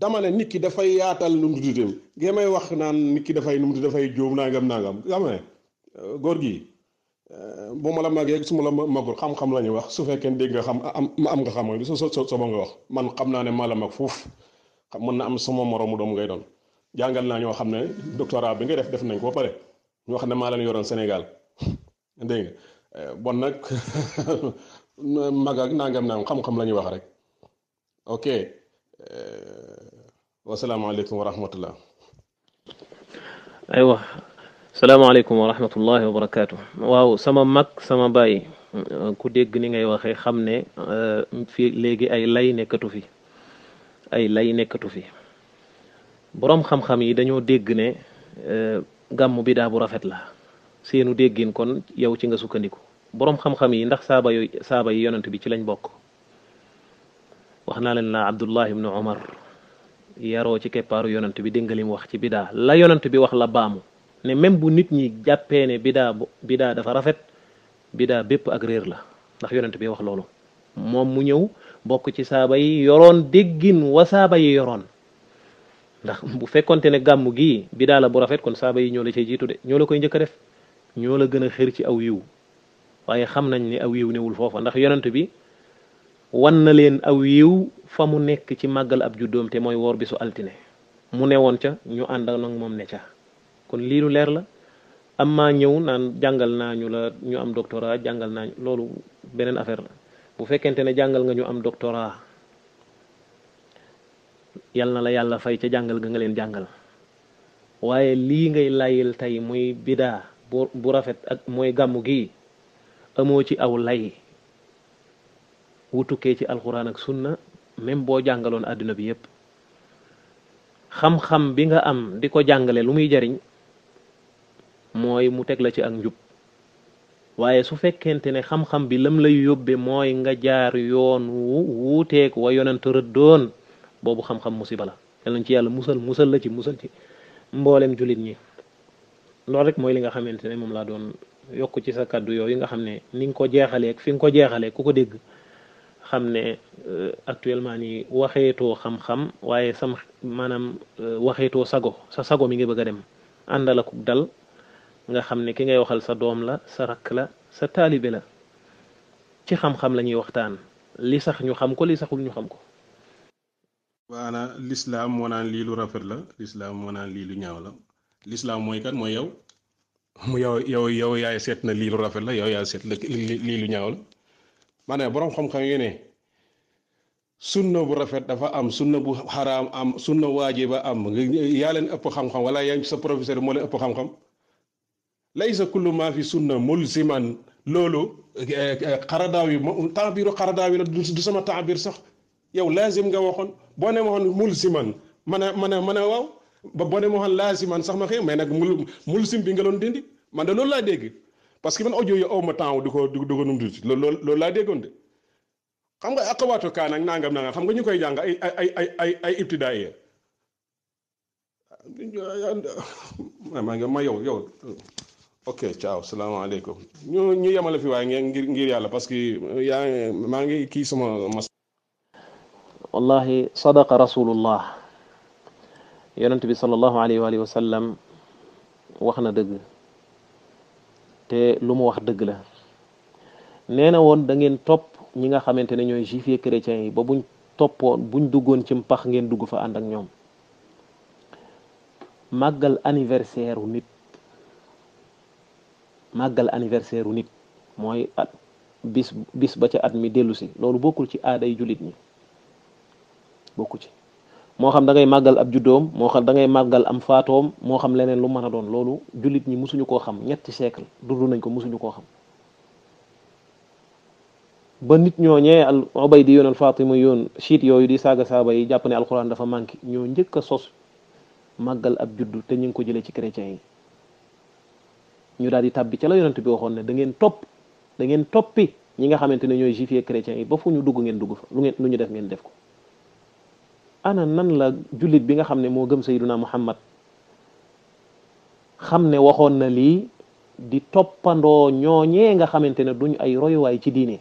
dama ne nit ki dafay yaatal nu mu tuddee ngeen may wax naan nit ki dafay nu mu tuddee dafay jóom nangam nangam dama ne eh, góor gi eh, bu ma la màggee su ma la màggul xam-xam la ñuy wax su fekkee dégg nga xam am am nga xam so so so nga wax man xam naa ne maa la mag foofu xam mën na am suma moroom mu doom ngay doon jàngal naa ñoo xam ne doctorat bi nga def def nañ ko pare ñu wax ne maa leen yoroon Sénégal. dégg nga bon nag mag ak nangam naam xam-xam la ñuy wax rek ok wasalaamaaleykum wa rahmatullah aywa salaamaaleykum wa rahmatullahi wa barakaatu waaw sama mag sama bàyyi ku dégg ni ngay waxee xam ne fii léegi ay lay nekkatu fi ay lay nekkatu fi boroom xam-xam yi dañoo dégg ne gàmmu bi daa bu rafet la seenu deggin kon yow ci nga sukkandiku borom xam-xam yi ndax saaba yo saaba yi yonent bi ci lañ bok waxna len la abdullah ibn umar yaro ci keppaaru yonent bi dengalim wax ci bida la yonent bi wax la baamu ne même bu nit ñi jappé ne bida bida dafa rafet bida bépp ak réer la ndax yonent bi wax lolu mom mu ñew bok ci saaba yi yoron deggin wa saaba yi yoron ndax bu ne la bu rafet kon saaba yi ñoo la de ñoo la koy njëkk def ñoo la gën a xër ci aw yiw waaye xam nañ ne aw yiw newul foofa ndax yonent bi wan na leen aw yiw fa mu nekk ci màggal ab juddoom te mooy woor bisu altine mu ne woon ca ñu ànd ak moom ne ca kon lii lu leer la am ma ñëw naan jàngal naa ñu la ñu am doctorat jàngal naa loolu beneen affaire la bu fekkente ne jàngal nga ñu am doctorat yal na la yàlla fay ca jàngal ga nga leen jàngal waaye lii ngay layil tey muy bidaa bu rafet ak mooy gàmmu gi amoo ci aw lay wu tukkee ci alxuraan ak sunna même boo jàngaloon àddina bi yépp xam-xam bi nga am di ko jàngale lu muy jariñ mooy mu teg la ci ak njub waaye su fekkente ne xam-xam bi lam lay yóbbee mooy nga jaar yoon wu wuuteek wa yonent rëddoon boobu xam-xam musiba la yal nañ ci yàlla musal musal la ci musal ci mboolem jullit ñi loolu rek mooy li nga xamante ne moom laa doon yokk ci sa kàddu yooyu nga xam ne ni nga ko jeexalee fi nga ko jeexalee ku ko dégg xam ne euh, actuellement nii waxeetoo xam-xam waaye sam maanaam euh, waxeetoo sago sa sago mi ngi bëgg a dem àndal ak dal nga xam ne ki ngay waxal sa doom la sa rakk la sa taalibe la ci xam-xam la ñuy waxtaan li sax ñu xam ko li saxul ñu xam ko. waana lislaam moo naan lii lu rafet la lislaam moo naan lii lu ñaaw la. l'islam moy kan moy yow mu yow yow yow yaay set na li lu rafet la yow yaay set li lu ñaaw la maanaam borom xam-xam yene sunna bu rafet dafa am sunna bu haram am sunna wajiba am ya leen ëpp xam-xam wala yaay sa professeur mo leen ëpp xam-xam laysa kullu ma fi sunna mulziman lolu qaradawi ta'biru qaradawi du sama ta'bir sax yow lazim nga waxon bo ne waxon mulziman mané mané mané waw ba boo ne ma waxoon man sax ma xëy mais nag mul mulsim bi nga doon dindi man de loolu laa dégg parce que man ojo yi aw ma temps di ko di ko num tuuti loolu loolu laa déggoon de xam nga akawaatu kaan ak nangam nangam xam nga ñu koy jàng ay ay ay ay ay ibtidaa yi ah, yow yow ok ciao salaamaaleykum ñu ñu yemale fi waaye ngir ngir yàlla parce que yaa maa ngi kii sama mas wallahi sadaqa rasulullah yonent bi sallallahu alayhi wa sallam wax na dëgg te lu mu wax deug la neena won da ngeen top ñi nga xamantene ñoy ñooy chrétien yi ba buñ toppoon buñ duggon ci mpax ngeen dugg fa and ak ñom magal anniversaire nit magal anniversaire nit moy at bis bis ba ca at mi delusi lolu bokul ci aaday julit ni bokku ci mo xam da ngay magal ab juddom mo xam da ngay magal am fatom mo xam leneen lu mëna doon lolu julit ñi musuñu ko xam ñetti siècle dund nañ ko musuñu ko xam ba nit al obay di al fatima yon shit yoyu di saga saba yi japp ne alquran dafa manki ñoo ñeek sos Magal ab juddu te ñing ko jëlé ci chrétien yi ñu daal di tàbbi ca la yonent bi waxon ne da ngeen top da ngeen toppi ñi nga xamante ñoy jifier chrétien yi ba fu ñu dugg ngeen dugg fa lu ngeen lu ñu def ngeen def ko ana nan la jullit bi nga xam ne moo gëm sayyiduna muhammad xam ne waxoon na lii di toppandoo ñooñee nga xamante ne duñ ay royuwaay ci diine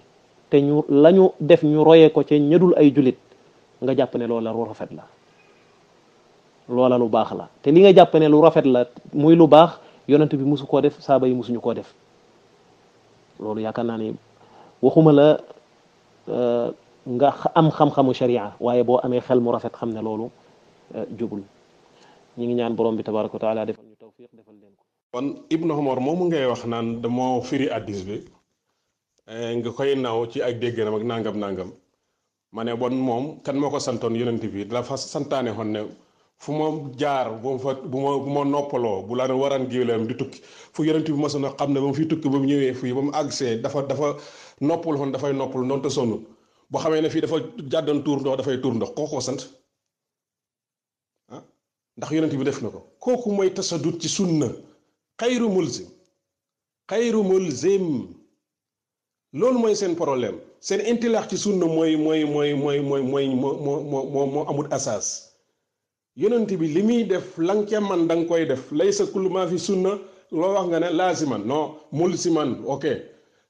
te ñu lañu def ñu royee ko ci ñadul ay jullit nga jàpp ne loola lu rafet la loola lu baax la te li nga jàpp ne lu rafet la muy lu baax yonent bi musu koo def saaba yi musuñu koo def loolu yaakaar naa ne waxuma la euh, nga am xam-xamu sharia waaye boo amee xel mu rafet xam ne loolu jubul ñi ngi ñaan borom bi tabaraka wa taala defal ñu tawfiq defal leen ko kon ibnu omar moomu ngay wax naan moo firi addis bi nga koy naw ci ak dégganam ak nangam nangam ma ne bon moom kan moo ko santoon yonent bi fa santaane xoon ne fu ma jaar bu fa bu ma bu ma noppaloo bu laa waran géwélam di tukki fu yonent bi mosoon a xam ne ba mu fi tukki ba mu ñëwee fii ba mu dafa dafa noppal xoon dafay noppal noonu te sonnul boo xamee na fii dafa jàddoon tuur ndox dafay tuur ndox kooku sant ah, ndax yonent bi def na ko kooku mooy tasaddut ci sunna xayru mulzim xayru loolu mooy seen problème seen intilaax ci sunna mooy mooy mooy mooy mooy mooy moo moo moo moo amul asaas yonent bi li muy def la nga man da koy def laysa sa maa fi sunna loo wax nga ne si man non mulsiman ok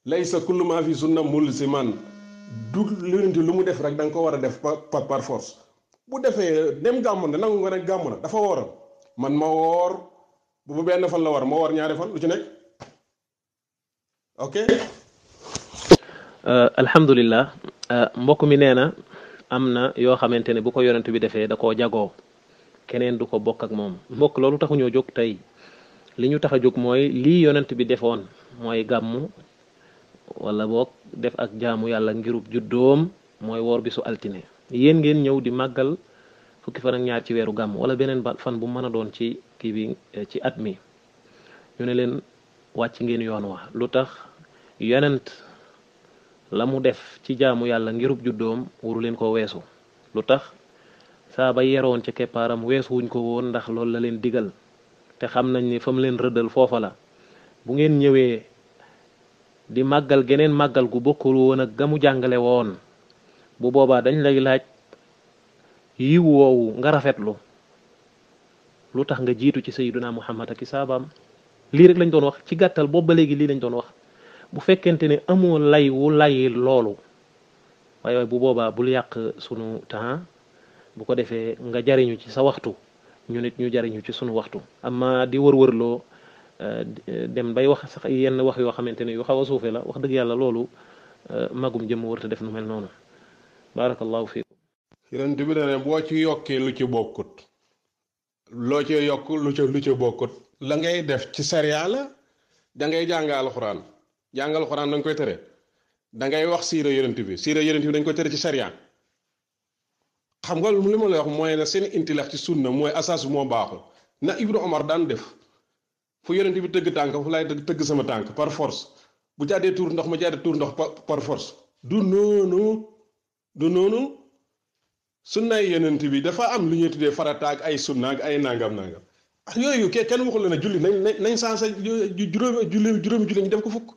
laysa kullu maa fi sunna mulsiman du liranti lu mu def rek danga ko war a def par par force bu defee dem gàmm na nangu nga ne gàmm na dafa woora man ma woor bu benn fan la war ma woor ñaari fan lu ci nekk ok. Euh, alhamdulilah euh, mbokk mi nee na am na yoo xamante ne bu ko yonent bi defee da koo jagoo keneen du ko bokk ak moom mbokk loolu taxuñoo jóg tey li ñu tax a jóg mooy lii yonent bi defoon mooy gàmmu wala boog def ak jaamu yàlla ngirub juddoom mooy woor bisu altine yéen ngeen ñëw di màggal fukki fan ak ñaar ci weeru gàmm wala beneen fan bu mën a doon ci kii bi eh, ci at mi ñu ne leen wàcc ngeen yoon wa lu tax yonent la mu def ci jaamu yàlla ngirub juddoom wuru leen ko weesu lu tax saa ba yeroon ca keppaaram weesu wuñ ko woon ndax loolu la leen digal te xam nañ ni fa mu leen rëddal foofa la bu ngeen ñëwee di màggal geneen màggal gu bokkul woon ak gamu jàngale woon bu boobaa dañ lay laaj yiw woowu nga rafetlu lu tax nga jiitu ci sayyiduna muhammad ak saabaam lii rek lañ doon wax ci gàttal boobu ba léegi lii lañ doon wax bu fekkente ne amoo lay wu lay loolu waaye waaye bu boobaa bul yàq sunu temps bu ko defee nga jariñu ci sa waxtu ñu nit ñu jariñu ci sunu waxtu amma di wër-wërloo Euh, euh, dem bay wax sax yenn wax yoo xamante ne yu xaw a suufe la wax dëgg yàlla loolu euh, magum jëm warta def nu mel noonu barakallahu fiikum yonent bi boo ci yokkee lu ci bokkut loo ci yokk lu ca lu ca bokkut la ngay def ci sariya la da ngay jàng alxuraan jàng alxuraan dañ koy tere dangay wax siira yonent bi siira yonent bi dañ koy tere ci sariya xam nga li ma lay wax mooy ne seen intilaax ci sunna mooy asaas moo baaxul na ibnu omar daan def fu yonent bi tëgg tànk fu laay tëgg sama tànk par force bu jàddee tuur ndox ma jàddee tuur ndox par force du noonu du noonu sunnaay yonent bi dafa am lu ñuy tuddee farataag ay sunnaag ay nangam nangam ah, yooyu ke kenn waxul na julli nañ nañ sansa juróomi julli juróomi julli ñu def ko fukk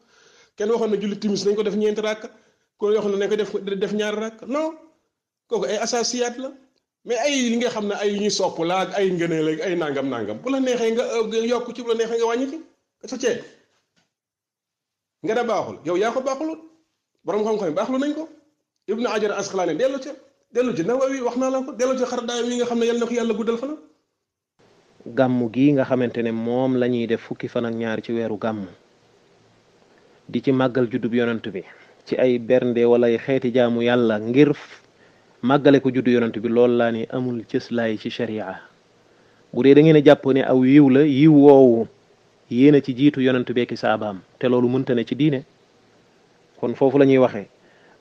kenn waxoon na julli timis nañ ko def ñeenti ràkk ko waxoon na nañ ko def def ñaari ràkk noo kooku ay asasiyaat la mais ay li nga xam ne ay ñu sopp laa ak ay ngëneel ak ay nangam nangam bu la neexee nga yokk ci bu la neexee nga wàññi ci sa ceeb nga baaxul yow yaa ko baaxulut borom xam-xam yi baaxlu nañ ko Ibnu Hajar Asqalaani dellu ca dellu ci Nawawi wax naa la ko dellu ci xaradaay yi nga xam ne yàlla na ko yàlla guddal fana gàmmu gii nga xamante ne moom lañuy def fukki fan ak ñaar ci weeru gàmmu di ci màggal juddub yonent bi ci ay bernde wala ay xeeti jaamu yàlla ngir màggale ko juddu yonent bi loolu laa ni amul cëslaay ci sharia bu dee da ngeen a jàpp ne aw yiw la yiw woowu yéen a ci jiitu yonent beeki saabaam te loolu mënta ne ci diine kon foofu lañuy ñuy waxee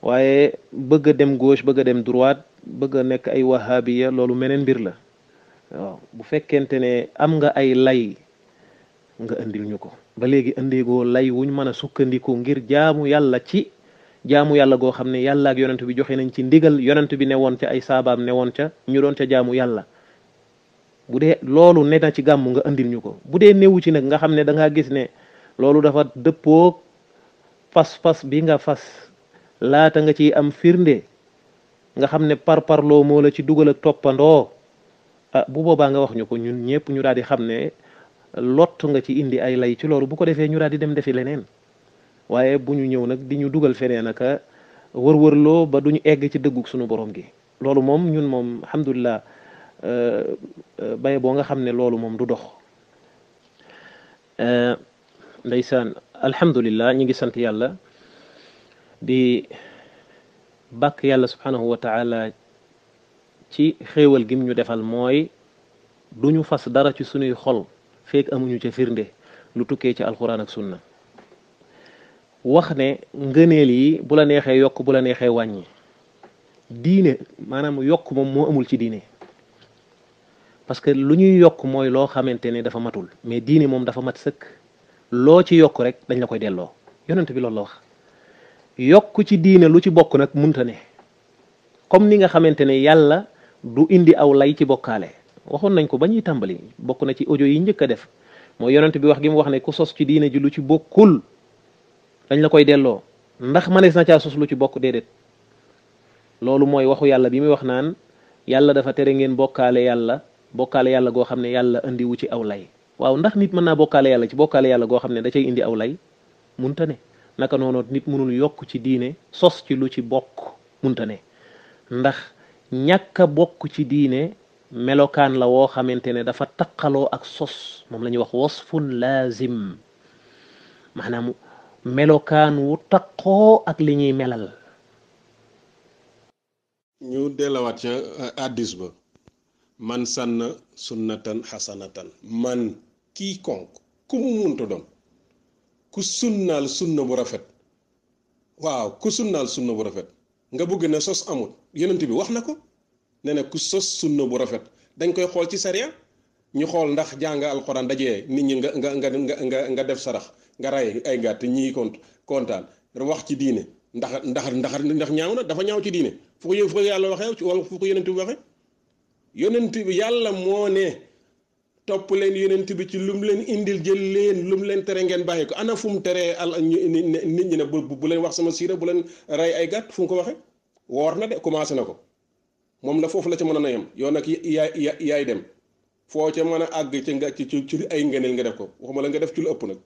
waaye bëgg dem gauche bëgg a dem droite bëgg a nekk ay wahabiya loolu meneen mbir la waaw bu fekkente ne am nga ay lay nga indil ñu ko ba léegi indeegoo lay wuñ mën a sukkandiku ngir jaamu yàlla ci jaamu yàlla goo xam ne yàlla ak bi joxe nañ ci ndigal yonent bi ne woon ca ay saabaam ne woon ca ñu doon ca jaamu yàlla bu dee loolu ne na ci gàmm nga andil ñu ko bu dee néewu ci nag nga xam ne da gis ne loolu dafa dëppoog fas-fas bi nga fas laata nga ci am firnde nga xam ne par parparloo moo la ci dugal ak toppandoo ah bu boobaa nga wax ñu ko ñun ñëpp ñu daal di xam ne lot nga ci indi ay lay ci loolu bu ko defee ñu daal di dem defi leneen waaye bu ñu ñëw nag di ñu dugal feneen ak wër-wërloo ba duñu egg ci dëggug sunu borom gi loolu moom ñun moom alhamdulilah euh, euh, baye boo nga xam ne loolu moom du dox euh, ndeysaan alhamdulilah ñu ngi sant yàlla di bàkk yàlla subhanahu wa taala ci xéewal gim ñu defal mooy duñu fas dara ci sunuy xol feek amuñu ca firnde lu tukkee ci alquran ak sunna wax ne ngëneel yi bu la neexee yokk bu la neexee wàññi diine maanaam yokk moom moo amul ci diine parce que lu ñuy yokk mooy loo xamante ne dafa matul mais diine moom dafa mat sëkk loo ci yokk rek dañ la koy delloo yonent bi loolu la wax yokk ci diine lu ci bokk nag munta ne comme ni nga xamante ne yàlla du indi aw lay ci bokkaale waxoon nañ ko ba ñuy tàmbali bokk na ci audio yi njëkk a def mooy yonent bi wax gi mu wax ne ku sos ci diine ji lu ci bokkul dañ la koy delloo ndax mënees na caa sos lu ci bokk déedéet loolu mooy waxu yàlla bi muy wax naan yàlla dafa tere ngeen bokkaale yàlla bokkaale yàlla goo xam ne yàlla indiwu ci aw lay waaw ndax nit mën naa bokkaale yàlla ci bokkaale yàlla goo xam ne da indi aw lay munta ne naka noonu nit mënul yokk ci diine sos ci lu ci bokk munta ne ndax ñàkk bokk ci diine melokaan la woo xamante ne dafa taqaloo ak sos moom la ñuy wax wasfun laazim maanaam melokaan wu taqoo ak li ñuy melal ñu delluwaat ca euh, addis ba man sànna sunnatan xasanatan man quiconque ku mu munta doon ku sunnaal sunna bu rafet waaw ku sunnaal sunna bu rafet nga bëgg na sos amut yonent bi wax na ko ne ne ku sos sunna bu rafet dañ koy xool ci sariya ñu xol ndax jàng alquran dajé nit ñi nga nga nga nga nga def sarax nga ray ay gatt ñi kont kontan wax ci diiné ndax ndax ndax ndax ñaaw na dafa ñaaw ci diiné fu ko fu ko waxé ci wala fu ko yonent waxé waxee bi yalla mo né top leen yonent bi ci lum leen indil jël leen lum leen téré ngeen bayé ko ana fu mu teree al nit ñi ne bu leen wax sama sira bu leen ray ay gatt fu ko waxé wor na de commencé nako ko la fofu la ci mëna a na yem yaay ya-, ya-, yaay dem foo ca mën a àgg ci nga ci ci ay ngëneel nga def ko waxuma la nga def ci lu ëpp nag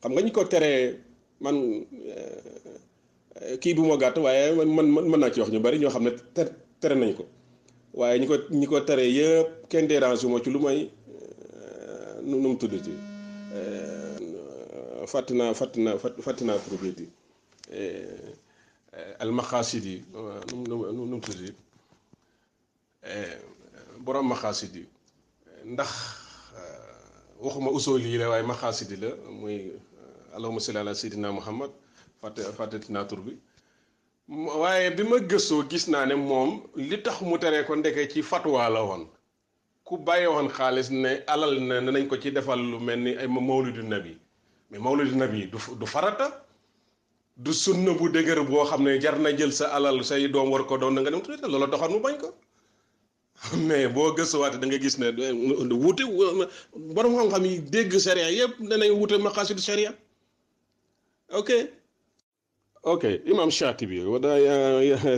xam nga ñu ko teree man eh, kii bu moo gàtt waaye man man mën naa ci wax ñu bari ñoo xam ne tere nañ ko waaye ñi ko ñi ko teree yëpp kenn dérange ci lu may eh, nu mu tudd ci eh, fàtt naa fàtt naa fàtt naa propriété almaxaasid yi nu mu nu mu tudd borom maxaasid yi ndax euh, waxuma usool yi la waaye maxaasidi la muy euh, allahumma salli ala sayyidina muhammad fàtte fàtteti naa bi waaye bi ma gëstoo gis naa ne moom li tax mu tere ko ndeke ci fatwa la woon ku bàyyi woon xaalis ne alal ne nañ ko ci defal lu mel ni ay mawlidu nabi mais mawlidu nabi du du farata du sunna bu dëgër boo xam ne jar na jël sa alal say doom war ko doon na nga dem tuuti loolu taxoon mu bañ ko mais boo gëstuwaatee da nga gis ne eh, wuute euh, borom xam-xam yi dégg sharia yëpp danañ wuute maqasidu sharia ok ok imam Shaatibi wala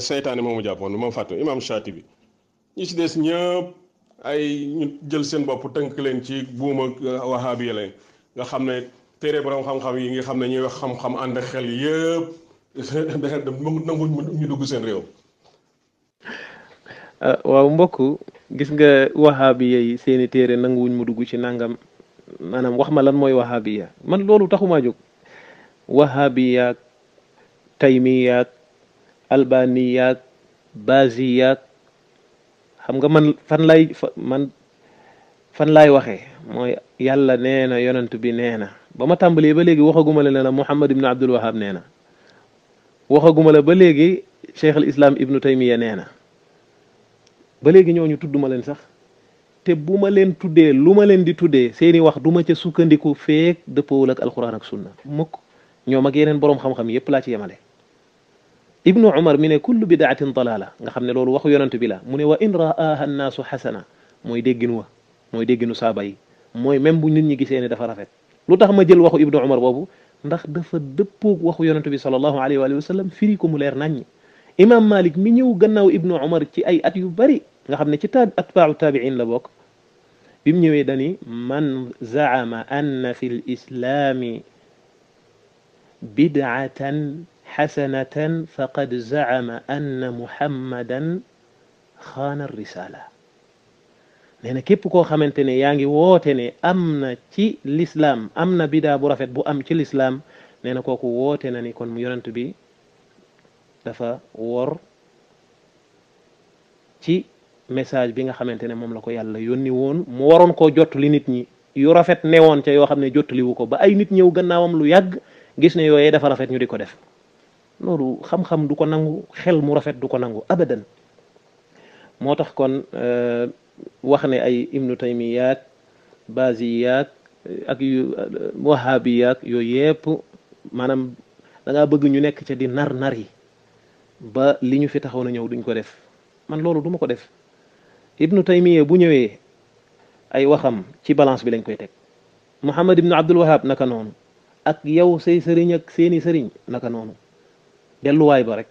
seytaane moomu jàppoon moom fàttu imam Shaatibi ñi ci des ñëpp ay ñu jël seen bopp tënk leen ci buuma euh, wahaabi leen nga xam ne téere borom xam-xam yi nga xam ne ñuy wax xam-xam ànd xel yëpp da nanguñ ñu dugg seen réew Ah, waaw mbokk gis nga wahaabiya yi seeni téere nanguwuñ mu dugg ci nangam maanaam wax ma lan mooy wahaabiya man loolu taxumaa jóg wahaabiyaak taymiyaak albaniyaak baziyaak xam nga man fan lay man fan laay waxee mooy yàlla nee na yonent bi nee na ba ma tàmbalee ba léegi waxaguma la ne la Muhammad ibnu Abdul Wahab nee na waxaguma la ba léegi Cheikh al Islam ibnu Taymiya nee na ba léegi ñooñu tudd ma leen sax te bu ma leen tuddee lu ma leen di tuddee seeni wax du ma ca sukkandiku feek dëppoowul ak alquran ak sunna mukk ñoom ak yeneen borom xam-xam yépp laa ci yemale ibnu umar mi ne kullu bidaatin dalala nga xam ne loolu waxu yonent bi la mu ne wa in ra'aaha annaasu xasana mooy déggin wa mooy dégginu saaba yi mooy même bu nit ñi gisee ne dafa rafet lu tax ma jël waxu ibnu umar boobu ndax dafa dëppoog waxu yonent bi sallallahu alayhi wa sallam firi ko mu leer naññi imam malik mi ñëw gannaaw ibnu umar ci ay at yu bari nga xam ne ci taa atbaaru taabiin la bokk bi mu ñëwee dani man zaama anna fi l islaami bidcatan xasanatan faqad zaama anna muhammadan xaana risala nee na képp koo xamante ne yaa ngi woote ne am na ci lislaam am na bidaa bu rafet bu am ci lislaam nee na kooku woote na ni kon mu yonent bi dafa wor ci message bi nga xamantene mom la ko yalla yoni won mu ko jot li nit ñi yu rafet newon ci yo xamne jot li wuko ba ay nit ñew gannaawam lu yàgg gis ne yoyé dafa rafet ñu diko def lolu xam-xam du ko nangu xel mu rafet du ko nangu abadan motax kon euh wax ne ay ibnu taymiyat baziyat ak yu wahabiyaak yoyep manam da nga bëgg ñu nekk ci di nar nar yi ba li ñu fi taxaw na ñëw duñ ko def man loolu duma ko def ibnu taymiya bu ñëwee ay waxam ci balance bi lañ koy teg muhammad ibnu abdul wahab naka noonu ak yow say sëriñ ak seeni sëriñ naka noonu delluwaay ba rek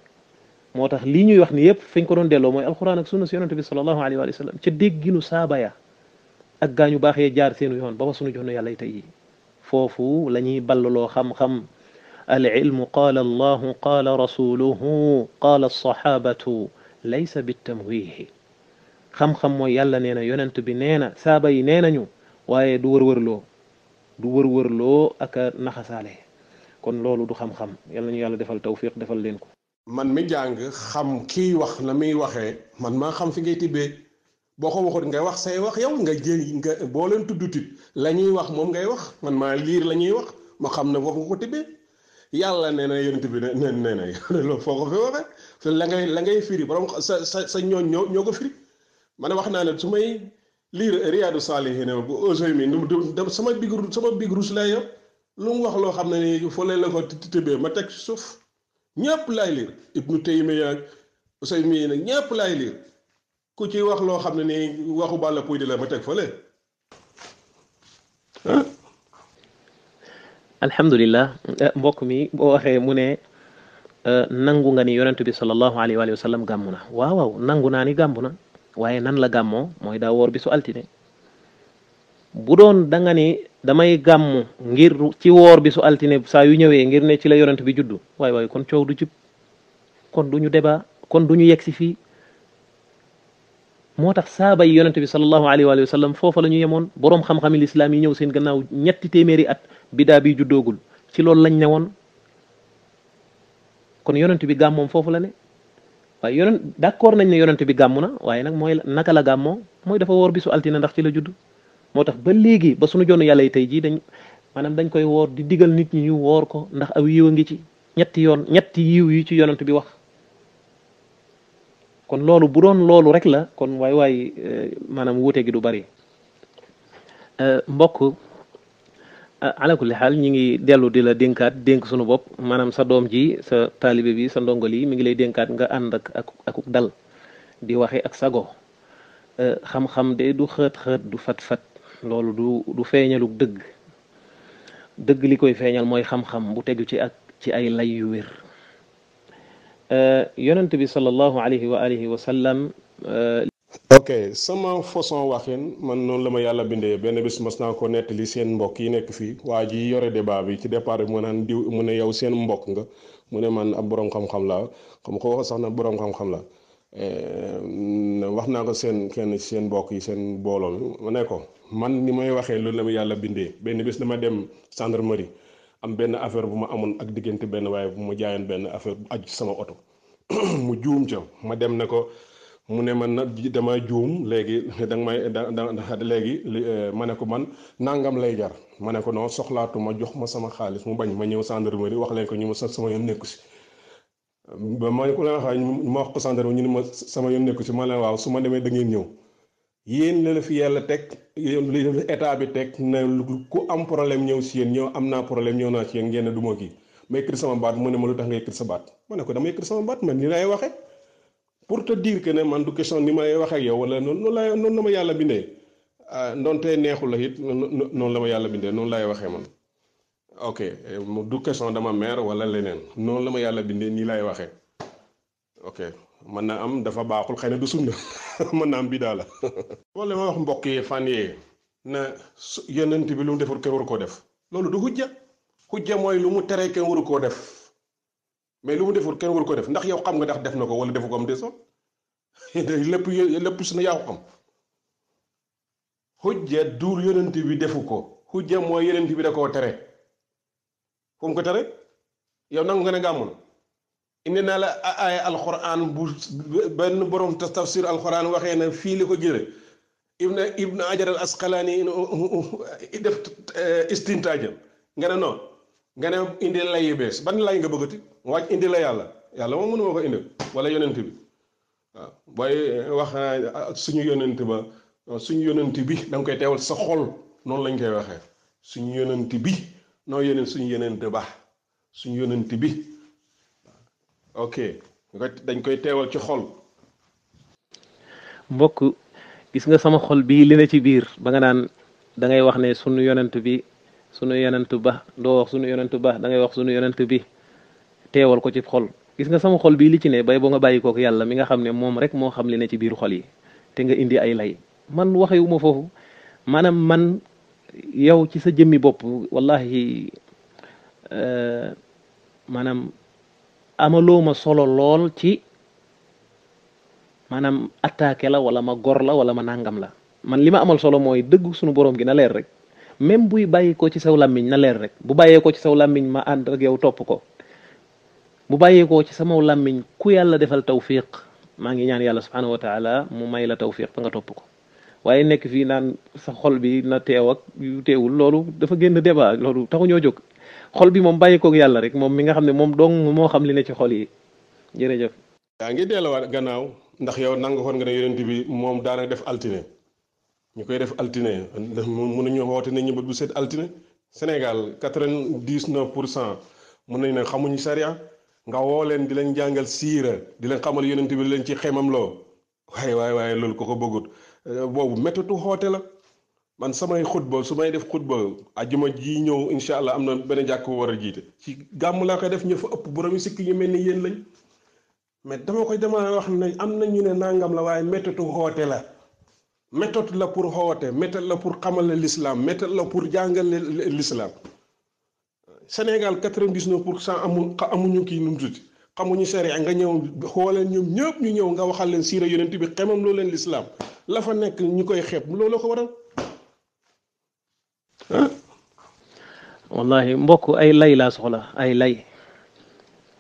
moo tax lii ñuy wax ni yépp fiñ ko doon delloo mooy alquran ak sunna si yonente bi salallahu alayhi wa sallam ca dégginu saaba ya ak gaañu baaxee jaar seenu yoon ba fa suñu jox yàlla tey yi foofu la ballaloo xam-xam العلم قال الله قال رسوله قال الصحابة ليس بالتمويه خم خم ويلا نينا يونان تبينينا سابا ينينا نيو واي دور ورلو دور ورلو أكا نخساله كون لولو دو خم خم يلا نيو يلا دفال توفيق دفال لينكو من مي جانج خم كي وخ نمي وخي من ما خم في جيتي بي boko waxon ngay wax say wax yow nga jël nga bo len tuddu tit lañuy wax mom ngay wax man ma lire lañuy wax ma xamne wax tibbe yàlla nee na yonent bi ne nee na loolu foo ko fi waxee fi la ngay la ngay firi borom sa sa sa ñooñ ñoo ñoo ko firi man wax naa ne su may lire Riyadou Salihine bu Ousseynou mi sama big sama big rouge lay yor lu mu wax loo xam ne nii fële la ko tëbee ma teg suuf ñëpp laay lire Ibnu Taymiya ak Ousseynou mi nag ñëpp laay lire ku ci wax loo xam ne nii waxu Balla Pouy di la ma teg fële ah. alhamdulilah eh, mbokk mi boo waxee mu ne eh, nangu nga ni yonent bi sallallahu alayhi wa sallam gàmmu na waaw waaw nangu naa ni gàmmu na waaye nan la gàmmoo mooy daa woor bi su altine bu doon da nga ni damay gàmmu ngir ci woor bi su altine saa yu ñëwee ngir ne ci la yonent bi juddu waay waay kon coow du jub kon du ñu débat kon du ñu yegg si moo tax saaba yi yonente bi salallahu alayhi wa sallam foofu la ñu yemoon boroom xam-xami lislaam yi ñëw seen gannaaw ñetti téeméeri at bidaa bi juddoogul ci loolu lañ ne woon kon yonent bi gàmmoom foofu la ne waaye yonent d'accord nañ ne yonent bi gàmm na waaye nag mooy naka la gàmmoo mooy dafa woor bisu altine ndax ci la judd moo tax ba léegi ba sunu joonu yàlla yi tey jii dañ maanaam dañ koy woor di digal nit ñi ñu woor ko ndax aw yiw a ngi ci ñetti yoon ñetti yiw yi ci yonent bi wax kon loolu bu doon loolu rek la kon waay waay eh, maanaam wuute gi du bari eh, mbokk eh, ala kulli xaal ñi ngi dellu di la dénkaat dénk sunu bopp maanaam sa doom ji sa taalibe bi sa ndongo lii mi ngi lay dénkaat nga ànd ak ak akuk dal di waxe ak sago xam-xam de du xët xët du fat-fat loolu du du feeñaluk dëgg dëgg li koy feeñal mooy xam-xam bu tegu ci ak ci ay lay yu wér Eh, yonent bi sallallahu alayhi wa alihi wa sallam. Eh, ok sama façon waxin man noonu la ma yàlla bindee benn bis mas naa ko nettali seen mbokk yi nekk fii waa ji yore débat bi ci départ bi mu naan diw mu ne yow seen mbokk nga mu ne man ab borom xam-xam laa xam ko sax na borom xam-xam la eh, wax naa ko seen kenn seen mbokk yi seen booloo mi mu ne ko man ni may waxee loolu la ma yàlla bindee benn bis dama dem gendarmerie. am benn affaire bu ma amoon ak diggante benn waaye bu ma jaayoon benn affaire bu aju sama oto mu juum ca ma dem na ko mu ne man na dama juum léegi da may da da léegi eh, ma ne ko man nangam lay jar ma ne ko noo soxlaatu ma jox ma sama xaalis mu bañ ma ñëw gendarmerie wax leen ko ñu ma sa sama yoon nekku si ba ma ko leen waxee ma wax ko ñu ne ma sama yoon si ma leen waaw su ma demee da ngeen ñëw yéen la fi yàlla teg li état bi teg ne ku am problème ñëw si yéen ñëw am naa problème ñëw naa si yéen ngeen ne du ma kii ma yëkkati sama baat mu ne ma lu tax nga yëkkati sa baat ma ne ko dama yëkkati sama baat man ni lay waxee pour te dire que ne man du question ni ma lay waxee ak yow wala noonu la noonu la ma yàlla bindee ndonte ah, neexul it noonu la ma yàlla bindee noonu lay waxee man ok eh, du question dama meer wala leneen noonu la ma yàlla bindee nii lay waxee ok. man am dafa baxul xeyna du sunna man na am bida la wala ma wax mbokk yi fan yi na yonent bi lu mu deful kenn waru koo def lolou du hujja hujja moy lu mu tere kenn waru ko def mais lu mu defur kenn waru ko def ndax yow xam nga ndax def nako wala defu ko am desoon lépp lépp sunna na yaa ko xam hujja dur yonent bi defuko hujja moy mooy yonent bi da ko tere fu ko tere yow nang nga ne gamul indi naa la ay alquran bu benn borom tafsir alquran waxee na fii li ko jële ibna ibna ajar al asqalaani def istintaajam nga ne noon nga ne indi lay yu bees ban lay nga bëggati waaj indi la yàlla yàlla moom mënuma ko indi wala yonent bi waaw booy wax suñu yonent ba suñu yonent bi da nga koy teewal sa xol noonu lañ koy waxee suñu yonent bi noo yeneen suñu yonent ba suñu yonent bi ok dañ koy teewal ci xol. mbokk gis nga sama xol bii li na ci biir ba nga naan da ngay wax ne sunu yonent bi sunu yonent ba doo wax sunu yonent ba da ngay wax sunu yonent bi teewal ko ci xol gis nga sama xol bii li ci ne bay boo nga bàyyi kook yàlla mi nga xam ne moom rek moo xam li ne ci biir xol yi te nga indi ay lay man waxewu ma foofu maanaam man yow ci sa jëmmi bopp wallahi euh, maanaam amaloo ma solo lool ci maanaam attaqué la wala ma gor la wala ma nangam la man li ma amal solo mooy dëggu sunu borom gi na leer rek même buy bàyyi ci saw làmmiñ na leer rek bu bàyyee ko ci saw làmmiñ ma ànd topp ko bu bàyyee ci sama làmmiñ ku yàlla defal tawfiq maa ngi ñaan yàlla subhanahu wa mu may la tawfiq ba nga topp ko waaye nekk fii naan sa xol bi na teewak ak loolu dafa génn débat loolu taxu ñoo jóg xol bi moom bàyyi koog yàlla rek moom mi nga xam ne moom dong moo xam li ne ci xol yi jërëjëf. yaa ngi delluwaat gannaaw ndax yow nanga xoon nga ne yonent bi moom daana def altine ñu koy def altine mun nañu woote ne ñu bët bu set altine Sénégal quatre-vingt-dix-neuf pour cent mun nañu ne xamuñu sariya nga woo leen di leen jàngal siira di leen xamal yonent bi di leen ci xemam loo waaye waaye waaye loolu ko ko bëggut boobu méttiitu xoote la. man samay xutba su may def xutba ajuma ji ñëw incha allah am na benn jàkk war a jiite ci gàmm laa koy def ñu fa ëpp borom yi sikk ñu mel ni yéen lañ mais dama koy dama wax ne am na ñu ne nangam la waaye méthode xoote la méthode la pour xoote méthode la pour xamal xamale l'islam méthode la pour jàngale l'islam Sénégal quatre-vingt-dix-neuf pour cent amul amuñu kii nu mu tudd xamuñu sariya nga ñëw xooleen ñoom ñëpp ñu ñëw nga waxal leen siira yonent bi xemam loolu leen l'islam la nekk ñu koy wallahi mbokk ay lay laa soxla ay lay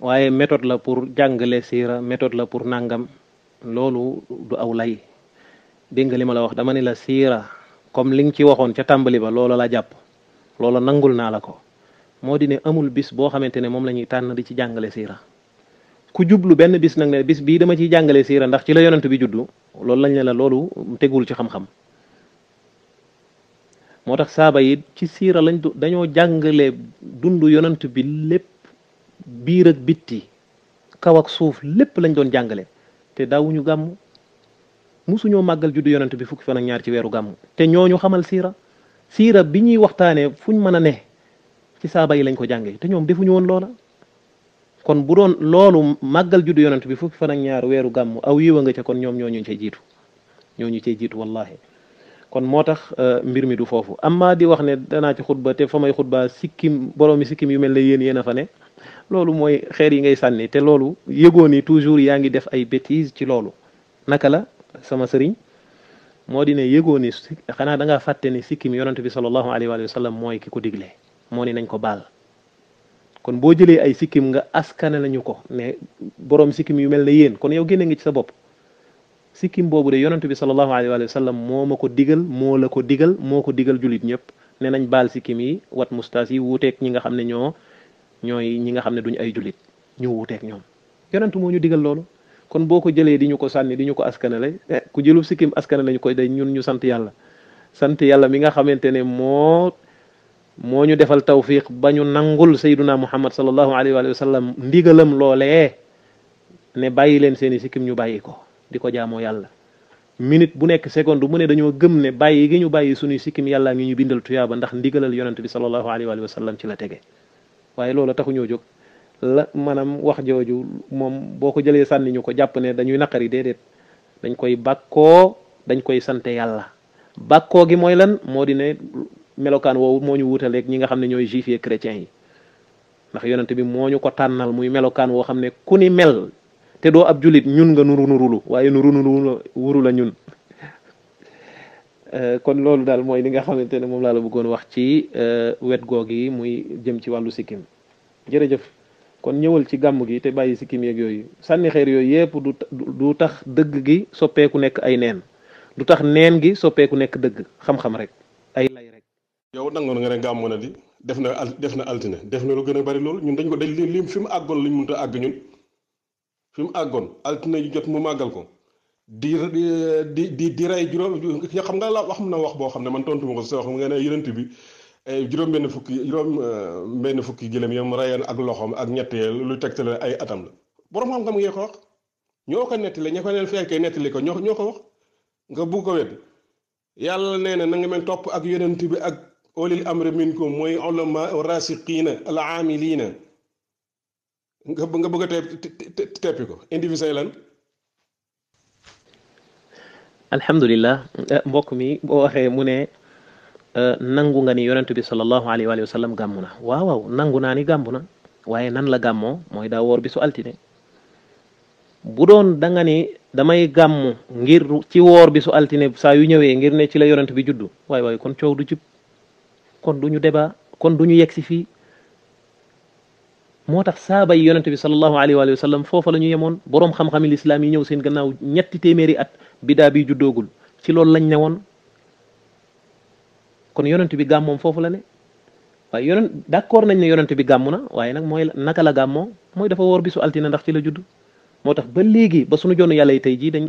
waaye méthode la pour jàngale siira méthode la pour nàngam loolu du aw lay dégg nga li ma la wax dama ne la siira comme li nga ci waxoon ca tàmbali ba loola laa jàpp loolu nangul naa la ko moo di ne amul bis boo xamante ne moom la ñuy tànn di ci jàngale siira ku jublu benn bis nag ne bis bii dama ciy jàngale siira ndax ci la yonent bi juddu loolu lañ la loolu tegul ci xam-xam moo tax saaba yi ci siira lañ dañoo jàngale dundu yonant bi lépp biir ak bitti kawak ak suuf lépp lañ doon jàngale te daawuñu gàmm musuñoo màggal juddu yonant bi fukki fan ñaar ci weeru gàmm te ñooñu xamal siira siira bi ñuy waxtaanee fuñ mën a ne ci saaba yi lañ ko jàngee te ñoom defuñu woon loola kon bu doon loolu màggal juddu yonant bi fukki fan ñaar weeru gàmm aw yiwa nga ca kon ñoom ñoo ñu cee jiitu ñoo ñu cee jiitu wallahi kon moo tax euh, mbir mi du foofu am maa di wax ne danaa ci xutba te fa may xutba sikkim boroomi sikkim yu mel na yéen yéen a fa ne loolu mooy xeer yi ngay sànni te loolu yëgoo ni toujours yaa ngi def ay bêtises ci loolu naka la sama sëriñ moo di ne yëgoo ni xanaa da ngaa fàtte ni sikkim yonent bi sallallahu alayhi wa sallam mooy ki ko digle moo ni nañ ko baal kon boo jëlee ay sikkim nga askane lañu ko ne borom sikkim yu mel ne yéen kon yow génne nga ci sa bopp sikkim boobu de yonent bi sallallahu alayhi wa sallam moo ma ko digal moo la ko digal moo ko digal julit ñëpp ne nañ baal sikkim yi wat mustaas yi wuuteek ñi nga xam ne ñoo ñooy ñi nga xam ne duñ ay jullit ñu wuuteek ñoom yonent moo ñu digal loolu kon boo ko jëlee di ñu ko sànni di ñu ko askanale eh, ku jëlu sikkim askanale lañu koy day ñun ñu sant yàlla sant yàlla mi nga xamante ne moo moo ñu defal tawfiq ba ñu nangul sayduna muhammad sallallahu alayhi wa sallam ndigalam loolee ne bàyyi leen seen i sikkim ñu bàyyi ko di ko jaamoo yàlla minute bu nekk seconde mu ne dañoo gëm ne bàyyi gi ñu bàyyi suñuy sikkim yàlla ngi ñu bindal tuyaaba ndax ndigalal yonent bi sallallahu alayhi wa sallam ci la tege waaye loolu taxu ñoo jóg la maanaam wax jooju moom boo ko jëlee sànni ñu ko jàpp ne dañuy naqari déedéet dañ koy bàkkoo dañ koy sante yàlla bàkkoo gi mooy lan moo di ne melokaan woowu moo ñu wutaleeg ñi nga xam ne ñooy juif yi chrétiens yi ndax yonent bi moo ñu ko tànnal muy melokaan woo xam ne ku ni mel te do ab julit ñun nga nuru nurulu waye nuru nuru wuru la ñun euh, kon lolu dal moy li nga xamantene mom la la bëggoon wax ci euh, wet gogi muy jëm ci jërëjëf kon ñëwal ci gamu gi te bayyi sikim yeek yooyu sanni xeer yooyu yépp du du tax dëgg gi soppeeku nekk ay neen du tax neen gi soppeeku nekk dëgg xam-xam rek ay lay rek yow nangoon nga ne gamu na di def na def na altine def na lu gëna bari lool ñun dañ ko dañ lim fimu mu àggoon mënta ñun fi mu àggoon altine yu jot mu màggal ko di di di di rey juróom xam nga la wax na wax boo xam ne man tontu ma ko sa wax nga ne yonent bi juróom ben fukki juróom ben fukki gëlëm yam rayen ak loxom ak ñettel lu tegtale ay atam la borom xam-xam ngee ko wax ñoko netti la ñako neel fekke netti liko ñoko ñoko wax nga bu ko wet yàlla neena na nga men top ak yonent bi ak olil amri minkum mooy ulama rasiqiina al aamiliina nga nga bëgg a teppi ko individu eh, mbokk mi boo waxee mu ne eh, nangu nga ni yonent bi sallallahu alayhi wa sallam gàmm waaw waaw nangu naa ni gàmm waaye nan la gàmmoo mooy daa woor bi su altine bu doon da nga ni damay gàmm ngir ci woor bi su altine saa yu ñëwee ngir ne ci la yonent bi juddu waaye waay kon coow du jub kon du ñu débat kon du ñu yegg si moo tax saaba yi yonente bi salallahu alayhi wa sallam foofa la ñu yemoon boroom xam-xami lislaam yi ñëw seen gannaaw ñetti téeméeri at bidaa bi juddoogul ci loolu lañ ne woon kon yonent bi gàmmoom foofu la ne waaye yonent d'accord nañ ne yonent bi gàmm na waaye nag mooy naka la gàmmoo mooy dafa woor bisu altine ndax ci la judd moo tax ba léegi ba suñu joonu yàlla yi tey jii dañ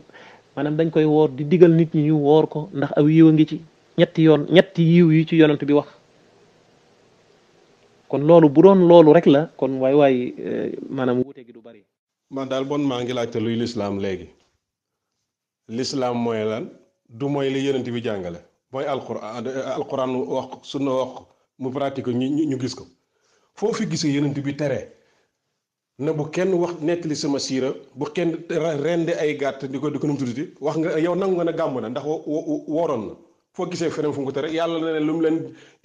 maanaam dañ koy woor di digal nit ñi ñu woor ko ndax aw yiw a ngi ci ñetti yoon ñetti yiw yi ci yonent bi wax kon loolu bu doon loolu rek la kon waay waay eh, maanaam wute gi du bari man daal bon maa ngi laajte luy lislaam léegi lislaam mooy lan du mooy li yonent bi jàngale mooy alquran eh, alquran wax sunna wax mu pratique ñu ñu gis ko foo fi gisee yonent bi tere na bu kenn wax nettali sama siira bu kenn rende ay gàtt di ko di ko num tudditi wax nga yow nangu nga ndax woroon foo gisee feneen fu mu ko tere yàlla na ne lu mu leen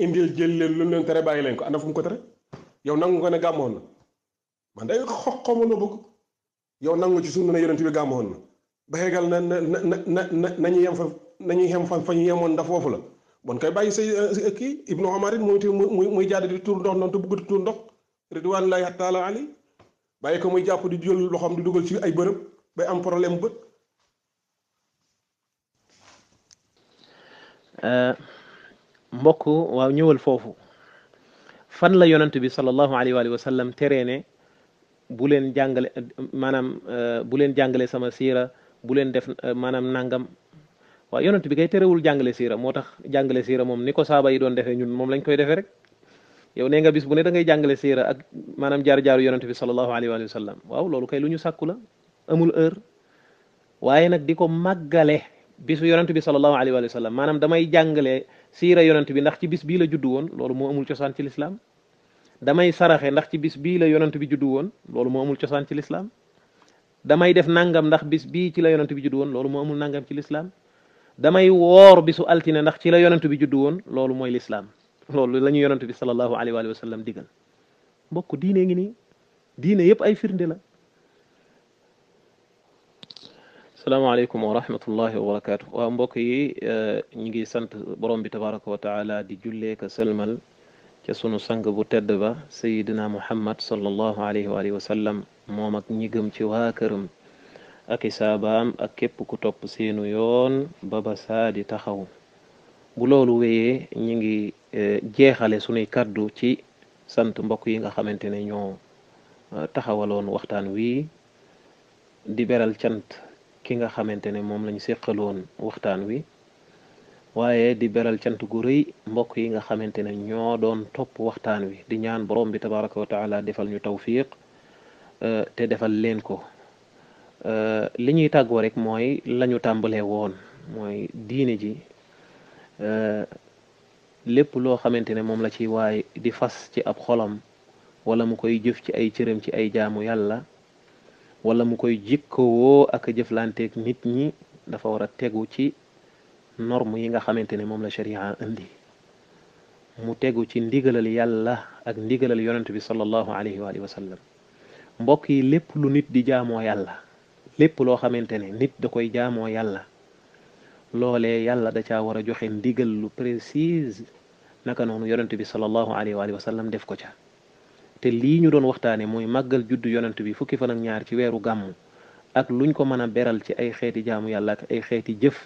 indil jël leen lu mu leen tere bàyyi leen ko ana fu mu ko tere yow nangu nga ne gàmmoon na man day xoxoma loo bëgg yow nangu ci sunna ne yonent bi gàmmoon na ba xegal na na na na na nañu yem fa nañu yem fa fa ñu yemoon ndax foofu la bon kay bàyyi sa euh, kii ibnu omar it moom itam muy muy jadd di tuur ndox noonu te bëgg di tuur ndox ridwanullahi taala ali bàyyi ko muy jàpp di jël loxoom di dugal ci ay bërëb bay am problème bët Euh, mbokk waaw ñëwal foofu fan la yonent bi sallallahu alayhi wa sallam teree ne bu leen jàngale maanaam euh, bu leen jàngale sama siira bu leen def euh, maanaam nangam waaw yonent bi kay terewul jàngale siira moo tax jàngale siira moom ni ko saaba yi doon defee ñun moom lañ koy defe rek yow nee nga bis bu ne da ngay jàngale siira ak maanaam jaar-jaaru yonent bi sallallahu alayhi wa sallam waaw loolu kay lu ñu sakku la amul heure waaye nag di ko màggale bisu yonent bi sallallahu alaihi wa sallam manam damay jangale sira yonent bi ndax ci bis bi la juddu won lolou mo amul ciosan ci l'islam damay saraxé ndax ci bis bi la yonent bi juddu won lolou mo amul ciosan ci l'islam damay def nangam ndax bis bi ci la yonent bi juddu won lolou mo amul nangam ci l'islam damay wor bisu altine ndax ci la yonent bi juddu won lolou moy l'islam lolou lañu yonent bi sallallahu alaihi wa sallam digal mbokk diine ngi ni diine yep ay firnde la salaamaaleykum wa wa barakaatu waaw mbokk yi eh, ñu ngi sant borom bi tabaraka wa taala di jullee ka sëlmal ca sunu sang bu tedd ba sayidina muhammad sallallahu alayhi wa alihi moom ak ñi gëm ci waa këram ak isaabaam ak képp ku topp seenu yoon baba ba saa di taxaw bu loolu wéyee ñu ngi eh, jeexale sunuy kaddu ci sant mbokk yi nga xamante ne ñoo eh, taxawaloon waxtaan wii di beral cant ki nga xamante ne moom lañu séqaloon waxtaan wi waaye di beral cant gu rëy mbokk yi nga xamante ne ñoo doon topp waxtaan wi di ñaan borom bi tabaraka wa defal ñu tawfiq euh, te defal leen ko euh, li ñuy tàggoo rek mooy lañu tàmbalee woon mooy diine ji euh, lépp loo xamante ne moom la ci waay di fas ci ab xolam wala mu koy jëf ci ay cëram ci ay jaamu yàlla wala mu koy jikkowoo ak jëflanteeg nit ñi dafa war a tegu ci norme yi nga xamante ne moom la sharia indi mu tegu ci ndigalal yàlla ak ndigalal yonent bi sallallahu alayhi wa sallam mbokk yi lépp lu nit di jaamoo yàlla lépp loo xamante ne nit da koy jaamoo yàlla loole yàlla da caa war a joxe ndigal lu précise naka noonu yonent bi sallallahu alayhi wa sallam def ko ca te lii ñu doon waxtaane mooy màggal juddu yonent bi fukki fan ñaar ci weeru gàmmu ak luñ ko mën a beral ci ay xeeti jaamu yàlla ak ay xeeti jëf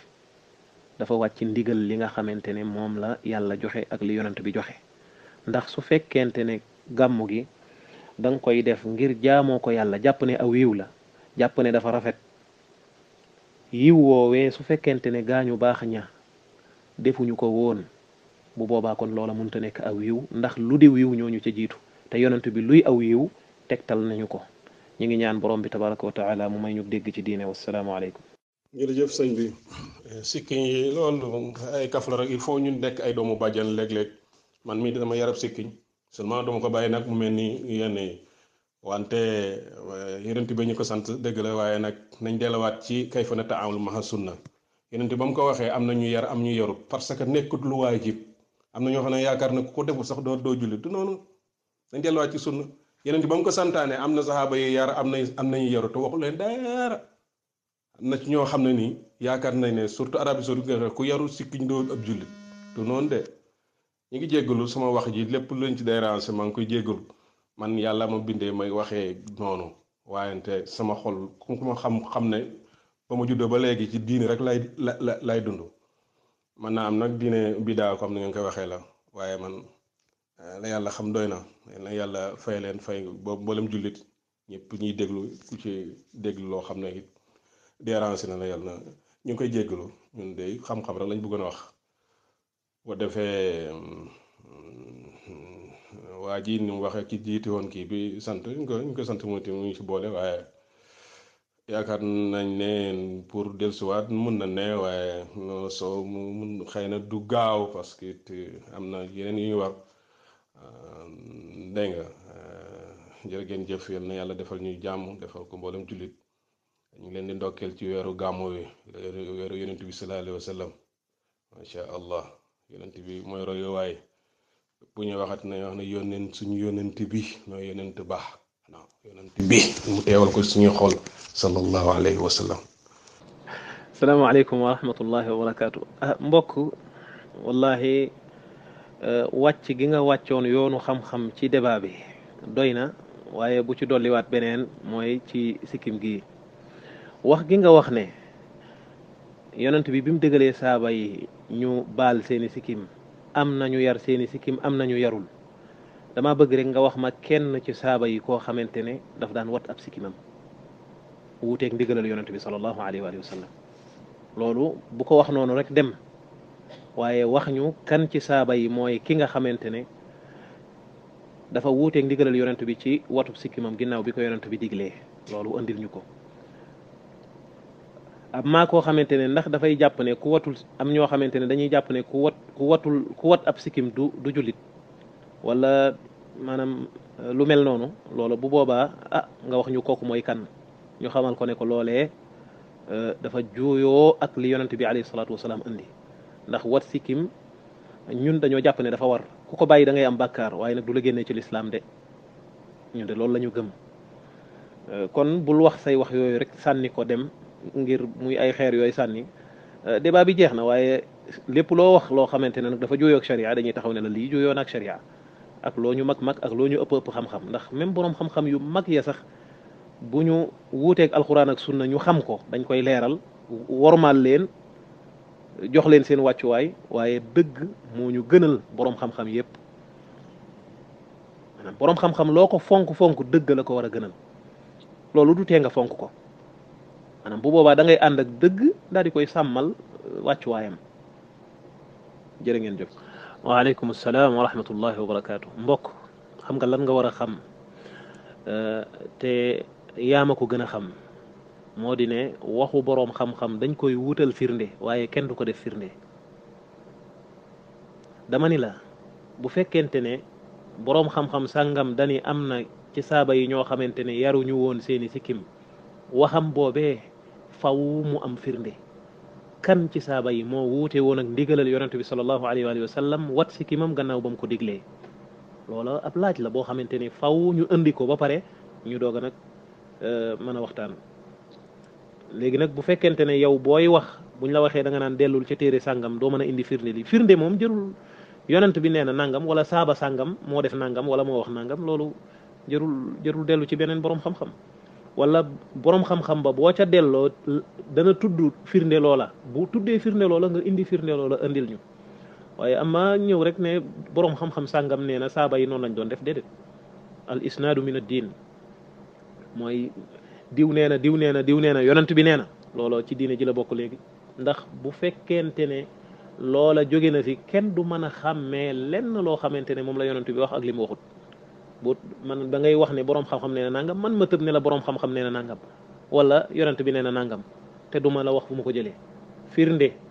dafa wàcc ndigal li nga xamante ne moom la yàlla joxe ak li yonent bi joxe ndax su fekkente ne gàmmu gi danga koy def ngir jaamoo ko yàlla jàpp ne aw yiw la jàpp ne dafa rafet yiw woowee su fekkente ne gaañu baax ña defuñu ko woon bu boobaa kon loola mënta nekk ak yiw ndax lu di yiw ñooñu ca jiitu te yonent bi luy aw yiw tegtal nañu ko ñu ngi ñaan borom bi tabaraka wa taala mu may ñu dégg ci diine wasalaamaaleykum jërëjëf sëñ bi sikkiñ yi loolu ay kaf la il faut ñu nekk ay doomu bàjjan léeg-léeg man mii dama yarab sikkiñ seulement dama ko bàyyi nag mu mel ni yenn wante yonent bi ñu ko sant dégg la waaye nag nañ delluwaat ci kayfa nata'aamalu ma'a sunna yonent ba mu ko waxee am na ñu yar am ñu yarut parce que nekkut lu waajib am na ñoo xam ne yaakaar na k ko deful sax doo doo du noonu dañ delluwaat ci sunna yeneen ba mu ko santaane am na saxaaba yi yar am na am nañu yaru te waxu leen dara am na ci ñoo xam ne nii yaakaar nañ ne surtout Arabie Saoudite ku yaru sikkiñ doo ab jullit te noonu de ñu ngi jéggalu suma wax ji lépp luñ ci déranger maa ngi koy jéggalu man yàlla ma bindee may waxee noonu waayante sama xol ku ma xam xam ne ba ma juddoo ba léegi ci diini rek lay la lay dund man naa am nag diine bidaa comme ni nga koy waxee la waaye man. la yàlla xam doy na na yàlla fay leen fay boobu mboolem jullit ñëpp ñuy déglu ku ci déglu loo xam ne it dérangé na la yàlla na ñu ngi koy jéggalu ñu de xam-xam rek lañ bëggoon a wax boo defee mm, waa ji ni mu waxee ki jiite woon kii bi sant ñu ko ñu sant moom itam mu ngi ci boole waaye yaakaar nañ ne pour dellusiwaat mën na ne waaye soo mu xëy na du gaaw parce que am na yeneen yu ñu war. Euh, dégg nga euh, jërë jëf yal na yàlla defal ñuy jàmm defar ko mboolem jullit ñu ngi leen di ndokkeel ci weeru gàmmo wi weeru yonent bi sallallahu alayhi wa sallam macha allah yonent bi mooy royuwaay bu ñu waxat na wax ne yonent suñu yonent bi mooy yonent baax waaw yonent bi mu teewal ko suñuy xool sallallahu alayhi wa sallam. salaamaaleykum wa rahmatullahi ah, mbokk wallahi Euh, wàcc gi nga wàccoon yoonu xam-xam ci débat bi doy na waaye bu ci dolliwaat beneen mooy ci sikkim gi wax gi nga wax ne yonent bi bi mu dëgalee saaba yi ñu baal seeni sikkim am nañu yar seeni sikkim am nañu yarul dama bëgg rek nga wax ma kenn ci saaba yi koo xamante ne daf daan wat ab sikkimam wuuteeg ndigalal yonent bi sallallahu alayhi wa sallam loolu bu ko wax noonu rek dem waaye wax kan ci saaba yi mooy ki nga xamante ne dafa wuuteeg ndigalal yonent bi ci watub sikkimam ginnaaw bi ko yonent bi diglee loolu andil ñu ko am maa koo xamante ne ndax dafay jàpp ne ku watul am ñoo xamante ne dañuy jàpp ne ku wat ku watul ku wat ab du du wala maanaam lu mel noonu loolu bu ah nga wax ñu kooku mooy kan ñu xamal ko ne ko loolee euh, dafa juuyoo ak li yonent bi alayhi salaatu wasalaam andi ndax wat sikkim ñun dañoo jàpp ne dafa war ku ko bàyyi dangay am bàkkaar waaye nag du la génnee ci lislaam de ñu de loolu lañu gëm euh, kon bul wax say wax yooyu rek sànni ko dem ngir muy ay xeer yooyu sànni euh, débat bi jeex na waaye lépp loo wax loo xamante ne nag dafa juyoo ak sharia dañuy taxaw ne la lii juyoo na ak sharia ak loo ñu mag mag ak loo ñu ëpp ëpp xam-xam ndax même boroom xam-xam yu mag ya sax bu ñu wuuteeg alxuraan ak sunna ñu xam ko dañ koy leeral wormaal leen jox leen seen wàccuwaay waaye dëgg moo ñu gënal boroom xam-xam yépp boroom xam-xam loo ko fonk-fonk dëgg la ko war a gënal loolu du tee nga fonk ko maanaam bu boobaa da ngay ànd ak dëgg daal di koy sàmmal euh, wàccuwaayam jërë ngeen jëf waaleykum salaam wa rahmatullahi wa barakaatu mbokk xam nga lan nga war a xam euh, te yaa ko gën a xam moo di ne waxu boroom xam-xam dañ koy wutal firnde waaye kenn du ko def firnde dama ni la bu fekkente ne boroom xam-xam sàngam dani am na ci saaba yi ñoo xamante ne yaruñu woon seeni sikkim waxam boobee faw mu am firnde kan ci saaba yi moo wuute woon ak ndigalal yonent bi sallallahu alayhi wa sallam wat sikkimam gannaaw ba mu ko diglee loolo ab laaj la boo xamante ne faw ñu indi ko ba pare ñu doog a nag euh, mën a waxtaan léegi nag bu fekkente ne yow booy wax buñ la waxee da nga naan dellul ca téere sàngam doo mën a indi firnde li firnde moom jërul yonent bi nee na nangam wala saaba sàngam moo def nangam wala moo wax nangam loolu jërul jërul dellu ci beneen borom xam-xam wala borom xam ba boo ca delloo dana tudd firnde loola bu tuddee firnde loola nga indi firnde loola indil ñu waaye ama ñëw rek ne borom xam-xam sàngam nee na saaba yi noonu lañ doon def déedéet al isnaadu min ad diin diw nee na diw nee na diw nee na yonent bi nee na looloo ci diine ji la bokk léegi ndax bu fekkente ne lool a jóge na fi kenn du mën a xam xàmmee lenn loo xamante ne moom la yonent bi wax ak li mu waxut bu man da ngay wax ne borom xam-xam nee na nangam man ma tëb ne la boroom xam-xam nee na nangam wala yonent bi nee na nangam te man a wax fu ma ko jëlee firnde